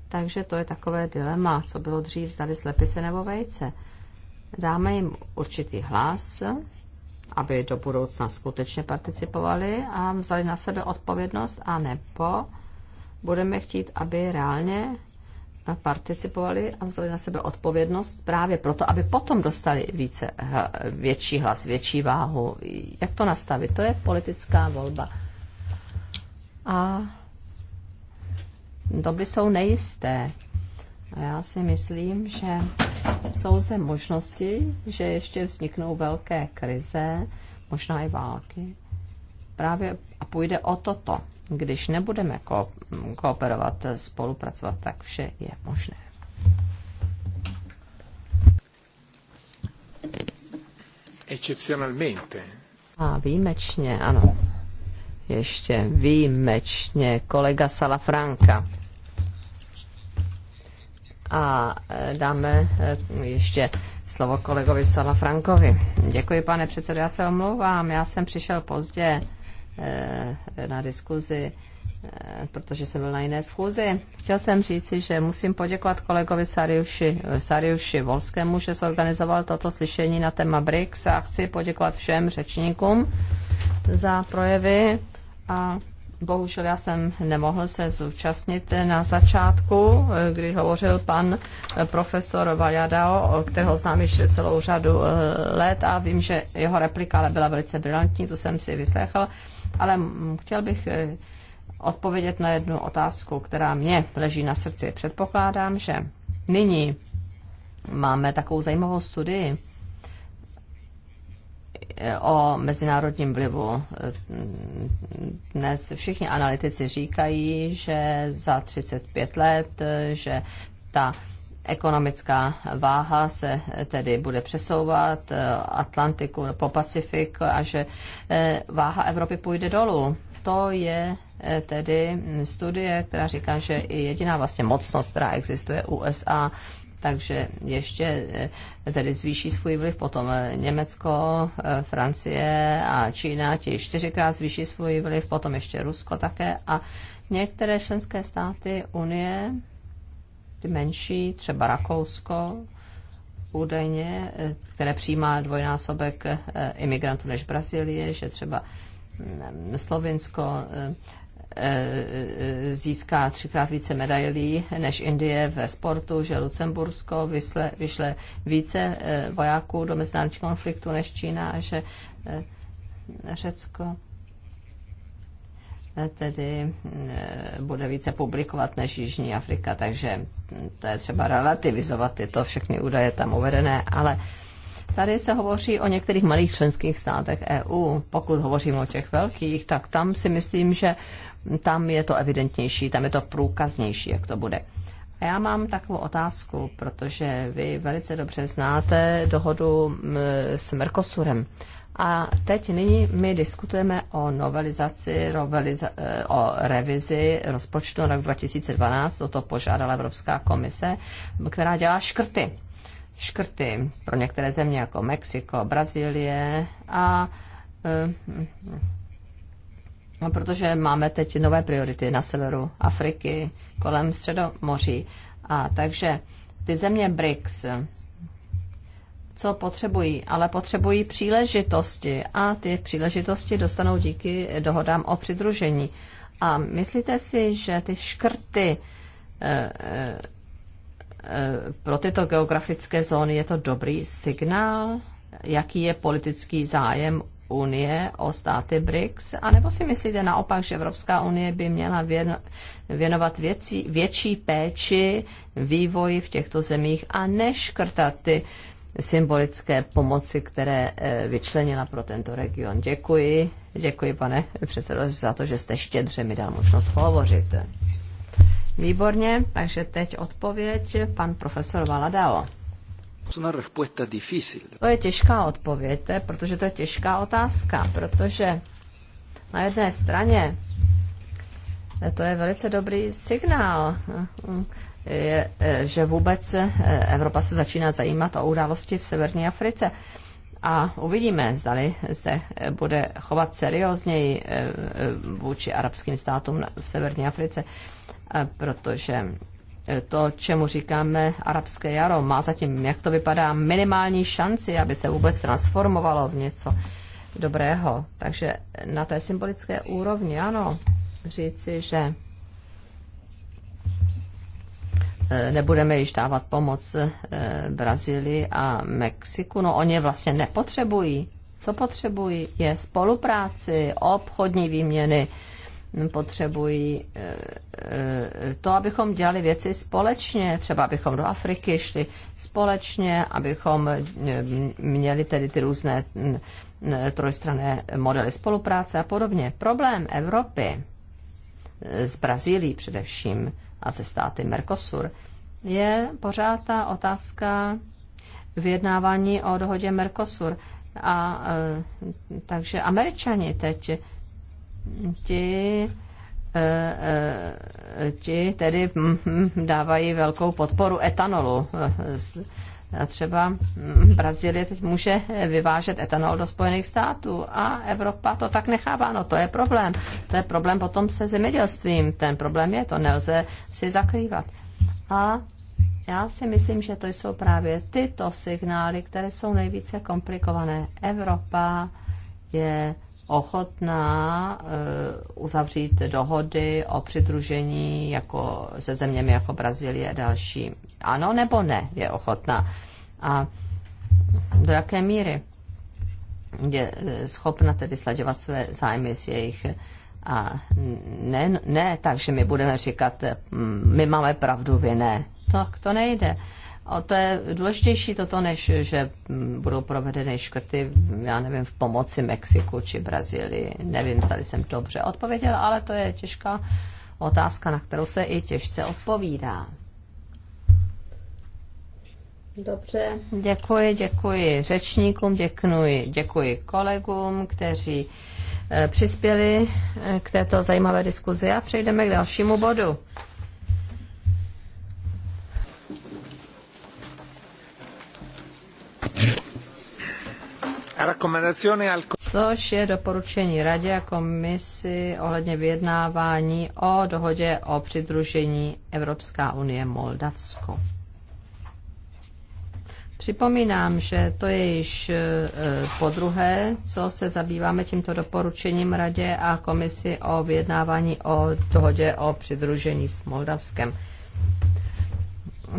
Speaker 2: Takže to je takové dilema, co bylo dřív, zdali slepice nebo vejce. Dáme jim určitý hlas, aby do budoucna skutečně participovali a vzali na sebe odpovědnost, a nebo budeme chtít, aby reálně participovali a vzali na sebe odpovědnost právě proto, aby potom dostali více, větší hlas, větší váhu. Jak to nastavit? To je politická volba. A doby jsou nejisté. A já si myslím, že jsou zde možnosti, že ještě vzniknou velké krize, možná i války. Právě a půjde o toto když nebudeme ko- kooperovat, spolupracovat, tak vše je možné.
Speaker 1: Excepcionalmente.
Speaker 2: A výjimečně, ano. Ještě výjimečně kolega Salafranka. A e, dáme e, ještě slovo kolegovi Salafrankovi. Děkuji, pane předsedo, já se omlouvám, já jsem přišel pozdě. Eh, na diskuzi, eh, protože jsem byl na jiné schůzi. Chtěl jsem říci, že musím poděkovat kolegovi Sariuši, Sariuši Volskému, že zorganizoval toto slyšení na téma BRICS a chci poděkovat všem řečníkům za projevy a Bohužel já jsem nemohl se zúčastnit na začátku, eh, kdy hovořil pan profesor Vajadao, kterého znám ještě celou řadu let a vím, že jeho replika byla velice brilantní, to jsem si vyslechl. Ale chtěl bych eh, odpovědět na jednu otázku, která mě leží na srdci. Předpokládám, že nyní máme takovou zajímavou studii eh, o mezinárodním vlivu. Eh, dnes všichni analytici říkají, že za 35 let, že ta Ekonomická váha se tedy bude přesouvat eh, Atlantiku po Pacifik a že eh, váha Evropy půjde dolů. To je eh, tedy studie, která říká, že i jediná vlastně mocnost, která existuje USA, takže ještě tedy zvýší svůj vliv potom Německo, Francie a Čína, ti čtyřikrát zvýší svůj vliv, potom ještě Rusko také a některé členské státy Unie ty menší, třeba Rakousko, údajně, eh, které přijímá dvojnásobek eh, imigrantů než Brazílie, že třeba mm, Slovinsko eh, získá třikrát více medailí než Indie ve sportu, že Lucembursko vysle, vyšle více vojáků do mezinárodních konfliktů než Čína a že Řecko tedy eh, bude více publikovat než Jižní Afrika, takže to je třeba relativizovat tyto všechny údaje tam uvedené, ale Tady se hovoří o některých malých členských státech EU. Pokud hovořím o těch velkých, tak tam si myslím, že tam je to evidentnější, tam je to průkaznější, jak to bude. A já mám takovou otázku, protože vy velice dobře znáte dohodu eh, s Mercosurem. A teď nyní my diskutujeme o novelizaci, roveliza, eh, o revizi rozpočtu na rok 2012, o to požádala Evropská komise, která dělá škrty. Škrty pro některé země jako Mexiko, Brazílie a No, protože máme teď nové priority na severu Afriky, kolem Středomoří. A takže ty země BRICS, co potřebují, ale potřebují příležitosti a ty příležitosti dostanou díky dohodám o přidružení. A myslíte si, že ty škrty eh, eh, eh, pro tyto geografické zóny je to dobrý signál? Jaký je politický zájem Unie o státy BRICS? A nebo si myslíte naopak, že Evropská unie by měla věnovat věcí, větší péči vývoji v těchto zemích a neškrtat ty symbolické pomoci, které eh, vyčlenila pro tento region. Děkuji. Děkuji, pane předsedo, za to, že jste štědře mi dal možnost pohovořit. Výborně, takže teď odpověď pan profesor Valadao. To je těžká odpověď, eh, protože to je těžká otázka, protože na jedné straně eh, to je velice dobrý signál je, e, že vůbec e, Evropa se začíná zajímat o události v severní Africe. A uvidíme, zdali se e, bude chovat seriózněji vůči arabským státům v severní Africe, protože to, čemu říkáme arabské jaro, má zatím, jak to vypadá, minimální šanci, aby se vůbec transformovalo v něco dobrého. Takže na té symbolické úrovni, ano, říci, že Eh, nebudeme již dávat pomoc eh, Brazílii a Mexiku. No oni je vlastně nepotřebují. Co potřebují? Je spolupráci, obchodní výměny. Hm, potřebují eh, to, abychom dělali věci společně, třeba abychom do Afriky šli společně, abychom měli tedy ty různé hm, trojstrané modely spolupráce a podobně. Problém Evropy s Brazílií především a se státy Mercosur, je pořád ta otázka vyjednávání o dohodě Mercosur. A e, takže američani teď ti e, e, ti tedy hm, hm, dávají velkou podporu etanolu třeba Brazílie teď může vyvážet etanol do Spojených států a Evropa to tak nechává. No to je problém. To je problém potom se zemědělstvím. Ten problém je, to nelze si zakrývat. A já si myslím, že to jsou právě tyto signály, které jsou nejvíce komplikované. Evropa je ochotná eh, uzavřít dohody o přidružení jako se zeměmi jako Brazílie a další. Ano nebo ne je ochotná. A do jaké míry je eh, schopna tedy sladěvat své zájmy s jejich a ne, ne tak, že my budeme říkat, eh, my máme pravdu, vy ne. Tak to nejde. A to je důležitější toto, než že mm, budou provedeny škrty, já nevím, v pomoci Mexiku či Brazílii. Nevím, zda jsem dobře odpověděl, ale to je těžká otázka, na kterou se i těžce odpovídá. Dobře. Děkuji, děkuji řečníkům, děkuji, děkuji kolegům, kteří eh, přispěli eh, k této zajímavé diskuzi a přejdeme k dalšímu bodu. Což je doporučení radě a komisi ohledně vyjednávání o dohodě o přidružení Evropská unie Moldavsko. Připomínám, že to je již e, po druhé, co se zabýváme tímto doporučením radě a komisi o vyjednávání o dohodě o přidružení s Moldavskem.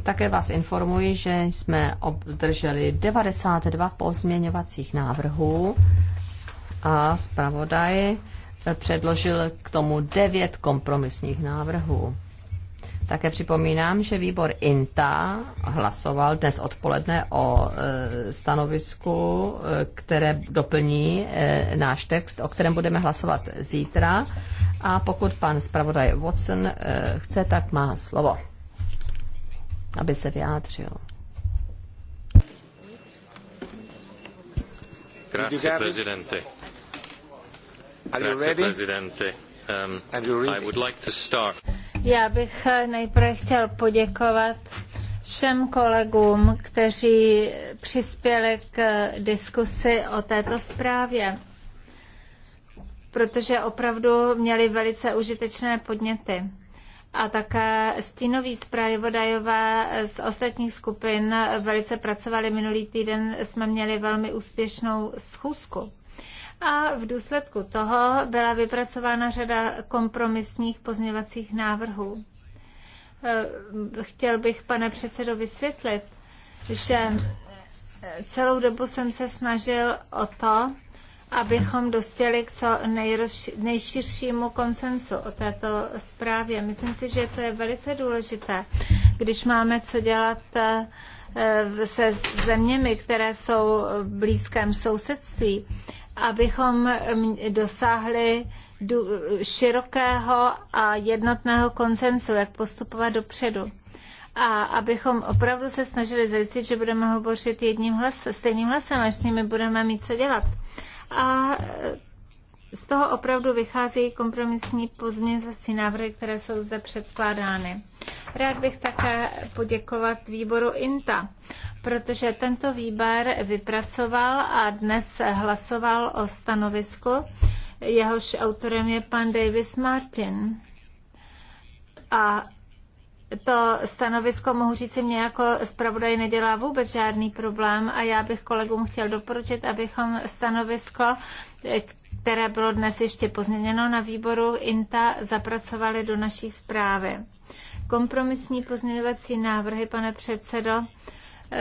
Speaker 2: Také vás informuji, že jsme obdrželi 92 pozměňovacích návrhů a zpravodaj předložil k tomu 9 kompromisních návrhů. Také připomínám, že výbor INTA hlasoval dnes odpoledne o e, stanovisku, e, které doplní e, náš text, o kterém budeme hlasovat zítra. A pokud pan zpravodaj Watson chce, tak má slovo aby se vyjádřil.
Speaker 3: Grazie,
Speaker 1: presidente.
Speaker 3: Grazie,
Speaker 2: presidente. Um, I would like to start.
Speaker 3: Já bych eh, nejprve chtěl poděkovat všem kolegům, kteří přispěli k eh, diskusi o této zprávě, protože opravdu měli velice užitečné podněty a také stínoví zpravodajové z ostatních skupin velice pracovali. Minulý týden jsme měli velmi úspěšnou schůzku. A v důsledku toho byla vypracována řada kompromisních pozměvacích návrhů. Eh, chtěl bych, pane předsedo, vysvětlit, že celou dobu jsem se snažil o to, abychom dospěli k co nejširšímu konsensu o této zprávě. Myslím si, že to je velice důležité, když máme co dělat eh, se zeměmi, které jsou v blízkém sousedství, abychom mm, dosáhli širokého a jednotného konsensu, jak postupovat dopředu. A abychom opravdu se snažili zajistit, že budeme hovořit jedním hlasem, stejným hlasem, až s nimi budeme mít co dělat. A z toho opravdu vycházejí kompromisní pozměňovací návrhy, které jsou zde předkládány. Rád bych také poděkovat výboru INTA, protože tento výbor vypracoval a dnes hlasoval o stanovisku. Jehož autorem je pan Davis Martin. A to stanovisko, mohu říct, mě jako zpravodaj nedělá vůbec žádný problém a já bych kolegům chtěl doporučit, abychom stanovisko, které bylo dnes ještě pozměněno na výboru INTA, zapracovali do naší zprávy. Kompromisní pozměňovací návrhy, pane předsedo,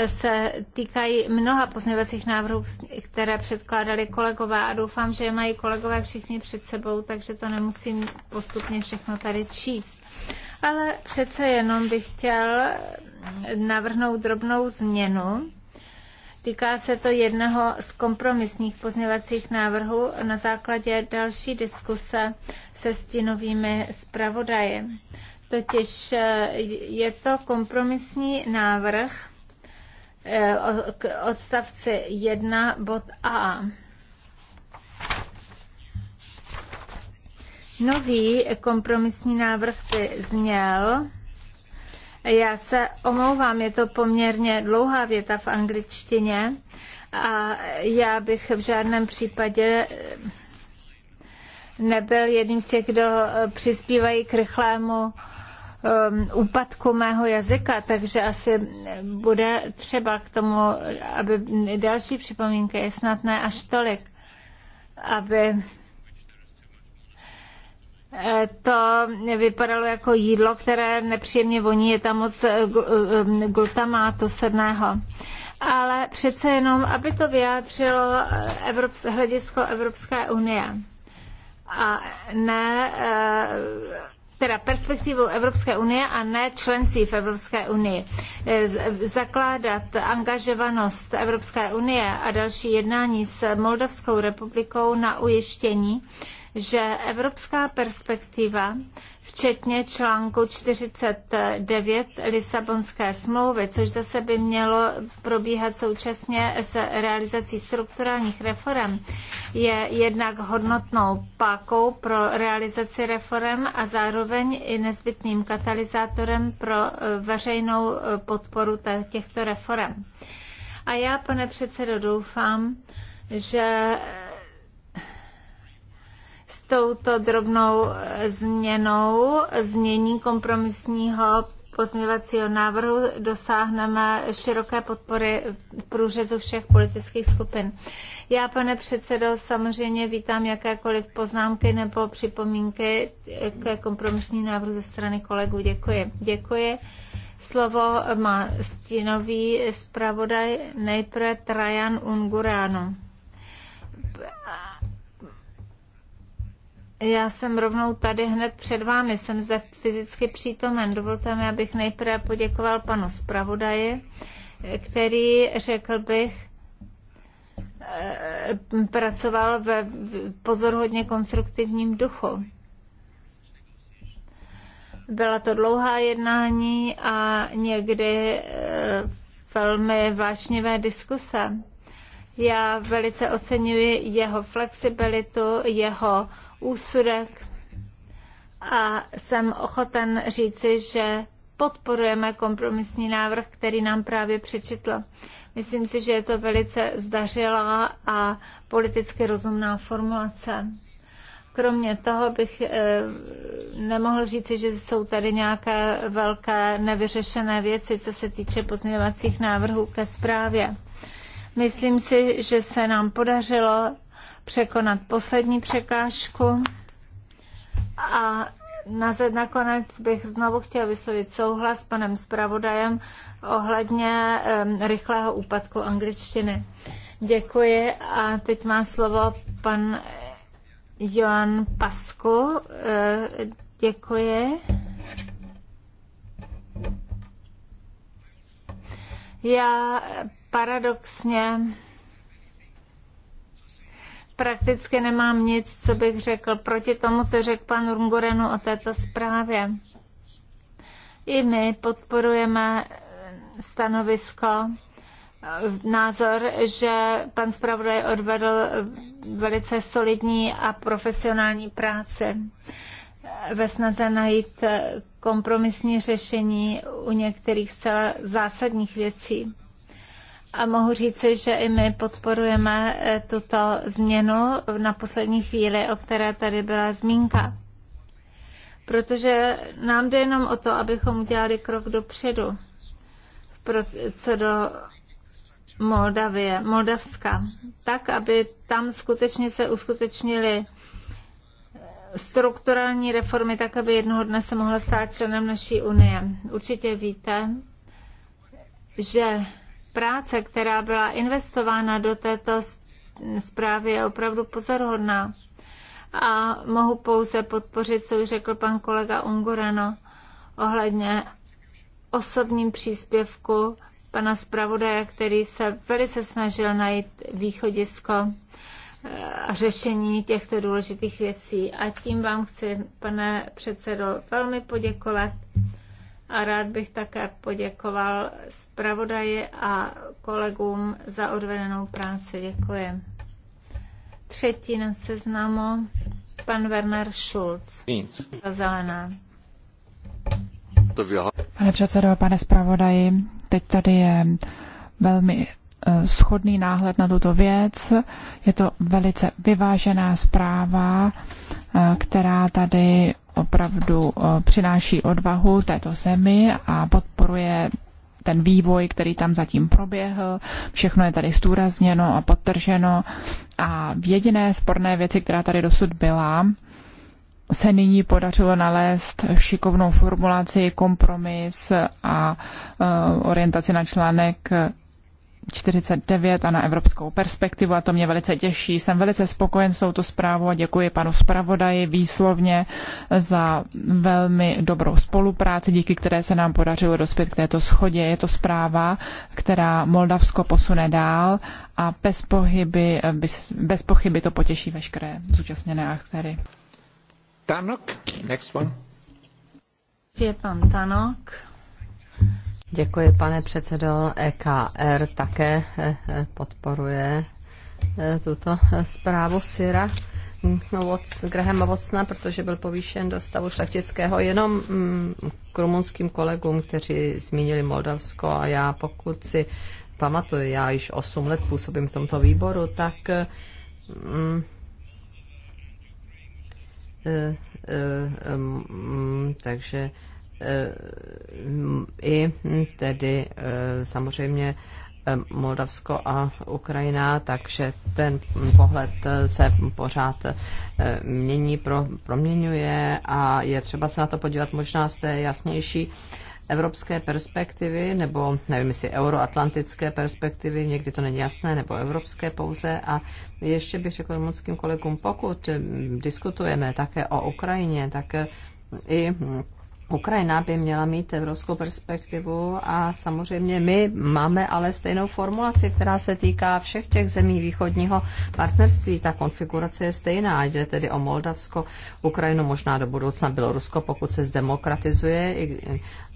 Speaker 3: se týkají mnoha pozměňovacích návrhů, které předkládali kolegové a doufám, že je mají kolegové všichni před sebou, takže to nemusím postupně všechno tady číst ale přece jenom bych chtěl navrhnout drobnou změnu. Týká se to jednoho z kompromisních pozměvacích návrhů na základě další diskuse se stinovými zpravodaji. Totiž eh, je to kompromisní návrh eh, odstavci 1 bod A. Nový kompromisní návrh by zněl, já se omlouvám, je to poměrně dlouhá věta v angličtině a já bych v žádném případě nebyl jedním z těch, kdo přispívají k rychlému um, úpadku mého jazyka, takže asi bude třeba k tomu, aby další připomínky, snad ne až tolik, aby to vypadalo jako jídlo, které nepříjemně voní, je tam moc eh, eh, glutamátu sedného. Ale přece jenom, aby to vyjádřilo eh, Evrops- hledisko Evropské unie a ne teda perspektivu Evropské unie a ne členství v Evropské unii. Zakládat angažovanost Evropské unie a další jednání s Moldavskou republikou na ujištění, že evropská perspektiva, včetně článku 49 Lisabonské smlouvy, což zase by mělo probíhat současně s realizací strukturálních reform, je jednak hodnotnou pákou pro realizaci reform a zároveň i nezbytným katalyzátorem pro eh, veřejnou eh, podporu těchto reform. A já, pane předsedo, doufám, že touto drobnou změnou změní kompromisního pozměvacího návrhu dosáhneme široké podpory v průřezu všech politických skupin. Já, pane předsedo, samozřejmě vítám jakékoliv poznámky nebo připomínky ke kompromisní návrhu ze strany kolegů. Děkuji. Děkuji. Slovo má stínový zpravodaj nejprve Trajan Ungurano. Já jsem rovnou tady hned před vámi, jsem zde fyzicky přítomen. Dovolte mi, abych nejprve poděkoval panu zpravodaji, který, řekl bych, eh, pracoval ve pozorhodně konstruktivním duchu. Byla to dlouhá jednání a někdy eh, velmi vášnivé diskuse já velice oceňuji jeho flexibilitu, jeho úsudek a jsem ochoten říci, že podporujeme kompromisní návrh, který nám právě přečetl. Myslím si, že je to velice zdařilá a politicky rozumná formulace. Kromě toho bych eh, nemohl říci, že jsou tady nějaké velké nevyřešené věci, co se týče pozměňovacích návrhů ke zprávě. Myslím si, že se nám podařilo překonat poslední překážku a na nakonec bych znovu chtěla vyslovit souhlas s panem zpravodajem ohledně um, rychlého úpadku angličtiny. Děkuji a teď má slovo pan Joan Pasku. E, děkuji. Já paradoxně prakticky nemám nic, co bych řekl proti tomu, co řekl pan Rungurenu o této zprávě. I my podporujeme stanovisko, názor, že pan zpravodaj odvedl velice solidní a profesionální práci ve snaze najít kompromisní řešení u některých zcela zásadních věcí. A mohu říci, že i my podporujeme eh, tuto změnu na poslední chvíli, o které tady byla zmínka. Protože nám jde jenom o to, abychom udělali krok dopředu co do Moldavie, Moldavska, tak, aby tam skutečně se uskutečnily eh, strukturální reformy, tak, aby jednoho dne se mohla stát členem naší unie. Určitě víte, že práce, která byla investována do této zprávy, je opravdu pozoruhodná. A mohu pouze podpořit, co už řekl pan kolega Ungureno ohledně osobním příspěvku pana zpravodaje, který se velice snažil najít východisko eh, a řešení těchto důležitých věcí. A tím vám chci, pane předsedo, velmi poděkovat a rád bych také poděkoval zpravodaji a kolegům za odvedenou práci. Děkuji. Třetí na seznamu pan Werner Schulz. Nic. Za zelená.
Speaker 4: Pane předsedo, pane zpravodaji, teď tady je velmi schodný náhled na tuto věc. Je to velice vyvážená zpráva, eh, která tady opravdu eh, přináší odvahu této zemi a podporuje ten vývoj, který tam zatím proběhl. Všechno je tady zdůrazněno a podtrženo. A v jediné sporné věci, která tady dosud byla, se nyní podařilo nalézt šikovnou formulaci, kompromis a eh, orientaci na článek 49 a na evropskou perspektivu a to mě velice těší. Jsem velice spokojen s touto zprávou a děkuji panu zpravodaji výslovně za velmi dobrou spolupráci, díky které se nám podařilo dospět k této schodě. Je to zpráva, která Moldavsko posune dál a bez, pohyby, bez, bez pochyby to potěší veškeré zúčastněné aktéry. Tanok, next one. Je pan
Speaker 2: Tanok. Děkuji, pane předsedo. EKR také eh, eh, podporuje eh, tuto zprávu Syra. Graham Ovocna, protože byl povýšen do stavu šlechtického jenom mm, k rumunským kolegům, kteří zmínili Moldavsko a já, pokud si pamatuju, já již 8 let působím v tomto výboru, tak mm, mm, takže Eh, i hm, tedy eh, samozřejmě eh, Moldavsko a Ukrajina, takže ten pohled se pořád mění, pro, proměňuje a je třeba se na to podívat možná z té jasnější evropské perspektivy, nebo nevím, jestli euroatlantické perspektivy, někdy to není jasné, nebo evropské pouze. A ještě bych řekl rumunským kolegům, pokud hm, diskutujeme také o Ukrajině, tak i hm, Ukrajina by měla mít evropskou perspektivu a samozřejmě my máme ale stejnou formulaci, která se týká všech těch zemí východního partnerství. Ta konfigurace je stejná, jde tedy o Moldavsko, Ukrajinu, možná do budoucna Bělorusko, pokud se zdemokratizuje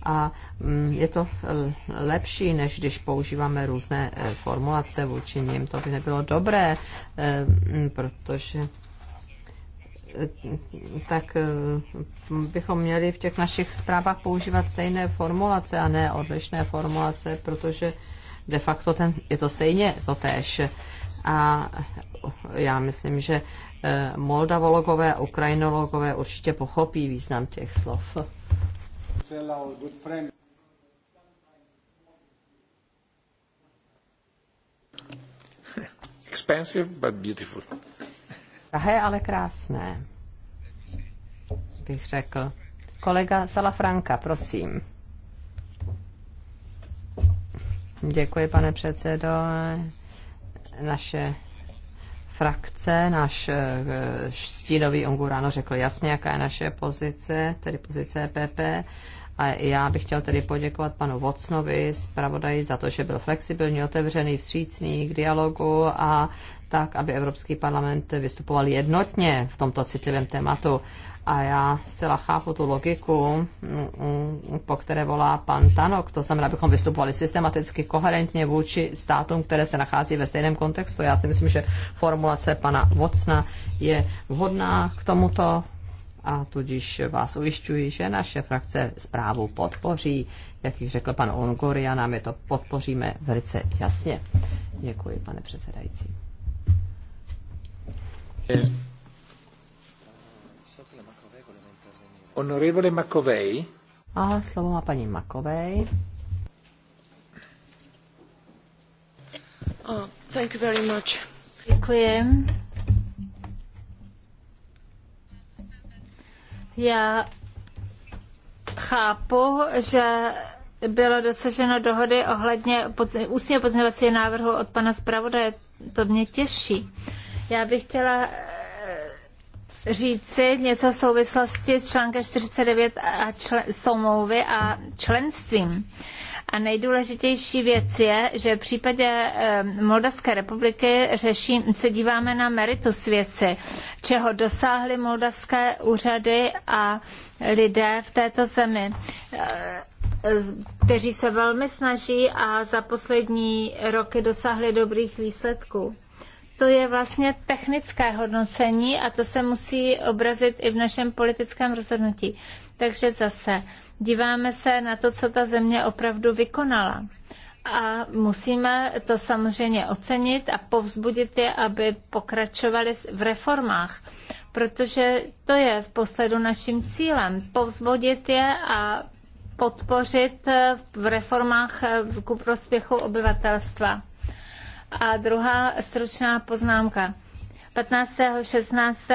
Speaker 2: a mm, je to eh, lepší, než když používáme různé eh, formulace vůči ním. To by nebylo dobré, eh, mm, protože tak eh, bychom měli v těch našich zprávách používat stejné formulace a ne odlišné formulace, protože de facto ten, je to stejně to tež. A já myslím, že eh, moldavologové a ukrajinologové určitě pochopí význam těch slov.
Speaker 1: Expensive but beautiful.
Speaker 2: Drahé, ale krásné, bych řekl. Kolega Salafranka, prosím. Děkuji, pane předsedo. Naše frakce, náš eh, stínový Ongurano řekl jasně, jaká je naše pozice, tedy pozice PP e a já bych chtěl tedy poděkovat panu Vocnovi, zpravodaji, za to, že byl flexibilní, otevřený, vstřícný k dialogu a tak, aby Evropský parlament vystupoval jednotně v tomto citlivém tématu. A já zcela chápu tu logiku, po které volá pan Tanok. To znamená, abychom vystupovali systematicky, koherentně vůči státům, které se nachází ve stejném kontextu. Já si myslím, že formulace pana Vocna je vhodná k tomuto a tudíž vás ujišťuji, že naše frakce zprávu podpoří. Jak již řekl pan Ongoria, nám je to podpoříme velice jasně. Děkuji, pane předsedající.
Speaker 1: Honorable Makovej. A
Speaker 2: slovo má paní Makovej.
Speaker 3: Oh, thank you very much. Děkuji. Já chápu, že bylo dosaženo dohody ohledně ústního pozměňovacího návrhu od pana zpravodaje. To mě těší. Já bych chtěla eh, říci něco v souvislosti s článkem 49 a čl- soumlouvy a členstvím. A nejdůležitější věc je, že v případě Moldavské republiky řeší, se díváme na meritus věci, čeho dosáhly moldavské úřady a lidé v této zemi e, kteří se velmi snaží a za poslední roky dosáhli dobrých výsledků. To je vlastně technické hodnocení a to se musí obrazit i v našem politickém rozhodnutí. Takže zase díváme se na to, co ta země opravdu vykonala. A musíme to samozřejmě ocenit a povzbudit je, aby pokračovali v reformách, protože to je v posledu naším cílem. Povzbudit je a podpořit v reformách eh, ku prospěchu obyvatelstva. A druhá stručná poznámka. 15. 16.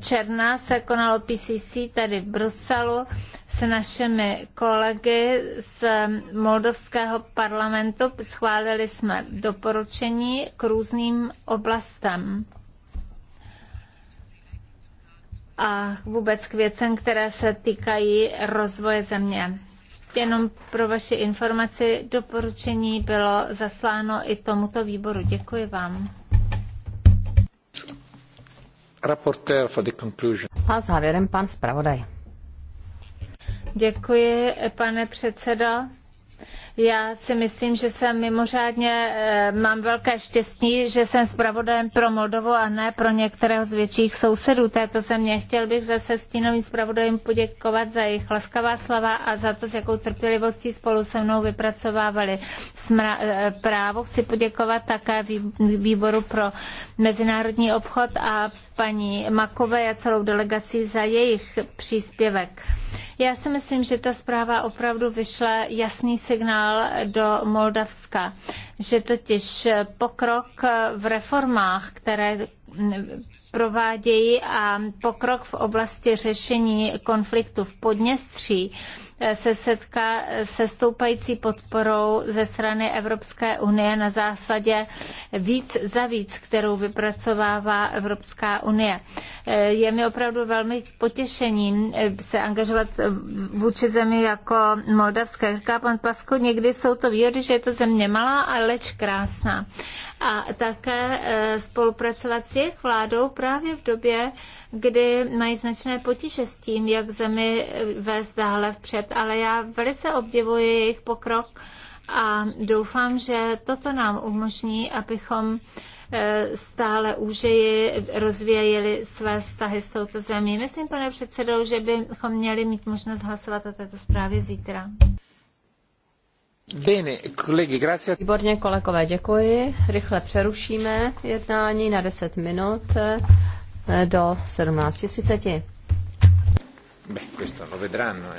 Speaker 3: června se konalo PCC tady v Bruselu s našimi kolegy z Moldovského parlamentu. Schválili jsme doporučení k různým oblastem a vůbec k věcem, které se týkají rozvoje země. Jenom pro vaši informaci, doporučení bylo zasláno i tomuto výboru. Děkuji vám. A závěrem pan zpravodaj. Děkuji, pane předsedo. Já si myslím, že jsem mimořádně, eh, mám velké štěstí, že jsem zpravodajem pro Moldovu a ne pro některého z větších sousedů této země. Chtěl bych zase stínovým zpravodajům poděkovat za jejich laskavá slova a za to, s jakou trpělivostí spolu se mnou vypracovávali Smra- eh, právo. Chci poděkovat také výboru pro mezinárodní obchod a paní Makové a celou delegací za jejich příspěvek. Já si myslím, že ta zpráva opravdu vyšla jasný signál do Moldavska, že totiž pokrok v reformách, které provádějí a pokrok v oblasti řešení konfliktu v Podněstří se setká se stoupající podporou ze strany Evropské unie na zásadě víc za víc, kterou vypracovává Evropská unie. Je mi opravdu velmi potěšením eh, se angažovat vůči zemi jako Moldavská. Říká pan Pasko, někdy jsou to výhody, že je to země malá, aleč krásná. A také eh, spolupracovat s jejich vládou právě v době, kdy mají značné potíže s tím, jak zemi vést dále vpřed, ale já velice obdivuji jejich pokrok a doufám, že toto nám umožní, abychom eh, stále úžeji rozvíjeli své vztahy s touto zemí. Myslím, pane předsedou, že bychom měli mít možnost hlasovat o této zprávě zítra.
Speaker 1: Bene, kolegy, grazie.
Speaker 2: Výborně, kolegové, děkuji. Rychle přerušíme jednání na 10 minut do 17.30.
Speaker 4: Beh, questo lo vedranno, eh,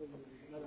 Speaker 1: organizirati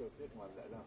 Speaker 1: التوفيق مع الإعلام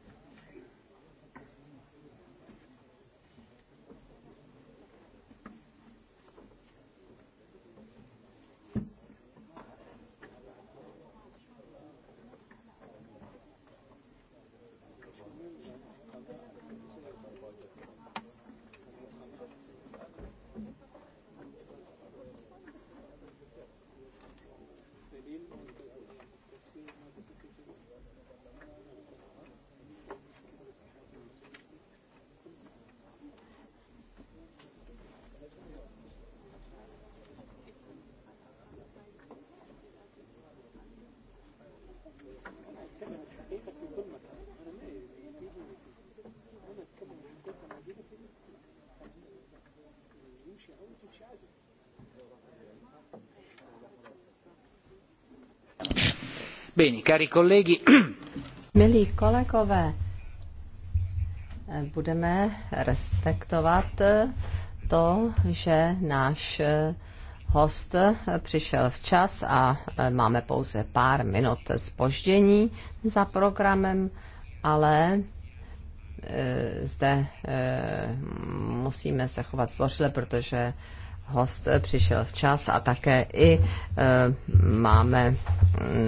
Speaker 2: Milí kolegové, budeme respektovat to, že náš host přišel včas a máme pouze pár minut spoždění za programem, ale eh, zde eh, musíme se chovat zdvořile, protože host přišel včas a také i e, máme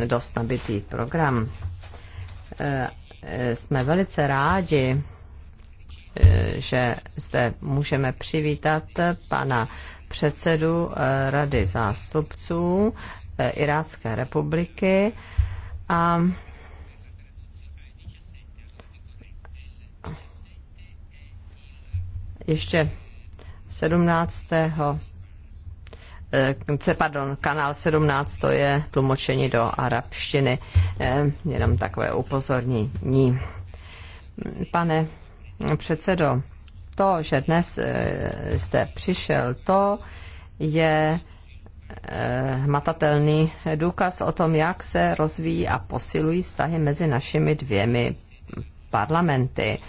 Speaker 2: dost nabitý program. E, jsme velice rádi, e, že zde můžeme přivítat pana předsedu Rady zástupců Irácké republiky a ještě 17. Eh, pardon, kanál 17, to je tlumočení do arabštiny. Eh, jenom takové upozornění. Pane předsedo, to, že dnes eh, jste přišel, to je hmatatelný důkaz o tom, jak se rozvíjí a posilují vztahy mezi našimi dvěmi parlamenty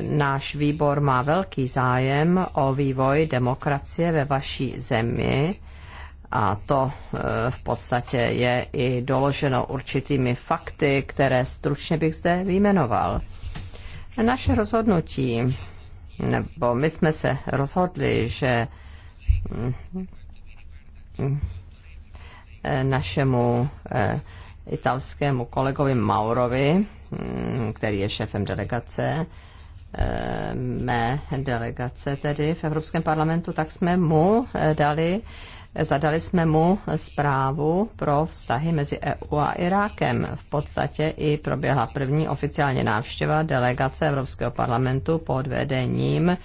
Speaker 2: náš výbor má velký zájem o vývoj demokracie ve vaší zemi a to e, v podstatě je i doloženo určitými fakty, které stručně bych zde vyjmenoval. Naše rozhodnutí, nebo my jsme se rozhodli, že e, našemu e, italskému kolegovi Maurovi, který je šéfem delegace, mé delegace tedy v Evropském parlamentu, tak jsme mu eh, dali, zadali jsme mu zprávu pro vztahy mezi EU a Irákem. V podstatě i proběhla první oficiálně návštěva delegace Evropského parlamentu pod vedením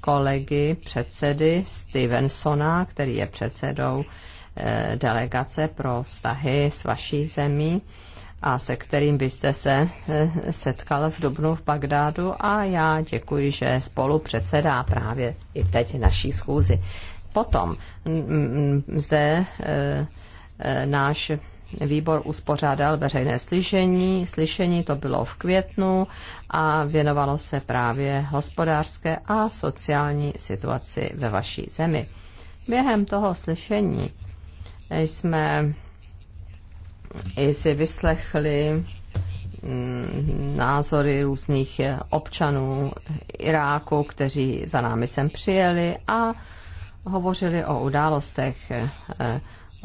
Speaker 2: kolegy předsedy Stevensona, který je předsedou eh, delegace pro vztahy s vaší zemí a se kterým byste se eh, setkal v Dubnu v Bagdádu a já děkuji, že spolu předsedá právě i teď naší schůzi. Potom zde eh, eh, náš výbor uspořádal veřejné slyšení. Slyšení to bylo v květnu a věnovalo se právě hospodářské a sociální situaci ve vaší zemi. Během toho slyšení jsme i si vyslechli mm, názory různých občanů Iráku, kteří za námi sem přijeli a hovořili o událostech, eh,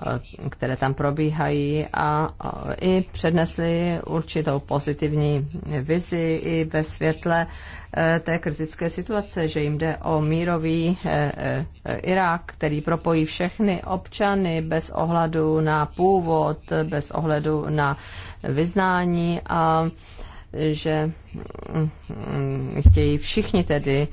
Speaker 2: Eh, které tam probíhají a i přednesli určitou pozitivní vizi i ve světle eh, té kritické situace, že jim jde o mírový eh, Irák, který propojí všechny občany bez ohledu na původ, bez ohledu na vyznání a že mm, mm, chtějí všichni tedy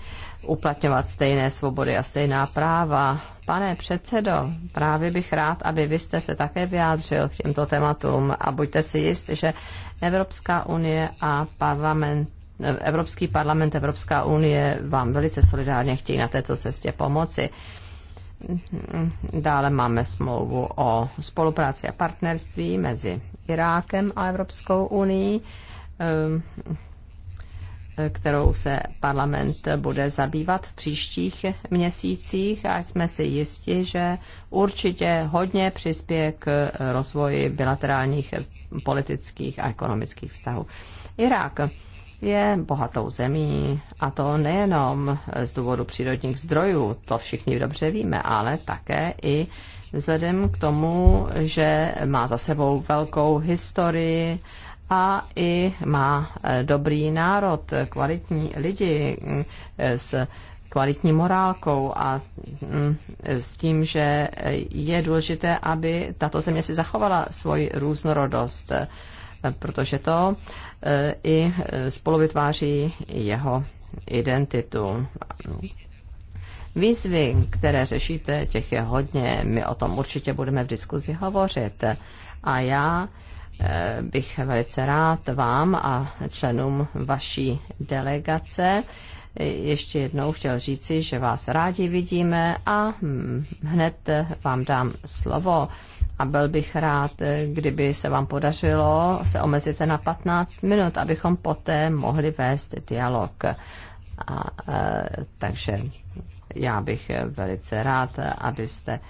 Speaker 2: uplatňovat stejné svobody a stejná práva. Pane předsedo, právě bych rád, aby vy jste se také vyjádřil k těmto tématům a buďte si jist, že Evropská unie a parlament Evropský parlament, Evropská unie vám velice solidárně chtějí na této cestě pomoci. Dále máme smlouvu o spolupráci a partnerství mezi Irákem a Evropskou unii ehm, kterou se parlament bude zabývat v příštích měsících a jsme si jisti, že určitě hodně přispěje k rozvoji bilaterálních politických a ekonomických vztahů. Irák je bohatou zemí a to nejenom z důvodu přírodních zdrojů, to všichni dobře víme, ale také i vzhledem k tomu, že má za sebou velkou historii a i má eh, dobrý národ, kvalitní lidi eh, s kvalitní morálkou a mm, s tím, že je důležité, aby tato země si zachovala svoji různorodost, eh, protože to i spolu vytváří jeho identitu. Výzvy, které řešíte, těch je hodně. My o tom určitě budeme v diskuzi hovořit. A já Eh, bych velice rád vám a členům vaší delegace eh, ještě jednou chtěl říci, že vás rádi vidíme a hm, hned eh, vám dám slovo. A byl bych rád, kdyby se vám podařilo, se omezíte na 15 minut, abychom poté mohli vést dialog. A, a, takže já bych velice rád, abyste.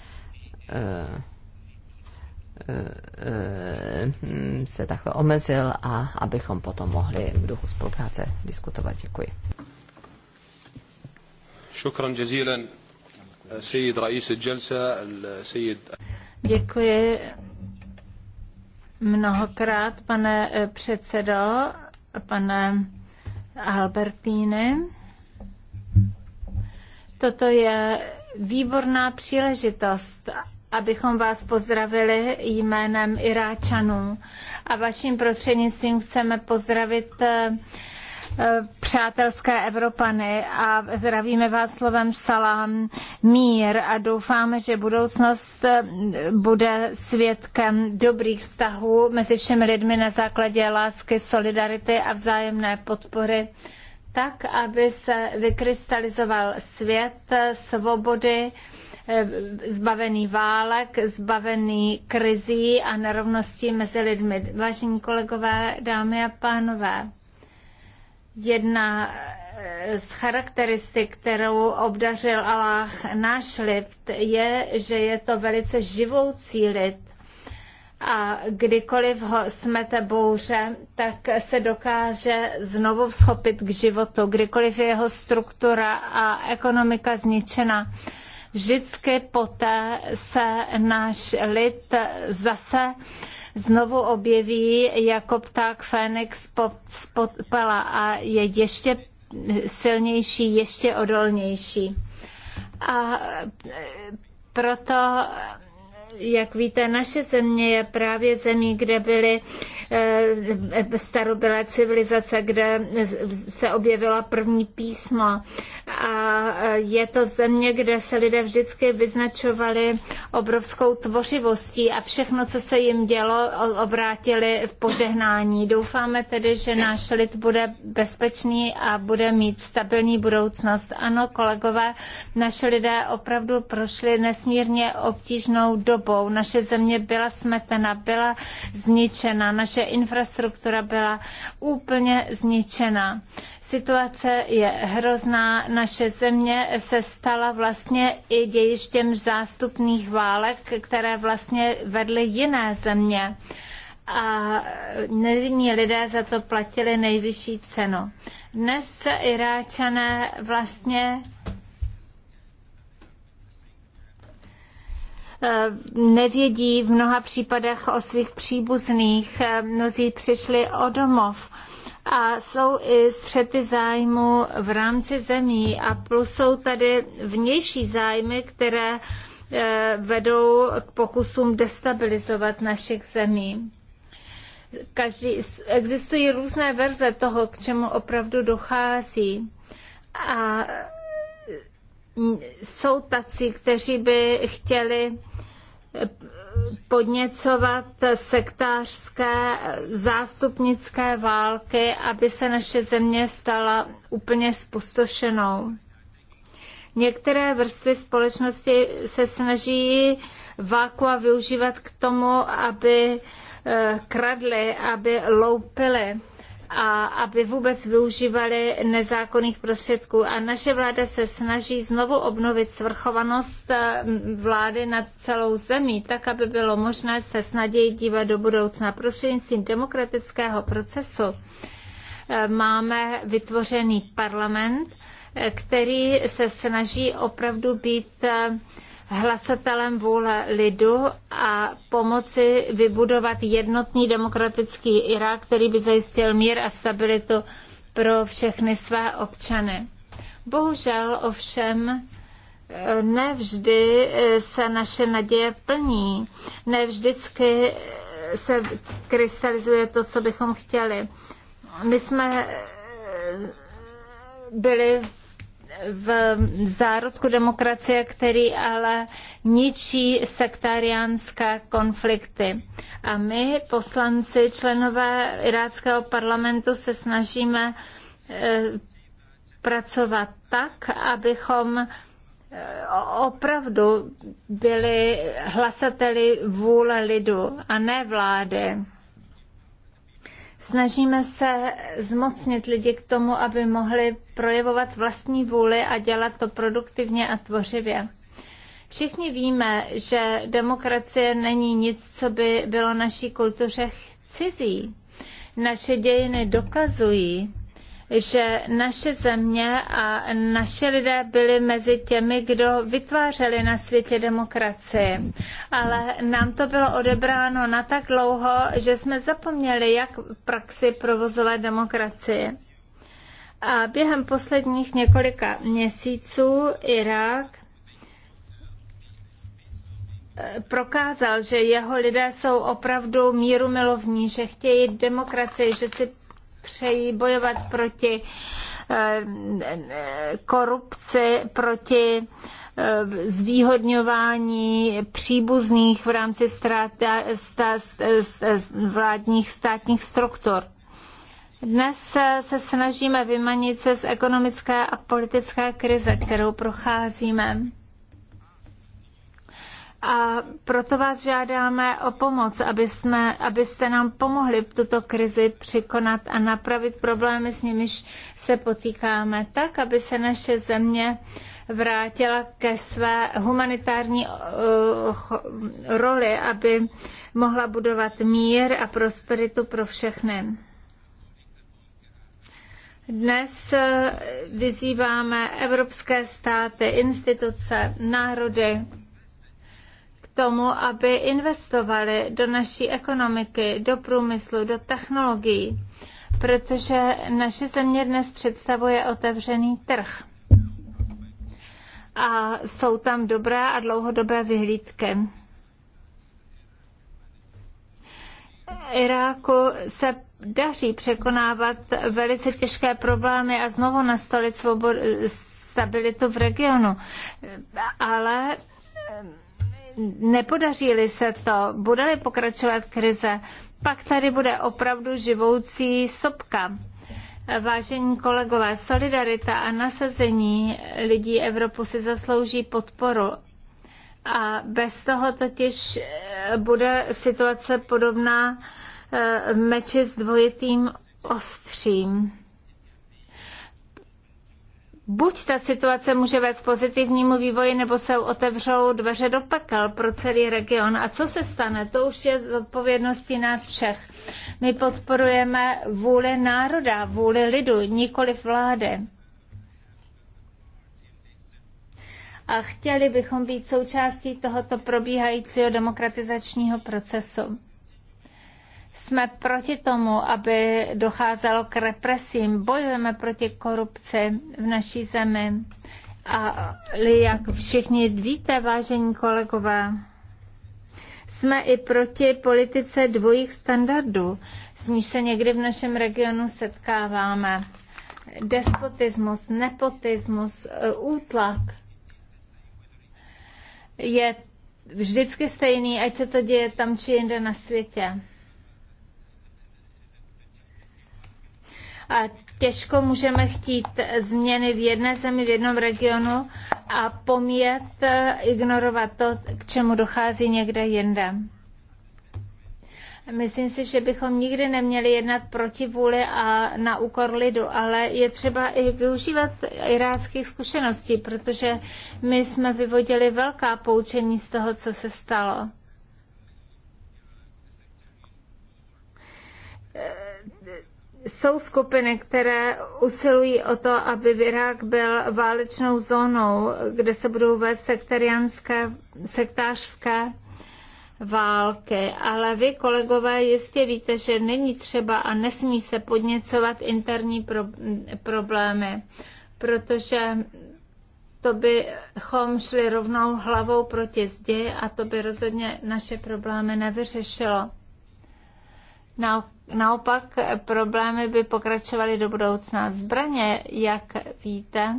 Speaker 2: Eh, se takhle omezil a abychom potom mohli v duchu spolupráce diskutovat. Děkuji.
Speaker 3: Děkuji mnohokrát, pane eh, předsedo, pane Albertíny. Toto je výborná příležitost, abychom vás pozdravili jménem Iráčanů. A vaším prostřednictvím chceme pozdravit eh, přátelské Evropany a zdravíme vás slovem salám, mír a doufáme, že budoucnost eh, bude svědkem dobrých vztahů mezi všemi lidmi na základě lásky, solidarity a vzájemné podpory tak, aby se vykrystalizoval svět eh, svobody, Eh, zbavený válek, zbavený krizí a nerovností mezi lidmi. Vážení kolegové, dámy a pánové, jedna eh, z charakteristik, kterou obdařil Allah náš lid, je, že je to velice živoucí lid. A kdykoliv ho smete bouře, tak se dokáže znovu schopit k životu. Kdykoliv je jeho struktura a ekonomika zničena, vždycky poté se náš lid zase znovu objeví jako pták Fénix z popela a je ještě silnější, ještě odolnější. A proto jak víte, naše země je právě zemí, kde byly eh, starobylé civilizace, kde se objevila první písmo A eh, je to země, kde se lidé vždycky vyznačovali obrovskou tvořivostí a všechno, co se jim dělo, obrátili v požehnání. Doufáme tedy, že náš lid bude bezpečný a bude mít stabilní budoucnost. Ano, kolegové, naše lidé opravdu prošli nesmírně obtížnou dobu dobou Naše země byla smetena, byla zničena, naše infrastruktura byla úplně zničena. Situace je hrozná. Naše země se stala vlastně i dějištěm zástupných válek, které vlastně vedly jiné země. A nevinní lidé za to platili nejvyšší cenu. Dnes se Iráčané vlastně Eh, nevědí v mnoha případech o svých příbuzných, eh, mnozí přišli o domov a jsou i střety zájmu v rámci zemí a plus jsou tady vnější zájmy, které eh, vedou k pokusům destabilizovat našich zemí. Každý, existují různé verze toho, k čemu opravdu dochází. A mm, jsou tací, kteří by chtěli podněcovat sektářské zástupnické války, aby se naše země stala úplně spustošenou. Některé vrstvy společnosti se snaží vákua využívat k tomu, aby eh, kradly, aby loupily a aby vůbec využívali nezákonných prostředků. A naše vláda se snaží znovu obnovit svrchovanost eh, vlády nad celou zemí, tak, aby bylo možné se s nadějí dívat do budoucna. Prostřednictvím demokratického procesu eh, máme vytvořený parlament, eh, který se snaží opravdu být hlasatelem vůle lidu a pomoci vybudovat jednotný demokratický Irák, který by zajistil mír a stabilitu pro všechny své občany. Bohužel ovšem eh, nevždy eh, se naše naděje plní, nevždycky eh, se krystalizuje to, co bychom chtěli. My jsme byli v zárodku demokracie, který ale ničí sektariánské konflikty. A my, poslanci, členové iráckého parlamentu, se snažíme eh, pracovat tak, abychom eh, opravdu byli hlasateli vůle lidu a ne vlády. Snažíme se zmocnit lidi k tomu, aby mohli projevovat vlastní vůli a dělat to produktivně a tvořivě. Všichni víme, že demokracie není nic, co by bylo naší kultuře cizí. Naše dějiny dokazují, že naše země a naše lidé byli mezi těmi, kdo vytvářeli na světě demokracii. Ale nám to bylo odebráno na tak dlouho, že jsme zapomněli, jak v praxi provozovat demokracii. A během posledních několika měsíců Irák eh, prokázal, že jeho lidé jsou opravdu mírumilovní, že chtějí demokracii, že si přejí bojovat proti eh, eh, korupci, proti eh, zvýhodňování příbuzných v rámci stráta, vládních státních struktur. Dnes se snažíme vymanit se z ekonomické a politické krize, kterou procházíme. A proto vás žádáme o pomoc, aby jsme, abyste nám pomohli tuto krizi překonat a napravit problémy, s nimiž se potýkáme, tak, aby se naše země vrátila ke své humanitární uh, roli, aby mohla budovat mír a prosperitu pro všechny. Dnes uh, vyzýváme evropské státy, instituce, národy, tomu, aby investovali do naší ekonomiky, do průmyslu, do technologií, protože naše země dnes představuje otevřený trh. A jsou tam dobré a dlouhodobé vyhlídky. Iráku se daří překonávat velice těžké problémy a znovu nastolit svobodu, stabilitu v regionu. Ale nepodaří-li se to, bude-li pokračovat krize, pak tady bude opravdu živoucí sopka. Vážení kolegové, solidarita a nasazení lidí Evropu si zaslouží podporu. A bez toho totiž eh, bude situace podobná eh, meči s dvojitým ostřím buď ta situace může vést k pozitivnímu vývoji, nebo se otevřou dveře do pekel pro celý region. A co se stane? To už je z odpovědnosti nás všech. My podporujeme vůli národa, vůli lidu, nikoli vlády. A chtěli bychom být součástí tohoto probíhajícího demokratizačního procesu. Jsme proti tomu, aby docházelo k represím. Bojujeme proti korupci v naší zemi. A jak všichni víte, vážení kolegové, jsme i proti politice dvojích standardů, s níž se někdy v našem regionu setkáváme. Despotismus, nepotismus, e, útlak je vždycky stejný, ať se to děje tam či jinde na světě. těžko můžeme chtít změny v jedné zemi, v jednom regionu a pomět, e, ignorovat to, k čemu dochází někde jinde. Myslím si, že bychom nikdy neměli jednat proti vůli a na úkor lidu, ale je třeba i využívat iráckých zkušeností, protože my jsme vyvodili velká poučení z toho, co se stalo. jsou skupiny, které usilují o to, aby Irák byl válečnou zónou, kde se budou vést sektariánské, sektářské války. Ale vy, kolegové, jistě víte, že není třeba a nesmí se podněcovat interní pro, problémy, protože to bychom šli rovnou hlavou proti zdi a to by rozhodně naše problémy nevyřešilo. Na naopak problémy by pokračovaly do budoucna. Zbraně, jak víte,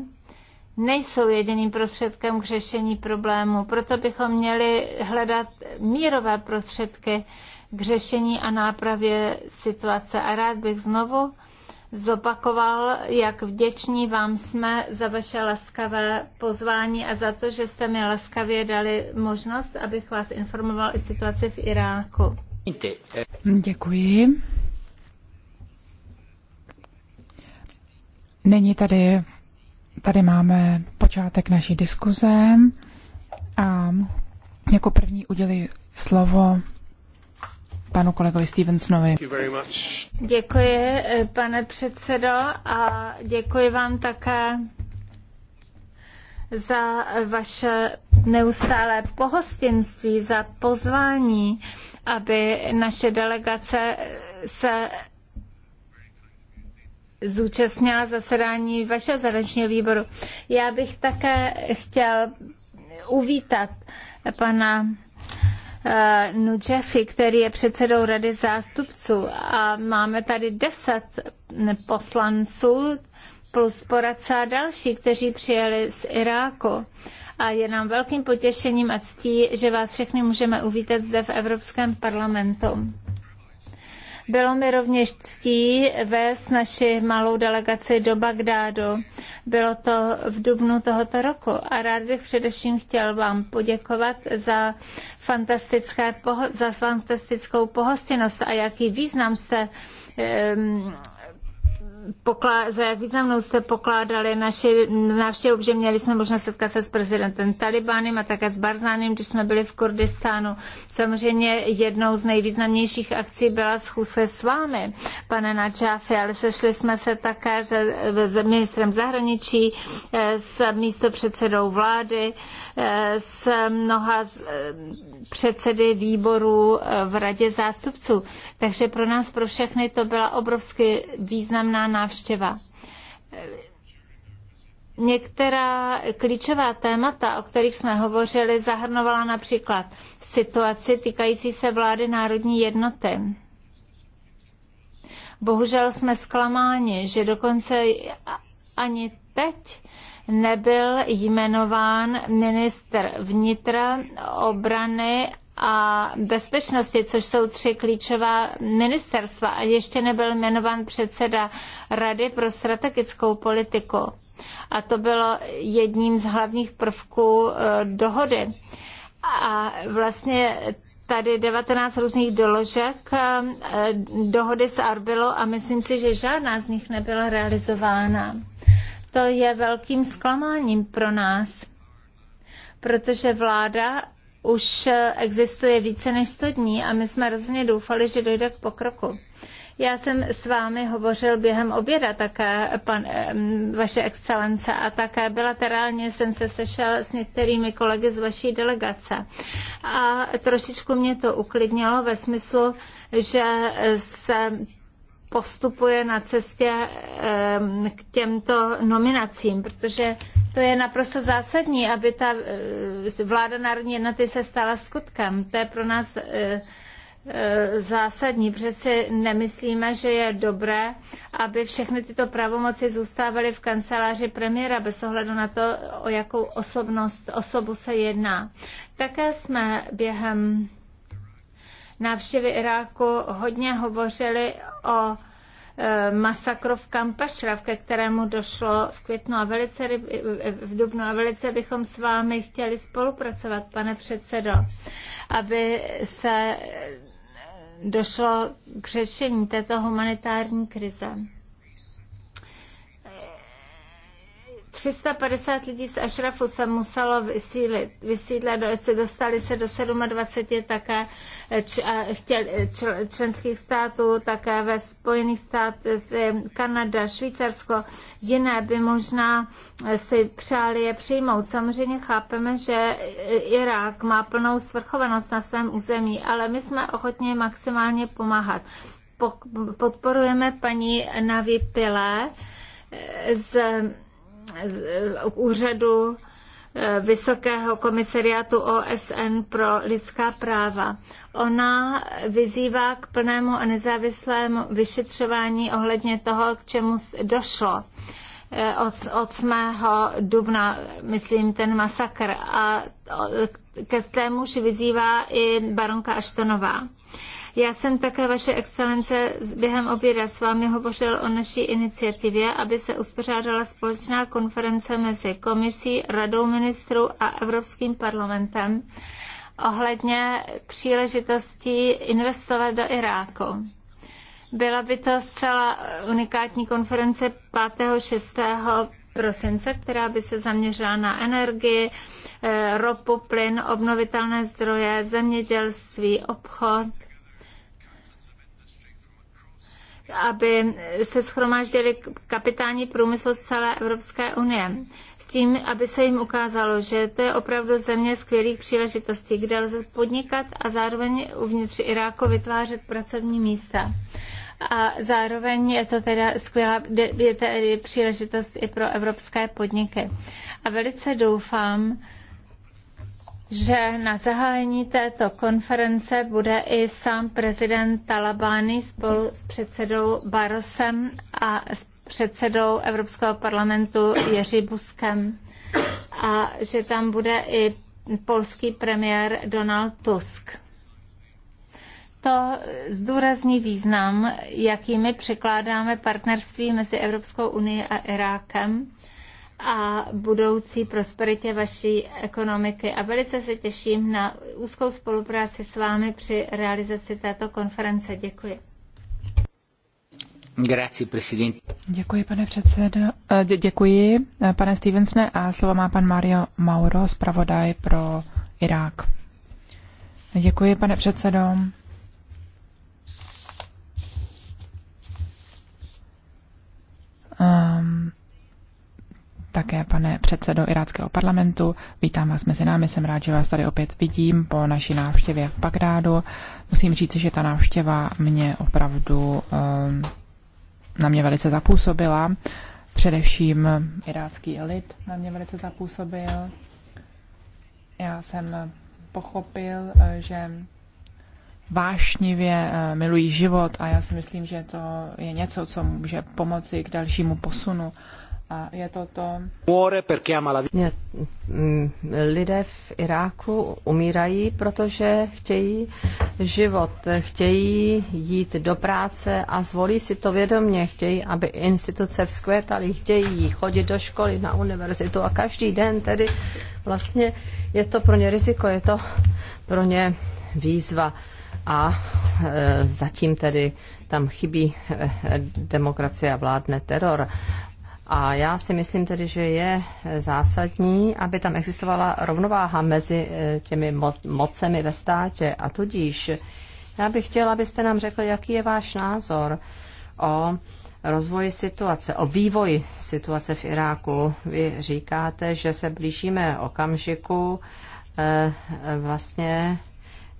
Speaker 3: nejsou jediným prostředkem k řešení problému. Proto bychom měli hledat mírové prostředky k řešení a nápravě situace. A rád bych znovu zopakoval, jak vděční vám jsme za vaše laskavé pozvání a za to, že jste mi laskavě dali možnost, abych vás informoval i situaci v Iráku.
Speaker 4: Eh. Děkuji. Není tady, tady máme počátek naší diskuze a jako první udělí slovo panu kolegovi Stevensonovi.
Speaker 3: Děkuji, eh, pane předsedo, a děkuji vám také za vaše neustálé pohostinství, za pozvání, aby naše delegace se zúčastnila zasedání vašeho zahraničního výboru. Já bych také chtěl uvítat pana eh, Nudžefi, který je předsedou Rady zástupců a máme tady deset poslanců plus poradce a další, kteří přijeli z Iráku a je nám velkým potěšením a ctí, že vás všechny můžeme uvítat zde v Evropském parlamentu. Bylo mi rovněž ctí vést naši malou delegaci do Bagdádu. Bylo to v dubnu tohoto roku a rád bych především chtěl vám poděkovat za, fantastické, za fantastickou pohostinnost a jaký význam se poklá, za jak významnou jste pokládali naši návštěvu, že měli jsme možnost setkat se s prezidentem Talibánem a také s Barzánem, když jsme byli v Kurdistánu. Samozřejmě jednou z nejvýznamnějších akcí byla schůzka s vámi, pane Načáfi, ale sešli jsme se také ze, s ministrem zahraničí, eh, s místopředsedou vlády, eh, s mnoha eh, předsedy výborů v radě zástupců. Takže pro nás, pro všechny to byla obrovsky významná návštěva. Některá klíčová témata, o kterých jsme hovořili, zahrnovala například situaci týkající se vlády národní jednoty. Bohužel jsme zklamáni, že dokonce ani teď nebyl jmenován ministr vnitra, obrany a bezpečnosti, což jsou tři klíčová ministerstva a ještě nebyl jmenován předseda Rady pro strategickou politiku. A to bylo jedním z hlavních prvků eh, dohody. A vlastně tady 19 různých doložek eh, dohody s Arbilo a myslím si, že žádná z nich nebyla realizována. To je velkým zklamáním pro nás, protože vláda už existuje více než 100 dní a my jsme rozhodně doufali, že dojde k pokroku. Já jsem s vámi hovořil během oběda také, pan, vaše excelence, a také bilaterálně jsem se sešel s některými kolegy z vaší delegace. A trošičku mě to uklidnilo ve smyslu, že se postupuje na cestě k těmto nominacím, protože to je naprosto zásadní, aby ta eh, vláda národní jednoty se stala skutkem. To je pro nás eh, eh, zásadní, protože si nemyslíme, že je dobré, aby všechny tyto pravomoci zůstávaly v kanceláři premiéra bez ohledu na to, o jakou osobnost, osobu se jedná. Také jsme během návštěvy Iráku hodně hovořili o e, masakru v Kampašra, ke kterému došlo v květnu a velice, v dubnu a velice bychom s vámi chtěli spolupracovat, pane předsedo, aby se došlo k řešení této humanitární krize. 350 lidí z Ašrafu se muselo vysílit, vysídlet, dostali se do 27 také č, chtěl, č, členských států, také ve Spojených státech, eh, Kanada, Švýcarsko, jiné by možná eh, si přáli je přijmout. Samozřejmě chápeme, že Irák má plnou svrchovanost na svém území, ale my jsme ochotně maximálně pomáhat. Podporujeme paní Navi Pile eh, z úřadu eh, Vysokého komisariátu OSN pro lidská práva. Ona vyzývá k plnému a nezávislému vyšetřování ohledně toho, k čemu došlo eh, od, od 8. dubna, myslím, ten masakr. A ke témuž vyzývá i baronka Aštonová. Já jsem také, vaše excelence, během oběda s vámi hovořil o naší iniciativě, aby se uspořádala společná konference mezi komisí, radou ministrů a Evropským parlamentem ohledně příležitostí investovat do Iráku. Byla by to zcela unikátní konference 5. 6 prosince, která by se zaměřila na energii, eh, ropu, plyn, obnovitelné zdroje, zemědělství, obchod aby se schromáždili kapitáni průmysl z celé Evropské unie. S tím, aby se jim ukázalo, že to je opravdu země skvělých příležitostí, kde lze podnikat a zároveň uvnitř Iráku vytvářet pracovní místa. A zároveň je to teda skvělá je to příležitost i pro evropské podniky. A velice doufám, že na zahájení této konference bude i sám prezident Talabány spolu s předsedou Barosem a s předsedou Evropského parlamentu Jeří Buskem a že tam bude i polský premiér Donald Tusk. To zdůrazní význam, jakými překládáme partnerství mezi Evropskou unii a Irákem a budoucí prosperitě vaší ekonomiky. A velice se těším na úzkou spolupráci s vámi při realizaci této konference. Děkuji.
Speaker 4: Grazie, president. Děkuji, pane předsedo. Eh, děkuji, eh, pane Stevensne. A slovo má pan Mario Mauro, zpravodaj pro Irák. Děkuji, pane předsedo. Um, také, pane předsedo Iráckého parlamentu. Vítám vás mezi námi, jsem rád, že vás tady opět vidím po naší návštěvě v Bagdádu. Musím říct, že ta návštěva mě opravdu ehm, na mě velice zapůsobila. Především irácký elit na mě velice zapůsobil. Já jsem pochopil, eh, že vášnivě eh, milují život a já si myslím, že to je něco, co může pomoci k dalšímu posunu a je to to... Mm, lidé v
Speaker 2: Iráku umírají, protože chtějí život, chtějí jít do práce a zvolí si to vědomě, chtějí, aby instituce vzkvětaly, chtějí chodit do školy, na univerzitu a každý den tedy vlastně je to pro ně riziko, je to pro ně výzva a e, zatím tedy tam chybí e, demokracie a vládne teror. A já si myslím tedy, že je zásadní, aby tam existovala rovnováha mezi e, těmi mo mocemi ve státě. A tudíž já bych chtěla, abyste nám řekli, jaký je váš názor o rozvoji situace, o vývoji situace v Iráku. Vy říkáte, že se blížíme okamžiku e, e, vlastně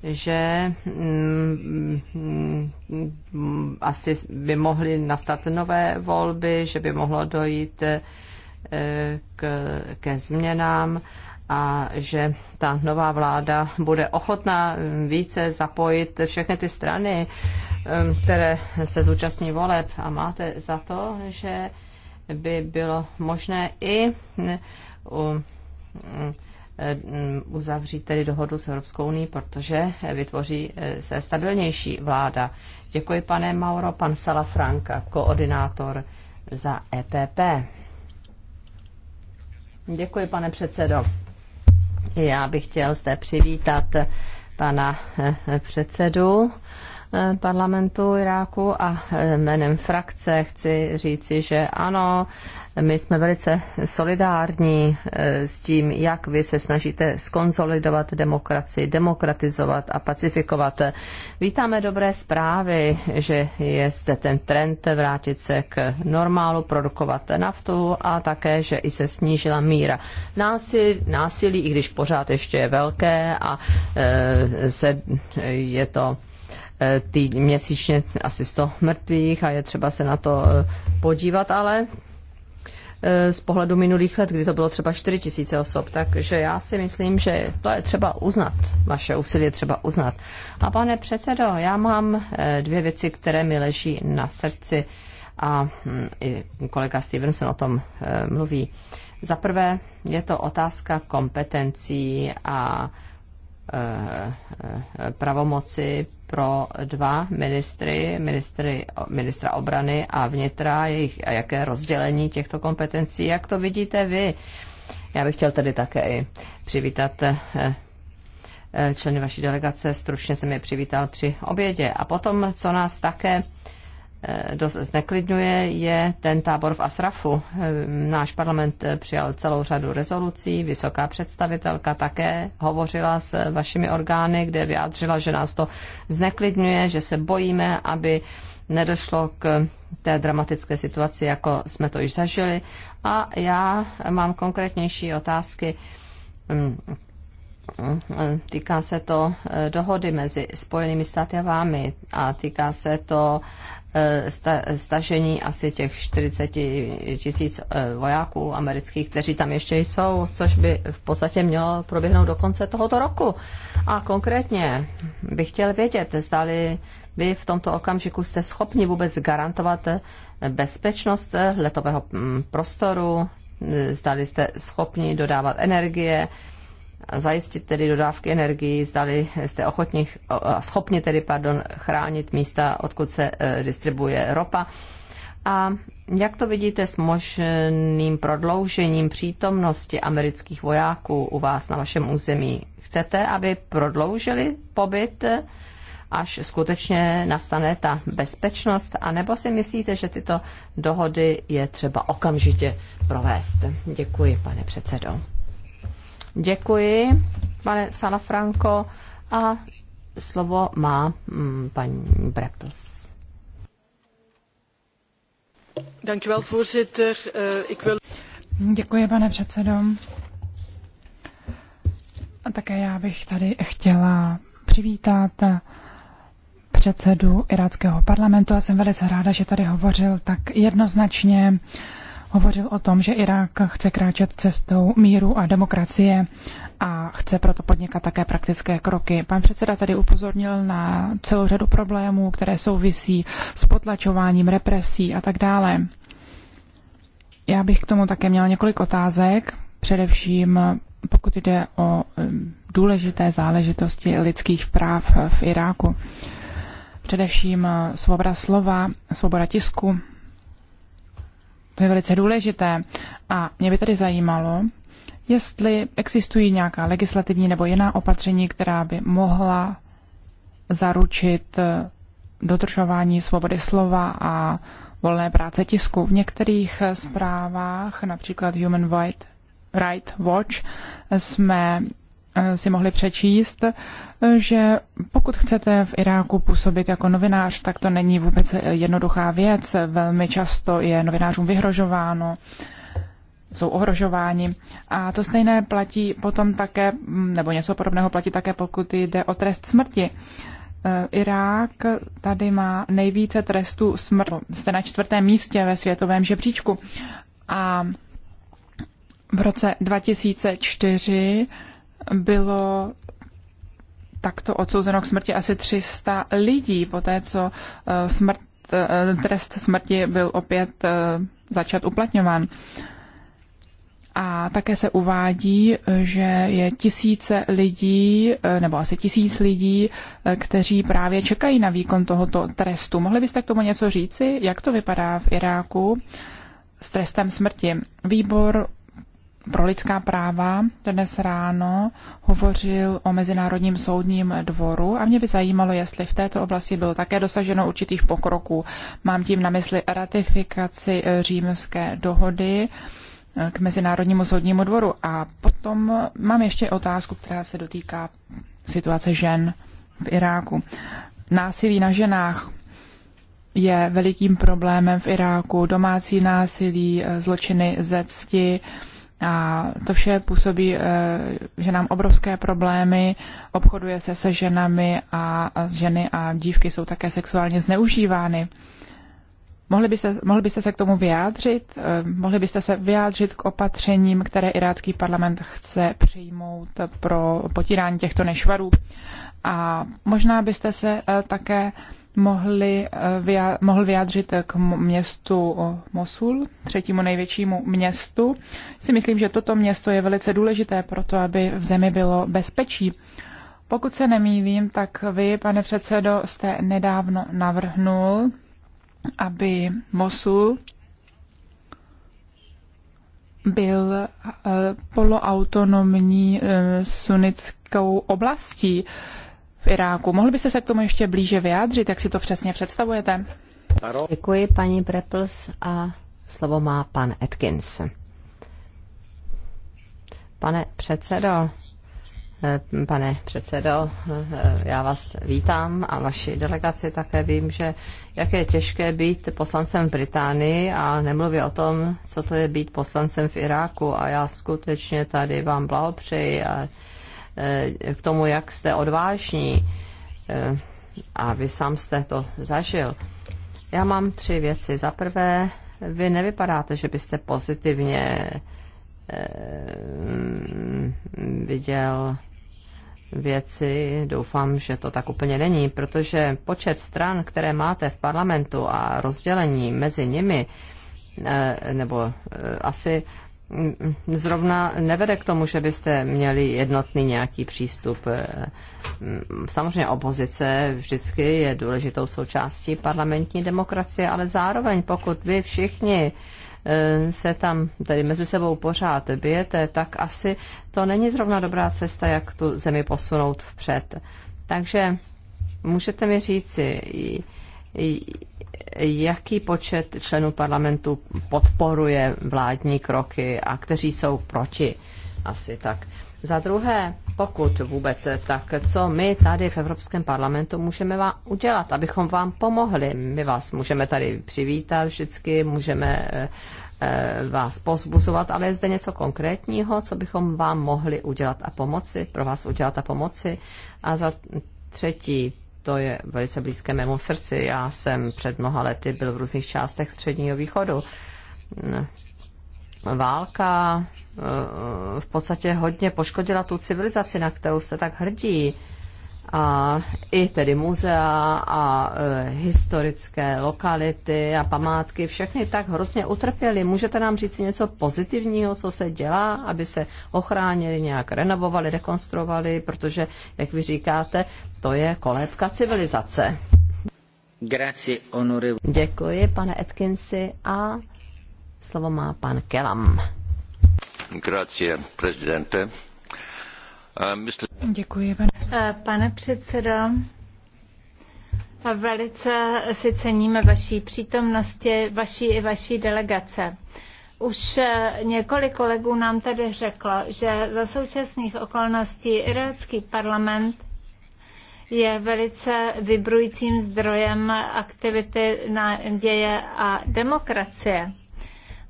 Speaker 2: že mm, asi by mohly nastat nové volby, že by mohlo dojít eh, k, ke změnám a že ta nová vláda bude ochotná více zapojit všechny ty strany, eh, které se zúčastní voleb. A máte za to, že by bylo možné i eh, u, Eh, uzavřít tedy dohodu s Evropskou unii, protože vytvoří eh, se stabilnější vláda. Děkuji, pane Mauro. Pan Sala Franka koordinátor za EPP. Děkuji, pane předsedo. Já bych chtěl zde přivítat pana eh, předsedu Eh, parlamentu Iráku a eh, jménem frakce chci říci, že ano, my jsme velice solidární eh, s tím, jak vy se snažíte skonsolidovat demokracii, demokratizovat a pacifikovat. Vítáme dobré zprávy, že je zde ten trend vrátit se k normálu, produkovat naftu a také, že i se snížila míra násilí, násilí i když pořád ještě je velké a se, je to Eh, týd- měsíčně asi 100 mrtvých a je třeba se na to eh, podívat, ale eh, z pohledu minulých let, kdy to bylo třeba 4 tisíce osob, takže já si myslím, že to je třeba uznat, vaše úsilí je třeba uznat. A pane předsedo, já mám dvě věci, které mi leží na srdci a hm, i kolega Stevenson o tom mluví. Za prvé je to otázka kompetencí a Eh, pravomoci pro dva ministry, ministry ministra obrany a vnitra, jejich, a jaké rozdělení těchto kompetencí, jak to vidíte vy. Já bych chtěl tedy také i přivítat eh, eh, členy vaší delegace, stručně jsem je přivítal při obědě. A potom, co nás také Eh, dost zneklidňuje, je ten tábor v Asrafu. Eh, náš parlament eh, přijal celou řadu rezolucí, vysoká představitelka také hovořila s vašimi orgány, kde vyjádřila, že nás to zneklidňuje, že se bojíme, aby nedošlo k té dramatické situaci, jako jsme to již zažili. A já mám konkrétnější otázky. Mm, mm, mm, týká se to dohody mezi Spojenými státy a vámi a týká se to Eh, stažení asi těch 40 tisíc eh, vojáků amerických, kteří tam ještě jsou, což by v podstatě mělo proběhnout do konce tohoto roku. A konkrétně bych chtěl vědět, zdali vy v tomto okamžiku jste schopni vůbec garantovat eh, bezpečnost letového mm, prostoru, zdali jste schopni dodávat energie, zajistit tedy dodávky energii, zdali jste ochotni, schopni tedy, pardon, chránit místa, odkud se e, distribuje ropa. A jak to vidíte s možným prodloužením přítomnosti amerických vojáků u vás na vašem území? Chcete, aby prodloužili pobyt, e, až skutečně nastane ta bezpečnost? A nebo si myslíte, že tyto dohody je třeba okamžitě provést? Děkuji, pane předsedo. Děkuji, pane Sanafranco. A slovo má mm, paní Brepels.
Speaker 4: Eh, Děkuji, pane předsedo. A také já bych tady chtěla přivítat předsedu iráckého parlamentu a jsem velice ráda, že tady hovořil tak jednoznačně hovořil o tom, že Irák chce kráčet cestou míru a demokracie a chce proto podnikat také praktické kroky. Pan předseda tady upozornil na celou řadu problémů, které souvisí s potlačováním represí a tak dále. Já bych k tomu také měla několik otázek, především pokud jde o důležité záležitosti lidských práv v Iráku. Především eh, svoboda slova, svoboda tisku, to je velice důležité. A mě by tady zajímalo, jestli existují nějaká legislativní nebo jiná opatření, která by mohla zaručit eh, dodržování svobody slova a volné práce tisku. V některých eh, zprávách, například Human Rights Right Watch, eh, jsme Eh, si mohli přečíst, eh, že pokud chcete v Iráku působit jako novinář, tak to není vůbec jednoduchá věc. Velmi často je novinářům vyhrožováno, jsou ohrožováni. A to stejné platí potom také, mm, nebo něco podobného platí také, pokud jde o trest smrti. Eh, Irák tady má nejvíce trestů smrti. Jste na čtvrtém místě ve světovém žebříčku. A v roce 2004 bylo takto odsouzeno k smrti asi 300 lidí, poté co eh, smrt, eh, trest smrti byl opět eh, začat uplatňován. A také se uvádí, že je tisíce lidí, nebo asi tisíc lidí, kteří právě čekají na výkon tohoto trestu. Mohli byste k tomu něco říci? Jak to vypadá v Iráku s trestem smrti? Výbor pro lidská práva dnes ráno hovořil o Mezinárodním soudním dvoru a mě by zajímalo, jestli v této oblasti bylo také dosaženo určitých pokroků. Mám tím na mysli ratifikaci eh, římské dohody eh, k Mezinárodnímu soudnímu dvoru. A potom mám ještě otázku, která se dotýká situace žen v Iráku. Násilí na ženách je velikým problémem v Iráku. Domácí násilí, eh, zločiny ze cti, a to vše působí eh, že nám obrovské problémy, obchoduje se se ženami a, a ženy a dívky jsou také sexuálně zneužívány. Mohli byste, mohli byste se k tomu vyjádřit? Eh, mohli byste se vyjádřit k opatřením, které irácký parlament chce přijmout pro potírání těchto nešvarů? A možná byste se eh, také mohli, eh, mohl vyjádřit k městu eh, Mosul, třetímu největšímu městu. Si myslím, že toto město je velice důležité pro to, aby v zemi bylo bezpečí. Pokud se nemýlím, tak vy, pane předsedo, jste nedávno navrhnul, aby Mosul byl eh, poloautonomní sunickou oblastí v Iráku. Mohl byste se k tomu ještě blíže vyjádřit, jak si to přesně představujete? Děkuji paní Preples, a
Speaker 2: slovo má pan Atkins. Pane předsedo, eh, Pane předsedo, eh, já vás vítám a vaši delegaci také vím, že jak je těžké být poslancem v Británii a nemluvě o tom, co to je být poslancem v Iráku a já skutečně tady vám blahopřeji a Eh, k tomu, jak jste odvážní eh, a vy sám jste to zažil. Já mám tři věci. Za prvé, vy nevypadáte, že byste pozitivně eh, viděl věci. Doufám, že to tak úplně není, protože počet stran, které máte v parlamentu a rozdělení mezi nimi, nebo asi zrovna nevede k tomu, že byste měli jednotný nějaký přístup. Samozřejmě opozice vždycky je důležitou součástí parlamentní demokracie, ale zároveň pokud vy všichni eh, se tam tedy mezi sebou pořád bijete, tak asi to není zrovna dobrá cesta, jak tu zemi posunout vpřed. Takže můžete mi říci, jaký počet členů parlamentu podporuje vládní kroky a kteří jsou proti. Asi tak. Za druhé, pokud vůbec, tak co my tady v Evropském parlamentu můžeme vám udělat, abychom vám pomohli. My vás můžeme tady přivítat vždycky, můžeme eh, eh, vás pozbuzovat, ale je zde něco konkrétního, co bychom vám mohli udělat a pomoci, pro vás udělat a pomoci. A za třetí, to je velice blízké mému srdci. Já jsem před mnoha lety byl v různých částech středního východu. Válka e, e, v podstatě hodně poškodila tu civilizaci, na kterou jste tak hrdí a i tedy muzea a e, historické lokality a památky, všechny tak hrozně utrpěly. Můžete nám říct něco pozitivního, co se dělá, aby se ochránili, nějak renovovali, rekonstruovali, protože, jak vy říkáte, to je kolébka civilizace.
Speaker 3: Grazie, onore.
Speaker 2: Děkuji, pane Atkinsi, a slovo má pan Kelam.
Speaker 1: Grazie, prezidente.
Speaker 4: Děkuji, pane.
Speaker 3: Eh, pane předsedo, velice si ceníme vaší přítomnosti, vaší i vaší delegace. Už eh, několik kolegů nám tady řeklo, že za současných okolností irácký parlament je velice vybrujícím zdrojem aktivity na děje a demokracie.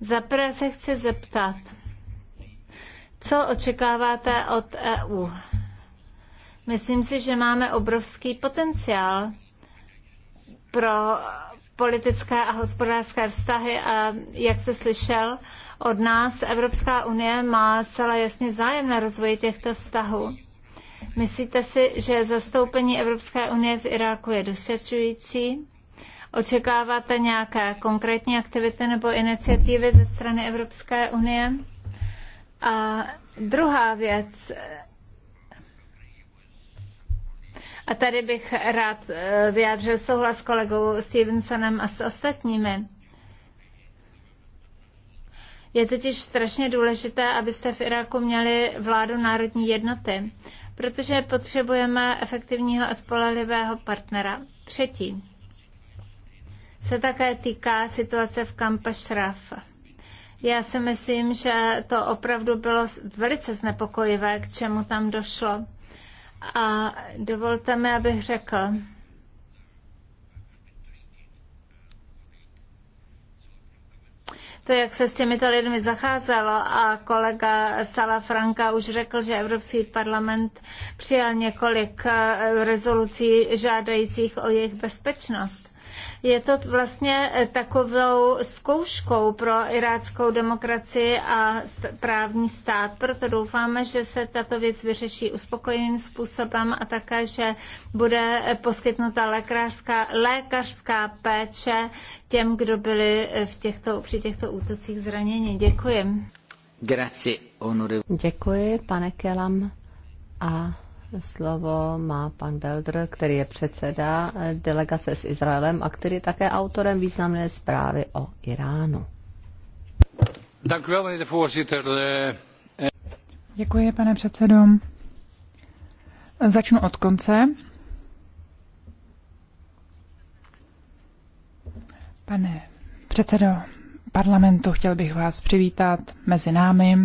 Speaker 3: Zaprvé se chci zeptat, co očekáváte od EU? Myslím si, že máme obrovský potenciál pro politické a hospodářské vztahy a jak jste slyšel, od nás Evropská unie má celé jasně zájem na rozvoji těchto vztahů. Myslíte si, že zastoupení Evropské unie v Iráku je dostačující? Očekáváte nějaké konkrétní aktivity nebo iniciativy ze strany Evropské unie? A druhá věc, a tady bych rád eh, vyjádřil souhlas s kolegou Stevensonem a s ostatními. Je totiž strašně důležité, abyste v Iráku měli vládu národní jednoty, protože potřebujeme efektivního a spolehlivého partnera. Třetí se také týká situace v Šrafa. Já si myslím, že to opravdu bylo velice znepokojivé, k čemu tam došlo. A dovolte mi, abych řekl, to, jak se s těmito lidmi zacházelo a kolega Sala Franka už řekl, že Evropský parlament přijal několik eh, rezolucí žádajících o jejich bezpečnost. Je to vlastně eh, takovou zkouškou pro iráckou demokracii a právní stát. Proto doufáme, že se tato věc vyřeší uspokojivým způsobem a také, že bude eh, poskytnuta lékařská, lékařská péče těm, kdo byli eh, v těchto, při těchto útocích zraněni. Děkuji.
Speaker 2: Děkuji, pane Kelam. A slovo má pan Belder, který je předseda delegace s Izraelem a který je také autorem významné zprávy o Iránu.
Speaker 1: Eh,
Speaker 4: eh. Děkuji, pane předsedo. Začnu od konce. Pane předsedo parlamentu, chtěl bych vás přivítat mezi námi.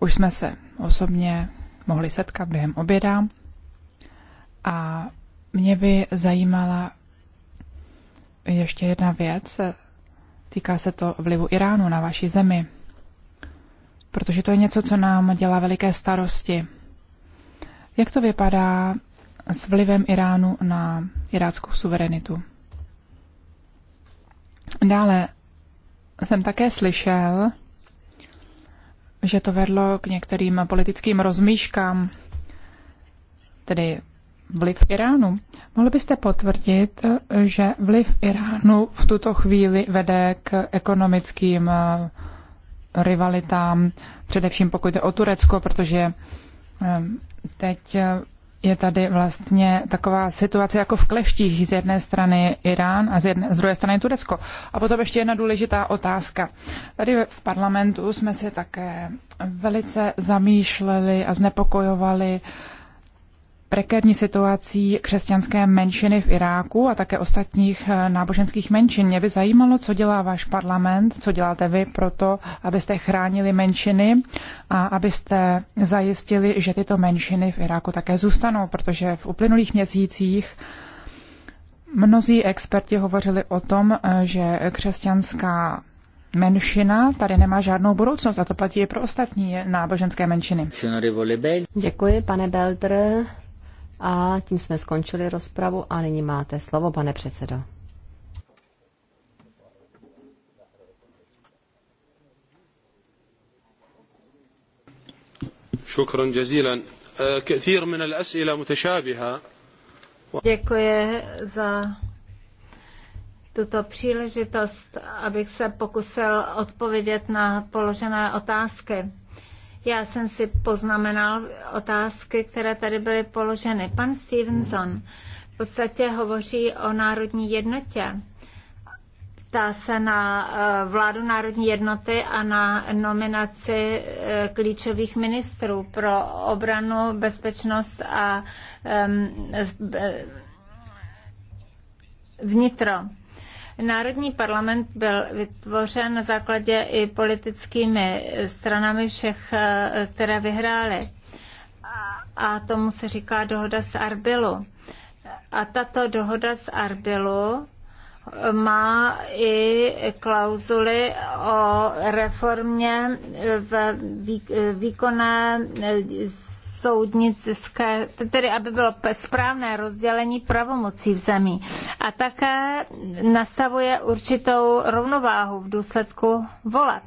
Speaker 4: Už jsme se osobně mohli setkat během oběda. A mě by zajímala ještě jedna věc. Týká se to vlivu Iránu na vaši zemi. Protože to je něco, co nám dělá veliké starosti. Jak to vypadá s vlivem Iránu na iráckou suverenitu? Dále jsem také slyšel, že to vedlo k některým politickým rozmíškám, tedy vliv Iránu. Mohli byste potvrdit, že vliv Iránu v tuto chvíli vede k ekonomickým eh, rivalitám, především pokud jde o Turecko, protože eh, teď eh, je tady vlastně taková situace jako v kleštích. Z jedné strany Irán a z, jedné, z druhé strany Turecko. A potom ještě jedna důležitá otázka. Tady v parlamentu jsme se také velice zamýšleli a znepokojovali uh, prekérní situací křesťanské menšiny v Iráku a také ostatních eh, náboženských menšin. Mě by zajímalo, co dělá váš parlament, co děláte vy pro to, abyste chránili menšiny a abyste zajistili, že tyto menšiny v Iráku také zůstanou, protože v uplynulých měsících mnozí experti hovořili o tom, eh, že křesťanská menšina tady nemá žádnou budoucnost a to platí i pro ostatní náboženské menšiny. Děkuji, pane Beltr.
Speaker 2: A tím jsme skončili rozpravu a nyní máte slovo, pane předsedo.
Speaker 3: Děkuji za tuto příležitost, abych se pokusil odpovědět na položené otázky. Já jsem si poznamenal otázky, které tady byly položeny. Pan Stevenson v podstatě hovoří o národní jednotě. Ptá se na eh, vládu národní jednoty a na nominaci eh, klíčových ministrů pro obranu, bezpečnost a vnitro. Národní parlament byl vytvořen na základě i politickými stranami všech, eh, které vyhrály. A tomu se říká dohoda s Arbilu. A tato dohoda s Arbilu eh, má i klauzuly o reformě eh, v výkonné soudnické, tedy aby bylo správné rozdělení pravomocí v zemi. A také nastavuje určitou rovnováhu v důsledku voleb.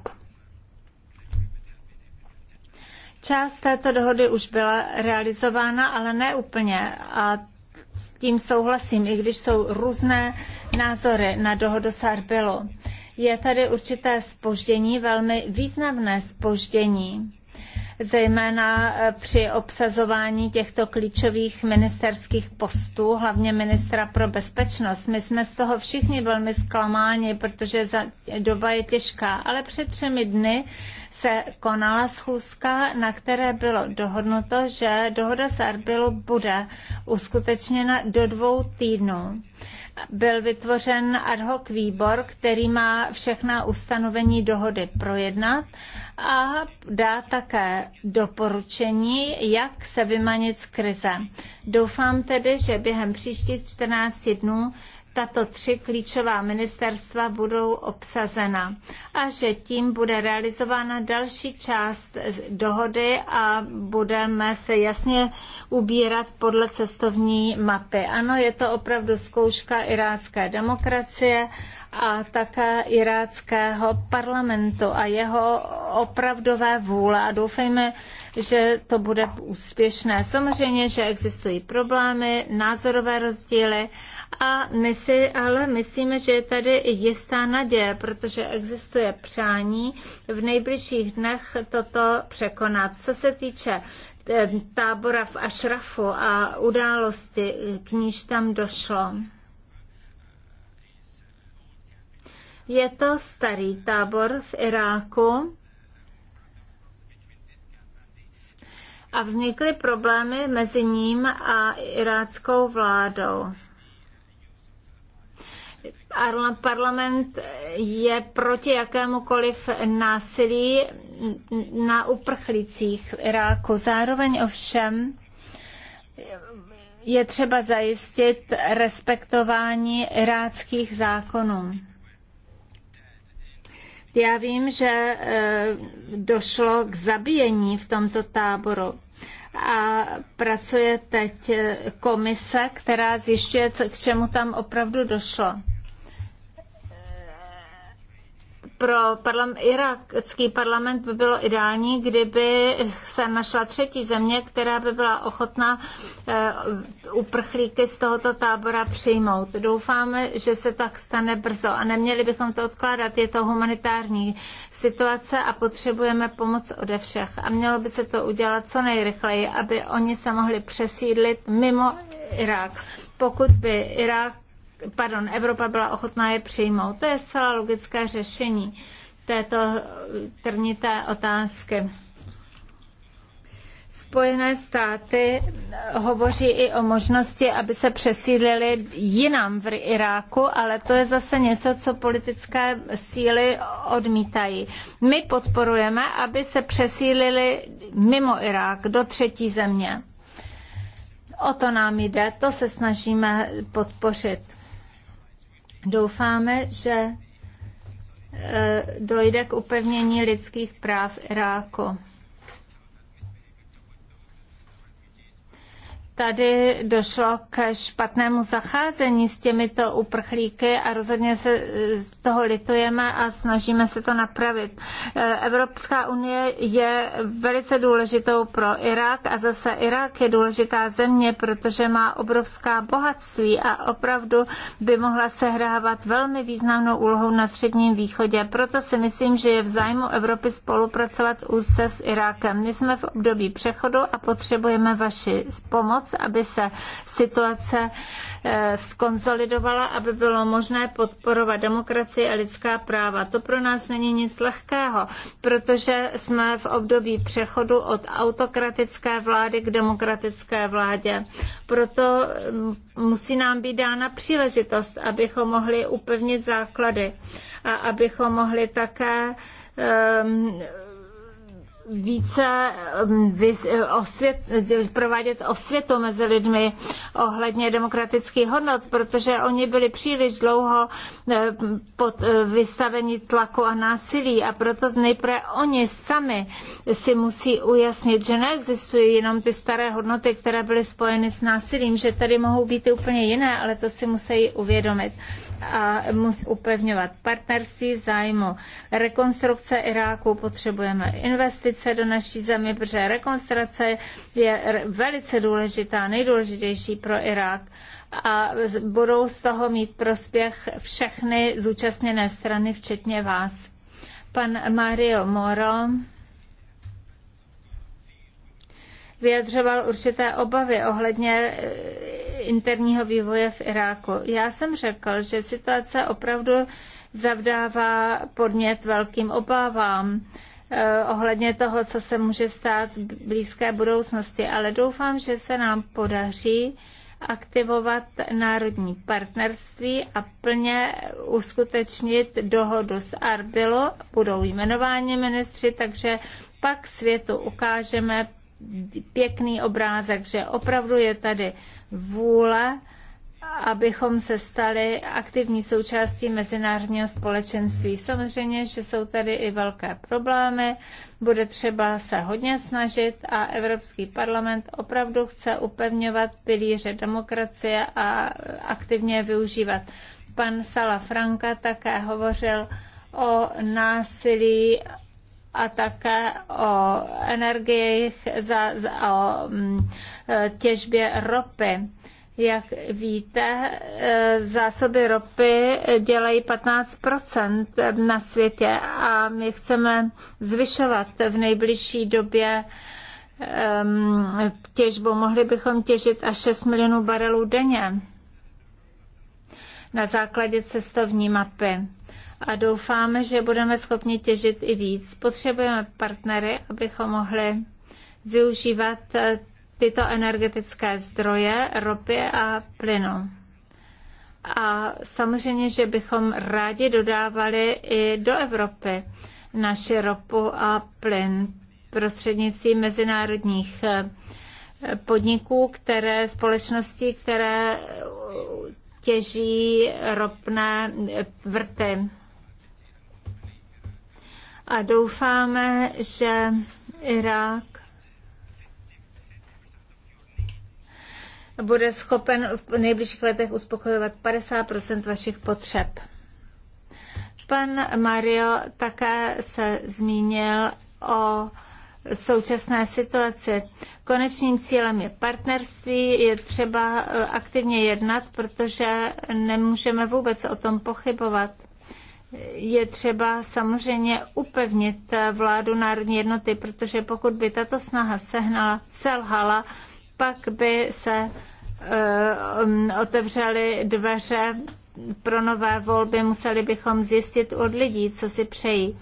Speaker 3: Část této dohody už byla realizována, ale ne úplně. A s tím souhlasím, i když jsou různé názory na dohodu s Arbilu. Je tady určité spoždění, velmi významné spoždění zejména eh, při obsazování těchto klíčových ministerských postů, hlavně ministra pro bezpečnost. My jsme z toho všichni velmi zklamáni, protože doba je těžká, ale před třemi dny se konala schůzka, na které bylo dohodnuto, že dohoda s Arbilu bude uskutečněna do dvou týdnů byl vytvořen ad hoc výbor, který má všechna ustanovení dohody projednat a dá také doporučení, jak se vymanit z krize. Doufám tedy, že během příštích 14 dnů tato tři klíčová ministerstva budou obsazena a že tím bude realizována další část dohody a budeme se jasně ubírat podle cestovní mapy. Ano, je to opravdu zkouška irácké demokracie a také iráckého parlamentu a jeho opravdové vůle a doufejme, že to bude úspěšné. Samozřejmě, že existují problémy, názorové rozdíly a my si, ale myslíme, že je tady jistá naděje, protože existuje přání v nejbližších dnech toto překonat. Co se týče eh, tábora v Ašrafu a události, k níž tam došlo. Je to starý tábor v Iráku a vznikly problémy mezi ním a iráckou vládou. Parlament je proti jakémukoliv násilí na uprchlících v Iráku. Zároveň ovšem je třeba zajistit respektování iráckých zákonů. Já vím, že eh, došlo k zabíjení v tomto táboru a pracuje teď eh, komise, která zjišťuje, k čemu tam opravdu došlo pro parlam, irácký parlament by bylo ideální, kdyby se našla třetí země, která by byla ochotná eh, uprchlíky z tohoto tábora přijmout. Doufáme, že se tak stane brzo a neměli bychom to odkládat. Je to humanitární situace a potřebujeme pomoc ode všech. A mělo by se to udělat co nejrychleji, aby oni se mohli přesídlit mimo Irák. Pokud by Irák pardon, Evropa byla ochotná je přijmout. To je zcela logické řešení této trnité otázky. Spojené státy hovoří i o možnosti, aby se přesídlili jinam v Iráku, ale to je zase něco, co politické síly odmítají. My podporujeme, aby se přesídlili mimo Irák do třetí země. O to nám jde, to se snažíme podpořit. Doufáme, že eh, dojde k upevnění lidských práv Iráku. tady došlo k špatnému zacházení s těmito uprchlíky a rozhodně se z toho litujeme a snažíme se to napravit. Evropská unie je velice důležitou pro Irák a zase Irák je důležitá země, protože má obrovská bohatství a opravdu by mohla sehrávat velmi významnou úlohu na Středním východě. Proto si myslím, že je v zájmu Evropy spolupracovat úzce s Irákem. My jsme v období přechodu a potřebujeme vaši pomoc pomoc, aby se situace eh, skonsolidovala, aby bylo možné podporovat demokracii a lidská práva. To pro nás není nic lehkého, protože jsme v období přechodu od autokratické vlády k demokratické vládě. Proto mm, musí nám být dána příležitost, abychom mohli upevnit základy a abychom mohli také um, více um, eh, osvět, eh, provádět osvětu mezi lidmi ohledně demokratických hodnot, protože oni byli příliš dlouho eh, pod vystavení tlaku a násilí a proto nejprve oni sami si musí ujasnit, že neexistují jenom ty staré hodnoty, které byly spojeny s násilím, že tady mohou být úplně jiné, ale to si musí uvědomit a musí upevňovat partnerství v zájmu rekonstrukce Iráku. Potřebujeme investice do naší země, protože rekonstrukce je velice důležitá, nejdůležitější pro Irák a budou z toho mít prospěch všechny zúčastněné strany, včetně vás. Pan Mario Moro. vyjadřoval určité obavy ohledně e, interního vývoje v Iráku. Já jsem řekl, že situace opravdu zavdává podmět velkým obávám e, ohledně toho, co se může stát v blízké budoucnosti, ale doufám, že se nám podaří aktivovat národní partnerství a plně uskutečnit dohodu s Arbilo. Budou jmenováni ministři, takže pak světu ukážeme pěkný obrázek, že opravdu je tady vůle, abychom se stali aktivní součástí mezinárodního společenství. Samozřejmě, že jsou tady i velké problémy, bude třeba se hodně snažit a Evropský parlament opravdu chce upevňovat pilíře demokracie a aktivně je využívat. Pan Sala Franka také hovořil o násilí a také o energiích, za, o mm, těžbě ropy. Jak víte, e, zásoby ropy dělají 15 na světě a my chceme zvyšovat v nejbližší době těžbu. Mohli bychom těžit až 6 milionů barelů denně na základě cestovní mapy a doufáme, že budeme schopni těžit i víc. Potřebujeme partnery, abychom mohli využívat eh, tyto energetické zdroje ropy a plynu. A samozřejmě, že bychom rádi dodávali i do Evropy naši ropu a plyn prostřednictvím mezinárodních eh, podniků, které společnosti, které eh, těží ropné vrty a doufáme, že Irák bude schopen v nejbližších letech uspokojovat 50 vašich potřeb. Pan Mario také se zmínil o současné situaci. Konečným cílem je partnerství, je třeba eh, aktivně jednat, protože nemůžeme vůbec o tom pochybovat je třeba samozřejmě upevnit vládu národní jednoty, protože pokud by tato snaha sehnala, selhala, pak by se eh, um, otevřely dveře pro nové volby, museli bychom zjistit od lidí, co si přejí.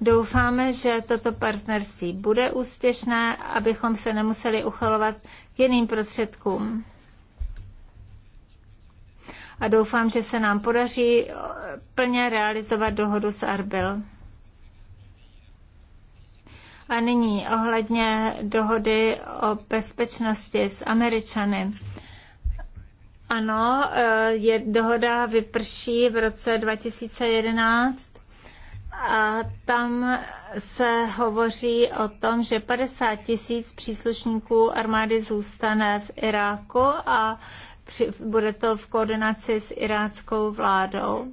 Speaker 3: Doufáme, že toto partnerství bude úspěšné, abychom se nemuseli uchalovat k jiným prostředkům a doufám, že se nám podaří eh, plně realizovat dohodu s Arbil. A nyní ohledně dohody o bezpečnosti s Američany. Ano, eh, je, dohoda vyprší v roce 2011 a tam se hovoří o tom, že 50 tisíc příslušníků armády zůstane v Iráku a při, bude to v koordinaci s iráckou vládou.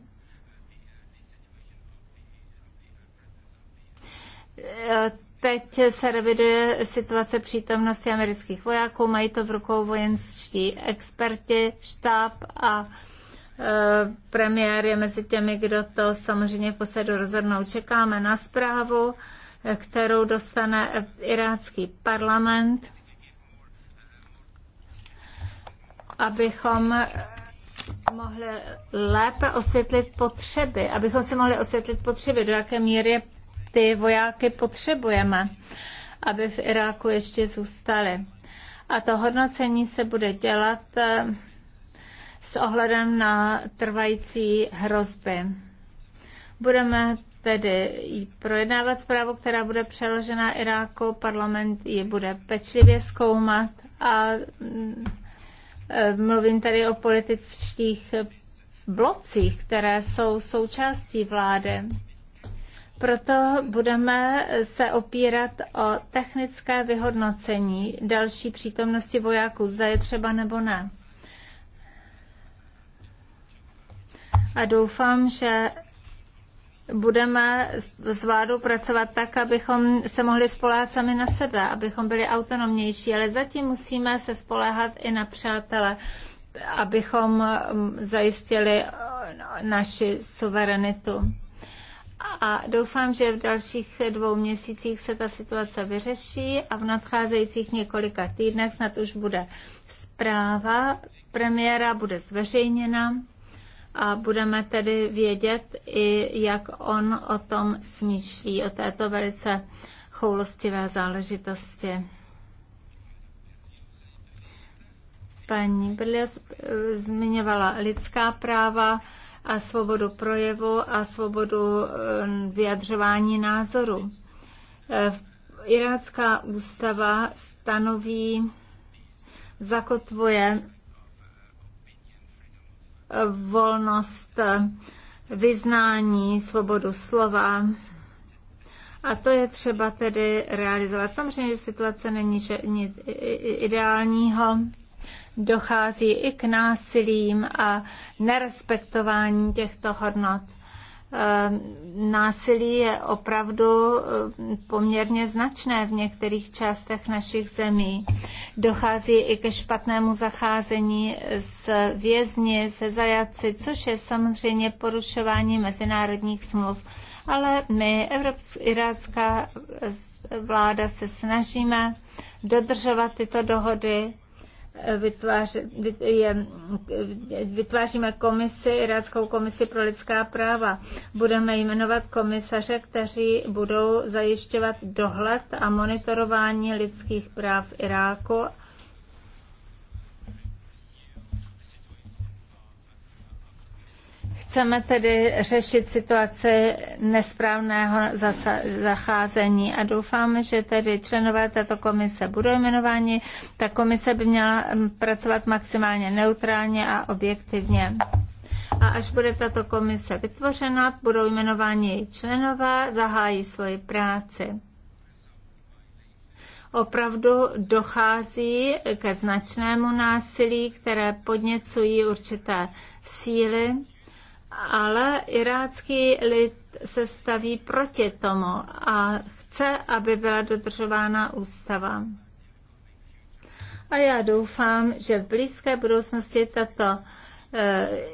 Speaker 3: E, teď se reviduje situace přítomnosti amerických vojáků, mají to v rukou vojenskí experti, štáb a e, premiér je mezi těmi, kdo to samozřejmě posledu rozhodnou. Čekáme na zprávu, e, kterou dostane irácký parlament abychom mohli lépe osvětlit potřeby, abychom si mohli osvětlit potřeby, do jaké míry ty vojáky potřebujeme, aby v Iráku ještě zůstali. A to hodnocení se bude dělat eh, s ohledem na trvající hrozby. Budeme tedy projednávat zprávu, která bude přeložena Iráku, parlament ji bude pečlivě zkoumat a mm, Eh, mluvím tady o politických blocích, které jsou součástí vlády. Proto budeme se opírat o technické vyhodnocení další přítomnosti vojáků, zda je třeba nebo ne. A doufám, že budeme s vládou pracovat tak, abychom se mohli spolehat sami na sebe, abychom byli autonomnější, ale zatím musíme se spolehat i na přátele, abychom mm, zajistili eh, naši suverenitu. A doufám, že v dalších dvou měsících se ta situace vyřeší a v nadcházejících několika týdnech snad už bude zpráva premiéra, bude zveřejněna a budeme tedy vědět i, jak on o tom smýšlí, o této velice choulostivé záležitosti. Paní Brlia zmiňovala lidská práva a svobodu projevu a svobodu eh, vyjadřování názoru. Eh, irácká ústava stanoví, zakotvuje volnost vyznání, svobodu slova. A to je třeba tedy realizovat. Samozřejmě, že situace není že nic ideálního. Dochází i k násilím a nerespektování těchto hodnot. Eh, násilí je opravdu eh, poměrně značné v některých částech našich zemí. Dochází i ke špatnému zacházení s vězni, se zajatci, což je samozřejmě porušování mezinárodních smluv. Ale my, Evropská, irácká eh, vláda, se snažíme dodržovat tyto dohody vytváři, je, vytváříme komisi, Iráckou komisi pro lidská práva. Budeme jmenovat komisaře, kteří budou zajišťovat dohled a monitorování lidských práv v Iráku Chceme tedy řešit situaci nesprávného zacházení a doufáme, že tedy členové této komise budou jmenováni. Ta komise by měla mm, pracovat maximálně neutrálně a objektivně a až bude tato komise vytvořena, budou jmenováni její členové, zahájí svoji práci. Opravdu dochází ke značnému násilí, které podněcují určité síly ale irácký lid se staví proti tomu a chce, aby byla dodržována ústava. A já doufám, že v blízké budoucnosti tato eh,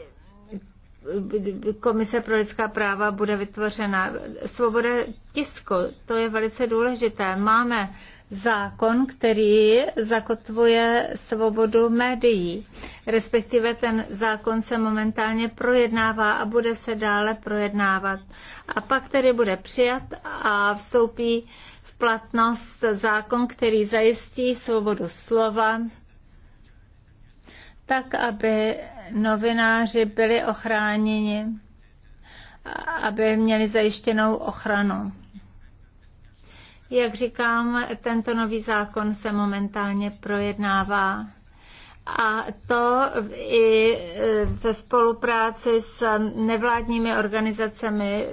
Speaker 3: Komise pro lidská práva bude vytvořena. Svoboda tisku, to je velice důležité. Máme zákon, který zakotvuje svobodu médií. Respektive ten zákon se momentálně projednává a bude se dále projednávat. A pak tedy bude přijat a vstoupí v platnost zákon, který zajistí svobodu slova, tak aby novináři byli ochráněni, aby měli zajištěnou ochranu. Jak říkám, tento nový zákon se momentálně projednává a to i e, ve spolupráci s nevládními organizacemi,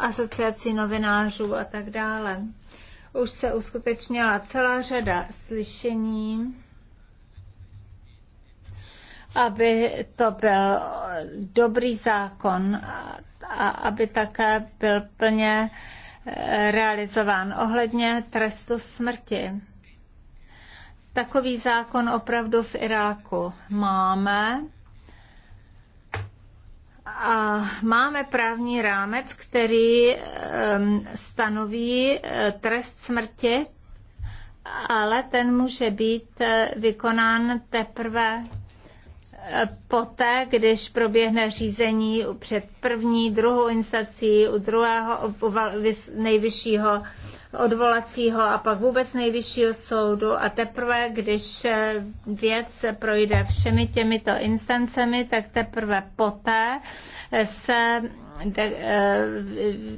Speaker 3: asociací novinářů a tak dále. Už se uskutečnila celá řada slyšení, aby to byl dobrý zákon a aby také byl plně uh, realizován ohledně trestu smrti. Takový zákon opravdu v Iráku máme. A máme právní rámec, který stanoví eh, trest smrti, ale ten může být eh, vykonán teprve poté, když proběhne řízení před první, druhou instancí, u druhého u nejvyššího odvolacího a pak vůbec nejvyššího soudu a teprve, když eh, věc projde všemi těmito instancemi, tak teprve poté se Eh,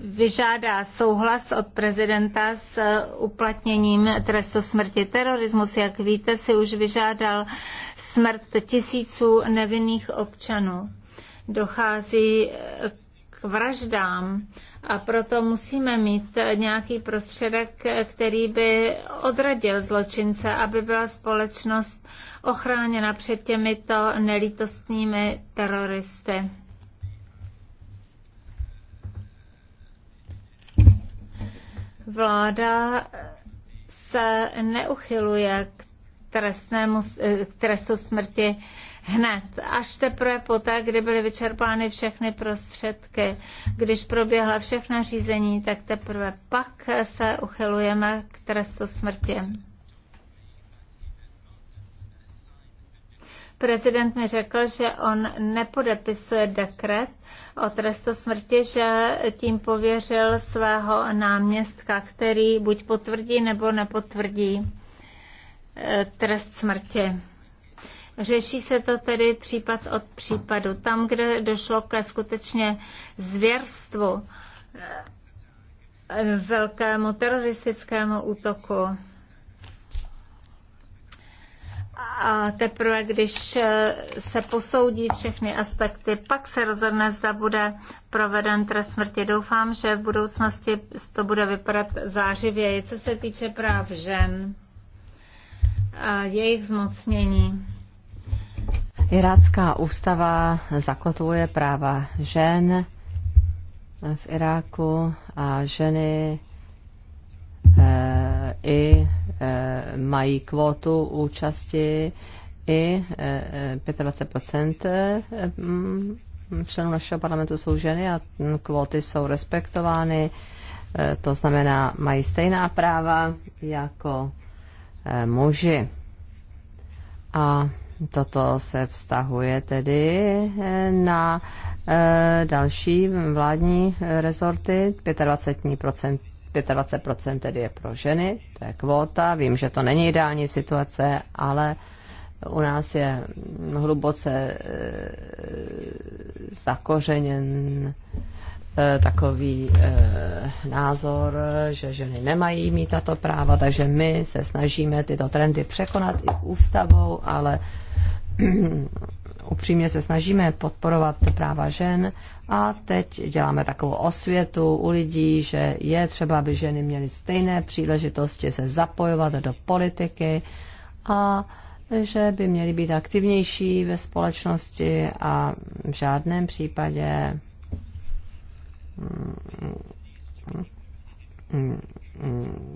Speaker 3: vyžádá souhlas od prezidenta s eh, uplatněním trestu smrti. Terorismus, jak víte, si už vyžádal smrt tisíců nevinných občanů. Dochází eh, k vraždám a proto musíme mít nějaký prostředek, který by odradil zločince, aby byla společnost ochráněna před těmito nelítostnými teroristy. Vláda se neuchyluje k trestnému, eh, k trestu smrti hned, až teprve poté, kdy byly vyčerpány všechny prostředky. Když proběhla všechna řízení, tak teprve pak se uchylujeme k trestu smrti. Prezident mi řekl, že on nepodepisuje dekret, o trestu smrti, že tím pověřil svého náměstka, který buď potvrdí nebo nepotvrdí e, trest smrti. Řeší se to tedy případ od případu. Tam, kde došlo ke skutečně zvěrstvu, e, velkému teroristickému útoku, a teprve, když eh, se posoudí všechny aspekty, pak se rozhodne, zda bude proveden trest smrti. Doufám, že v budoucnosti to bude vypadat zářivěji, co se týče práv žen a jejich zmocnění.
Speaker 2: Irácká ústava zakotvuje práva žen v Iráku a ženy e, i Eh, mají kvotu účasti i 25 eh, eh, mm, členů našeho parlamentu jsou ženy a kvóty jsou respektovány. To znamená, mají stejná práva jako muži. A toto se vztahuje tedy na další vládní rezorty, 25% 25% tedy je pro ženy, to je kvóta. Vím, že to není ideální situace, ale u nás je hluboce e, zakořeněn e, takový e, názor, že ženy nemají mít tato práva, takže my se snažíme tyto trendy překonat i ústavou, ale upřímně se snažíme podporovat práva žen a teď děláme takovou osvětu u lidí, že je třeba, aby ženy měly stejné příležitosti se zapojovat do politiky a že by měly být aktivnější ve společnosti a v žádném případě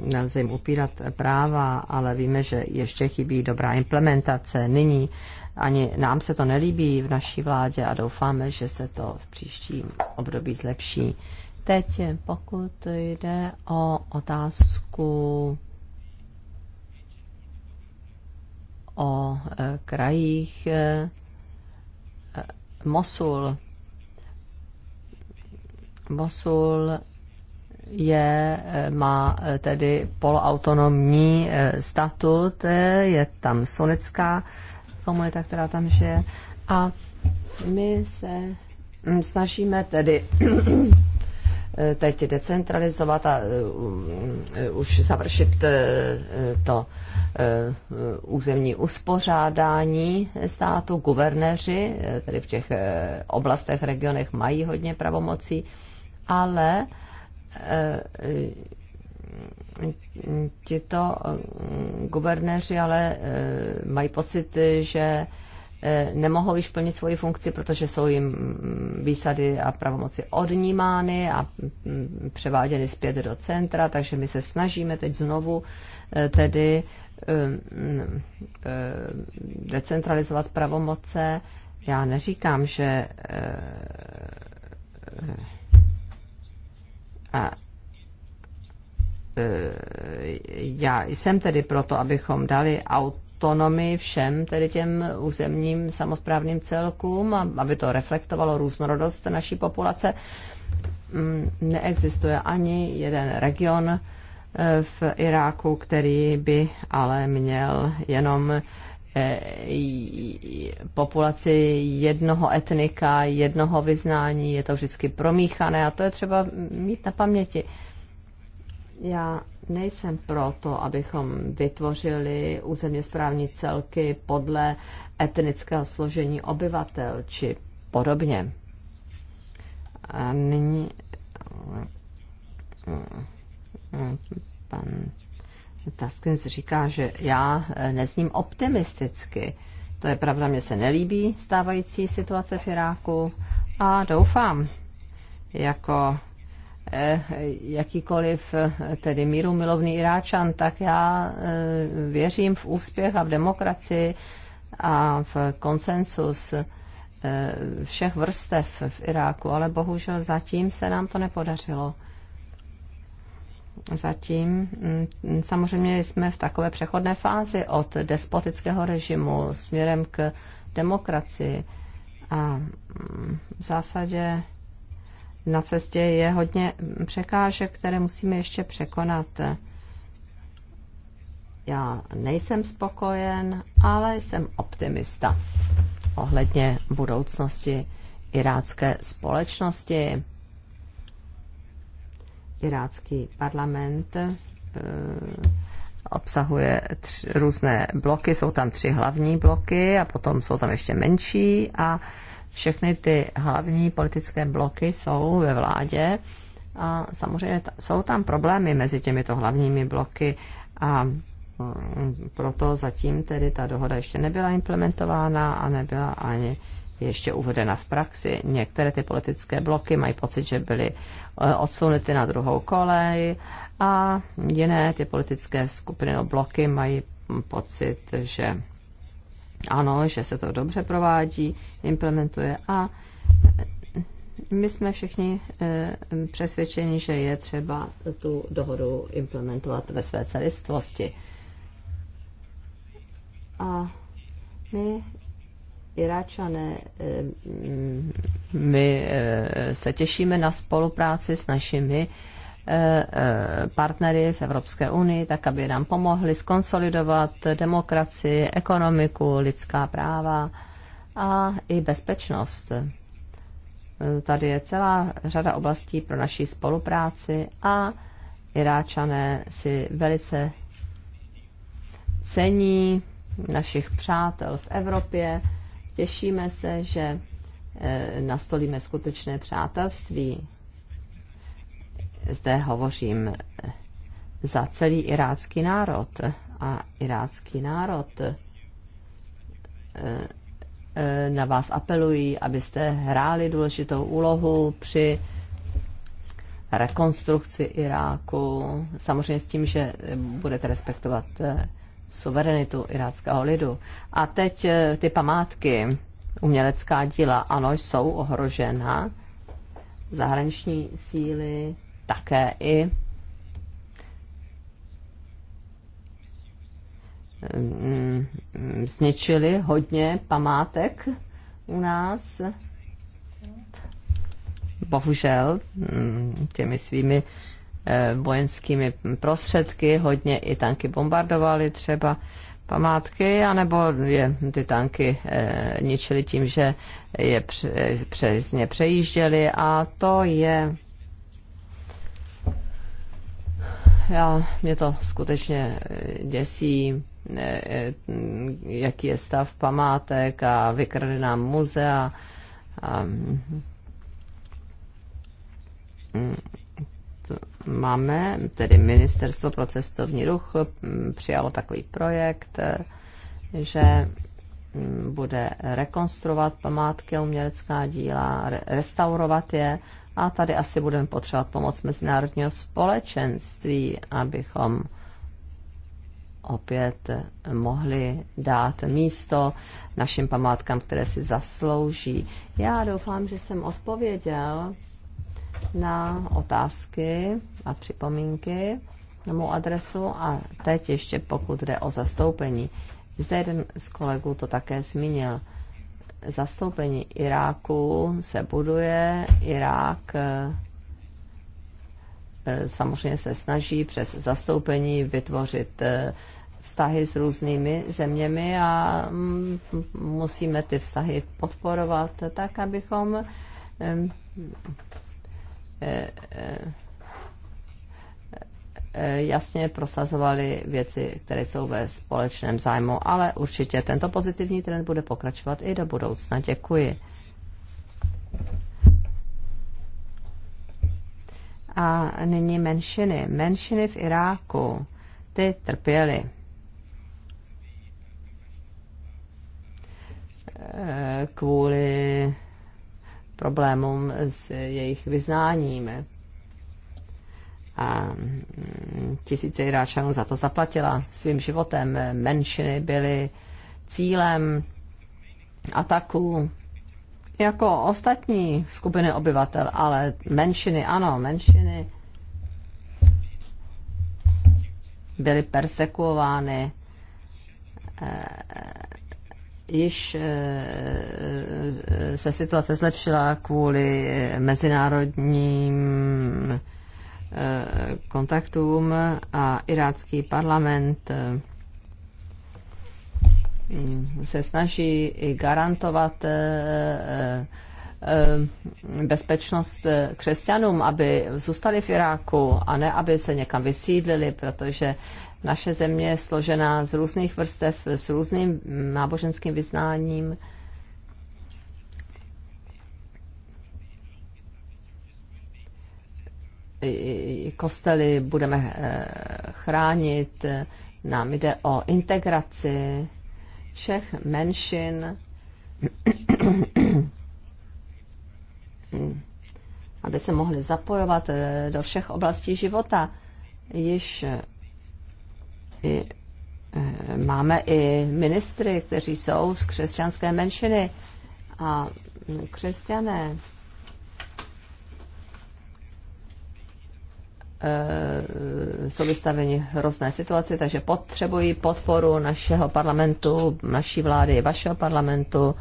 Speaker 2: nelze jim upírat práva, ale víme, že ještě chybí dobrá implementace. Nyní ani nám se to nelíbí v naší vládě a doufáme, že se to v příštím období zlepší. Teď, pokud jde o otázku o e, krajích e, e, Mosul. Mosul je, má tedy poloautonomní statut, je tam sunnická komunita, která tam žije. A my se snažíme tedy teď decentralizovat a e, e, už završit e, to územní uspořádání státu. Guvernéři tedy v těch oblastech, regionech mají hodně pravomocí, ale tito eh, guvernéři ale eh, mají pocit, že eh, nemohou již plnit svoji funkci, protože jsou jim mm, výsady a pravomoci odnímány a mm, převáděny zpět do centra, takže my se snažíme teď znovu tedy mm, decentralizovat pravomoce. Já neříkám, že a Eh, já jsem tedy proto, abychom dali autonomii všem tedy těm územním samozprávným celkům, aby to reflektovalo různorodost naší populace. Mm, neexistuje ani jeden region eh, v Iráku, který by ale měl jenom eh, populaci jednoho etnika, jednoho vyznání, je to vždycky promíchané a to je třeba mít na paměti. Já nejsem proto, abychom vytvořili územně správní celky podle etnického složení obyvatel či podobně. A nyní pan Taskins říká, že já eh, nezním optimisticky. To je pravda, mně se nelíbí stávající situace v Iráku a doufám, jako Eh, jakýkoliv eh, tedy míru milovný Iráčan, tak já eh, věřím v úspěch a v demokracii a v konsensus všech vrstev v Iráku, ale bohužel zatím se nám to nepodařilo. Zatím mm, samozřejmě jsme v takové přechodné fázi od despotického režimu směrem k demokracii a mm, v zásadě na cestě je hodně překážek, které musíme ještě překonat. Já nejsem spokojen, ale jsem optimista ohledně budoucnosti irácké společnosti. Irácký parlament eh, obsahuje tři, různé bloky, jsou tam tři hlavní bloky a potom jsou tam ještě menší a všechny ty hlavní politické bloky jsou ve vládě a samozřejmě jsou tam problémy mezi těmito hlavními bloky a mm, proto zatím tedy ta dohoda ještě nebyla implementována a nebyla ani ještě uvedena v praxi. Některé ty politické bloky mají pocit, že byly e, odsunuty na druhou kolej a jiné ty politické skupiny nebo bloky mají pocit, že ano, že se to dobře provádí, implementuje a my jsme všichni eh, přesvědčeni, že je třeba tu dohodu implementovat ve své celistvosti. A my, Iráčané, eh, my eh, se těšíme na spolupráci s našimi Eh, eh, partnery v Evropské unii, tak aby nám pomohli skonsolidovat demokracii, ekonomiku, lidská práva a i bezpečnost. Eh, tady je celá řada oblastí pro naší spolupráci a Iráčané si velice cení našich přátel v Evropě. Těšíme se, že nastolíme skutečné přátelství zde hovořím za celý irácký národ. A irácký národ eh, eh, na vás apelují, abyste hráli důležitou úlohu při rekonstrukci Iráku, samozřejmě s tím, že budete respektovat eh, suverenitu iráckého lidu. A teď ty památky, umělecká díla, ano, jsou ohrožena. Zahraniční síly také i mm, zničili hodně památek u nás. Bohužel mm, těmi svými eh, vojenskými prostředky hodně i tanky bombardovali třeba památky, anebo je ty tanky e, ničili tím, že je pře, přes přejížděli a to je já, mě to skutečně eh, děsí, eh, eh, jaký je stav památek a vykradli nám muzea. A, mm, máme, tedy Ministerstvo pro cestovní ruch mm, přijalo takový projekt, že mm, bude rekonstruovat památky a umělecká díla, restaurovat je a tady asi budeme potřebovat pomoc mezinárodního společenství, abychom opět mohli dát místo našim památkám, které si zaslouží. Já doufám, že jsem odpověděl na otázky a připomínky na mou adresu a teď ještě pokud jde o zastoupení. Zde jeden z kolegů to také zmínil zastoupení Iráku se buduje. Irák eh, samozřejmě se snaží přes zastoupení vytvořit eh, vztahy s různými zeměmi a mm, musíme ty vztahy podporovat tak, abychom eh, Eh, jasně prosazovali věci, které jsou ve společném zájmu, ale určitě tento pozitivní trend bude pokračovat i do budoucna. Děkuji. A nyní menšiny. Menšiny v Iráku, ty trpěly. Eh, kvůli problémům s jejich vyznáním a mm, tisíce Iráčanů za to zaplatila svým životem. Menšiny byly cílem ataků jako ostatní skupiny obyvatel, ale menšiny, ano, menšiny byly persekuovány eh, již eh, se situace zlepšila kvůli mezinárodním Eh, kontaktům a irácký parlament eh, se snaží i garantovat eh, bezpečnost křesťanům, aby zůstali v Iráku a ne, aby se někam vysídlili, protože naše země je složená z různých vrstev, s různým náboženským vyznáním kostely budeme eh, chránit, nám jde o integraci všech menšin, aby se mohli zapojovat eh, do všech oblastí života. Již i, eh, máme i ministry, kteří jsou z křesťanské menšiny a mm, křesťané Eh, jsou vystaveni hrozné situaci, takže potřebují podporu našeho parlamentu, naší vlády, vašeho parlamentu.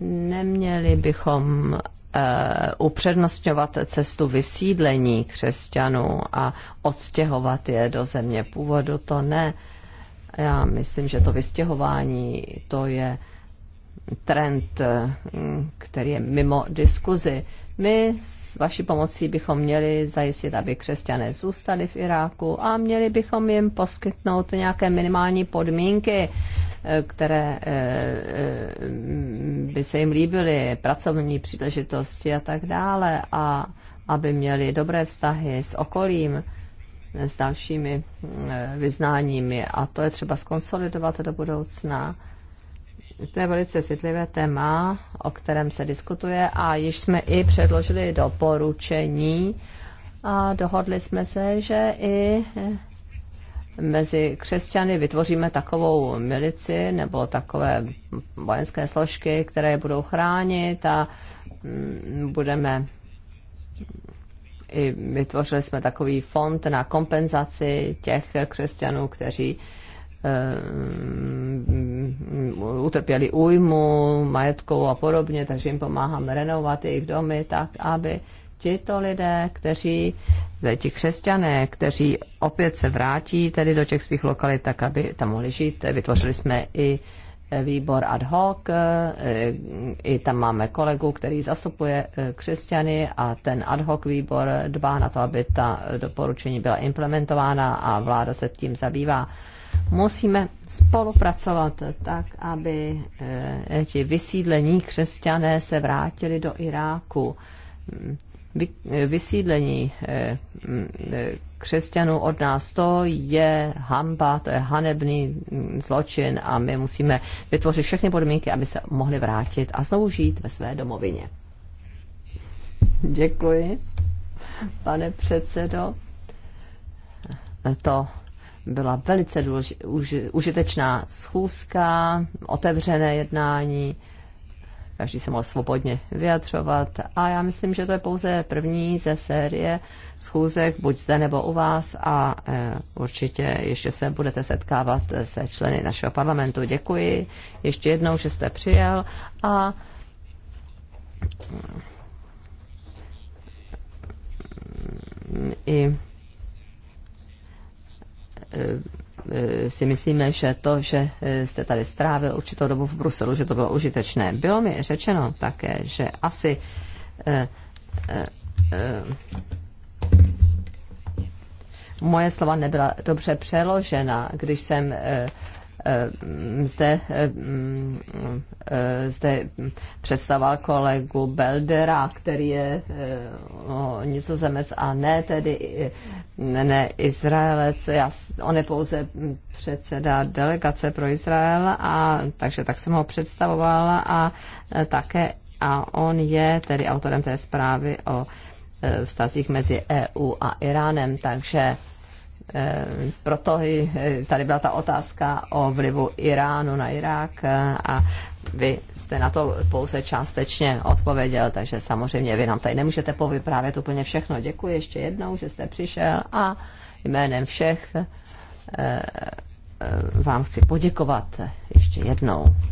Speaker 2: Neměli bychom eh, upřednostňovat cestu vysídlení křesťanů a odstěhovat je do země původu, to ne. Já myslím, že to vystěhování to je trend, eh, který je mimo diskuzi. My s vaší pomocí bychom měli zajistit, aby křesťané zůstali v Iráku a měli bychom jim poskytnout nějaké minimální podmínky, eh, které eh, eh, by se jim líbily, pracovní příležitosti a tak dále a aby měli dobré vztahy s okolím s dalšími vyznáními a to je třeba skonsolidovat do budoucna to je velice citlivé téma, o kterém se diskutuje a již jsme i předložili doporučení a dohodli jsme se, že i eh, mezi křesťany vytvoříme takovou milici nebo takové vojenské složky, které je budou chránit a mm, budeme i vytvořili jsme takový fond na kompenzaci těch křesťanů, kteří Eh, mm, utrpěli újmu majetkovou a podobně, takže jim pomáháme renovovat jejich domy tak, aby tito lidé, kteří, eh, ti křesťané, kteří opět se vrátí tedy do těch svých lokalit, tak aby tam mohli žít. Vytvořili jsme i eh, výbor ad hoc, i tam máme kolegu, který zastupuje křesťany a ten ad hoc výbor dbá na to, aby ta doporučení byla implementována a vláda se tím zabývá musíme spolupracovat tak, aby eh, ti vysídlení křesťané se vrátili do Iráku. Eh, vysídlení eh, mm, křesťanů od nás, to je hamba, to je hanebný mm, zločin a my musíme vytvořit všechny podmínky, aby se mohli vrátit a znovu žít ve své domovině. Děkuji, pane předsedo. To byla velice důlež, už, užitečná schůzka, otevřené jednání, každý se mohl svobodně vyjadřovat a já myslím, že to je pouze první ze série schůzek, buď zde nebo u vás a e, určitě ještě se budete setkávat se členy našeho parlamentu. Děkuji ještě jednou, že jste přijel a mm, i Eh, eh, si myslíme, že to, že eh, jste tady strávil určitou dobu v Bruselu, že to bylo užitečné. Bylo mi řečeno také, že asi moje slova nebyla dobře přeložena, když jsem Eh, zde, eh, zde představoval kolegu Beldera, který je eh, nizozemec a ne tedy ne, ne Izraelec. Já, on je pouze předseda delegace pro Izrael, a, takže tak jsem ho představovala a také a on je tedy autorem té zprávy o vztazích mezi EU a Iránem, takže Eh, proto eh, tady byla ta otázka o vlivu Iránu na Irák eh, a vy jste na to pouze částečně odpověděl, takže samozřejmě vy nám tady nemůžete povyprávět úplně všechno. Děkuji ještě jednou, že jste přišel a jménem všech vám chci poděkovat ještě jednou.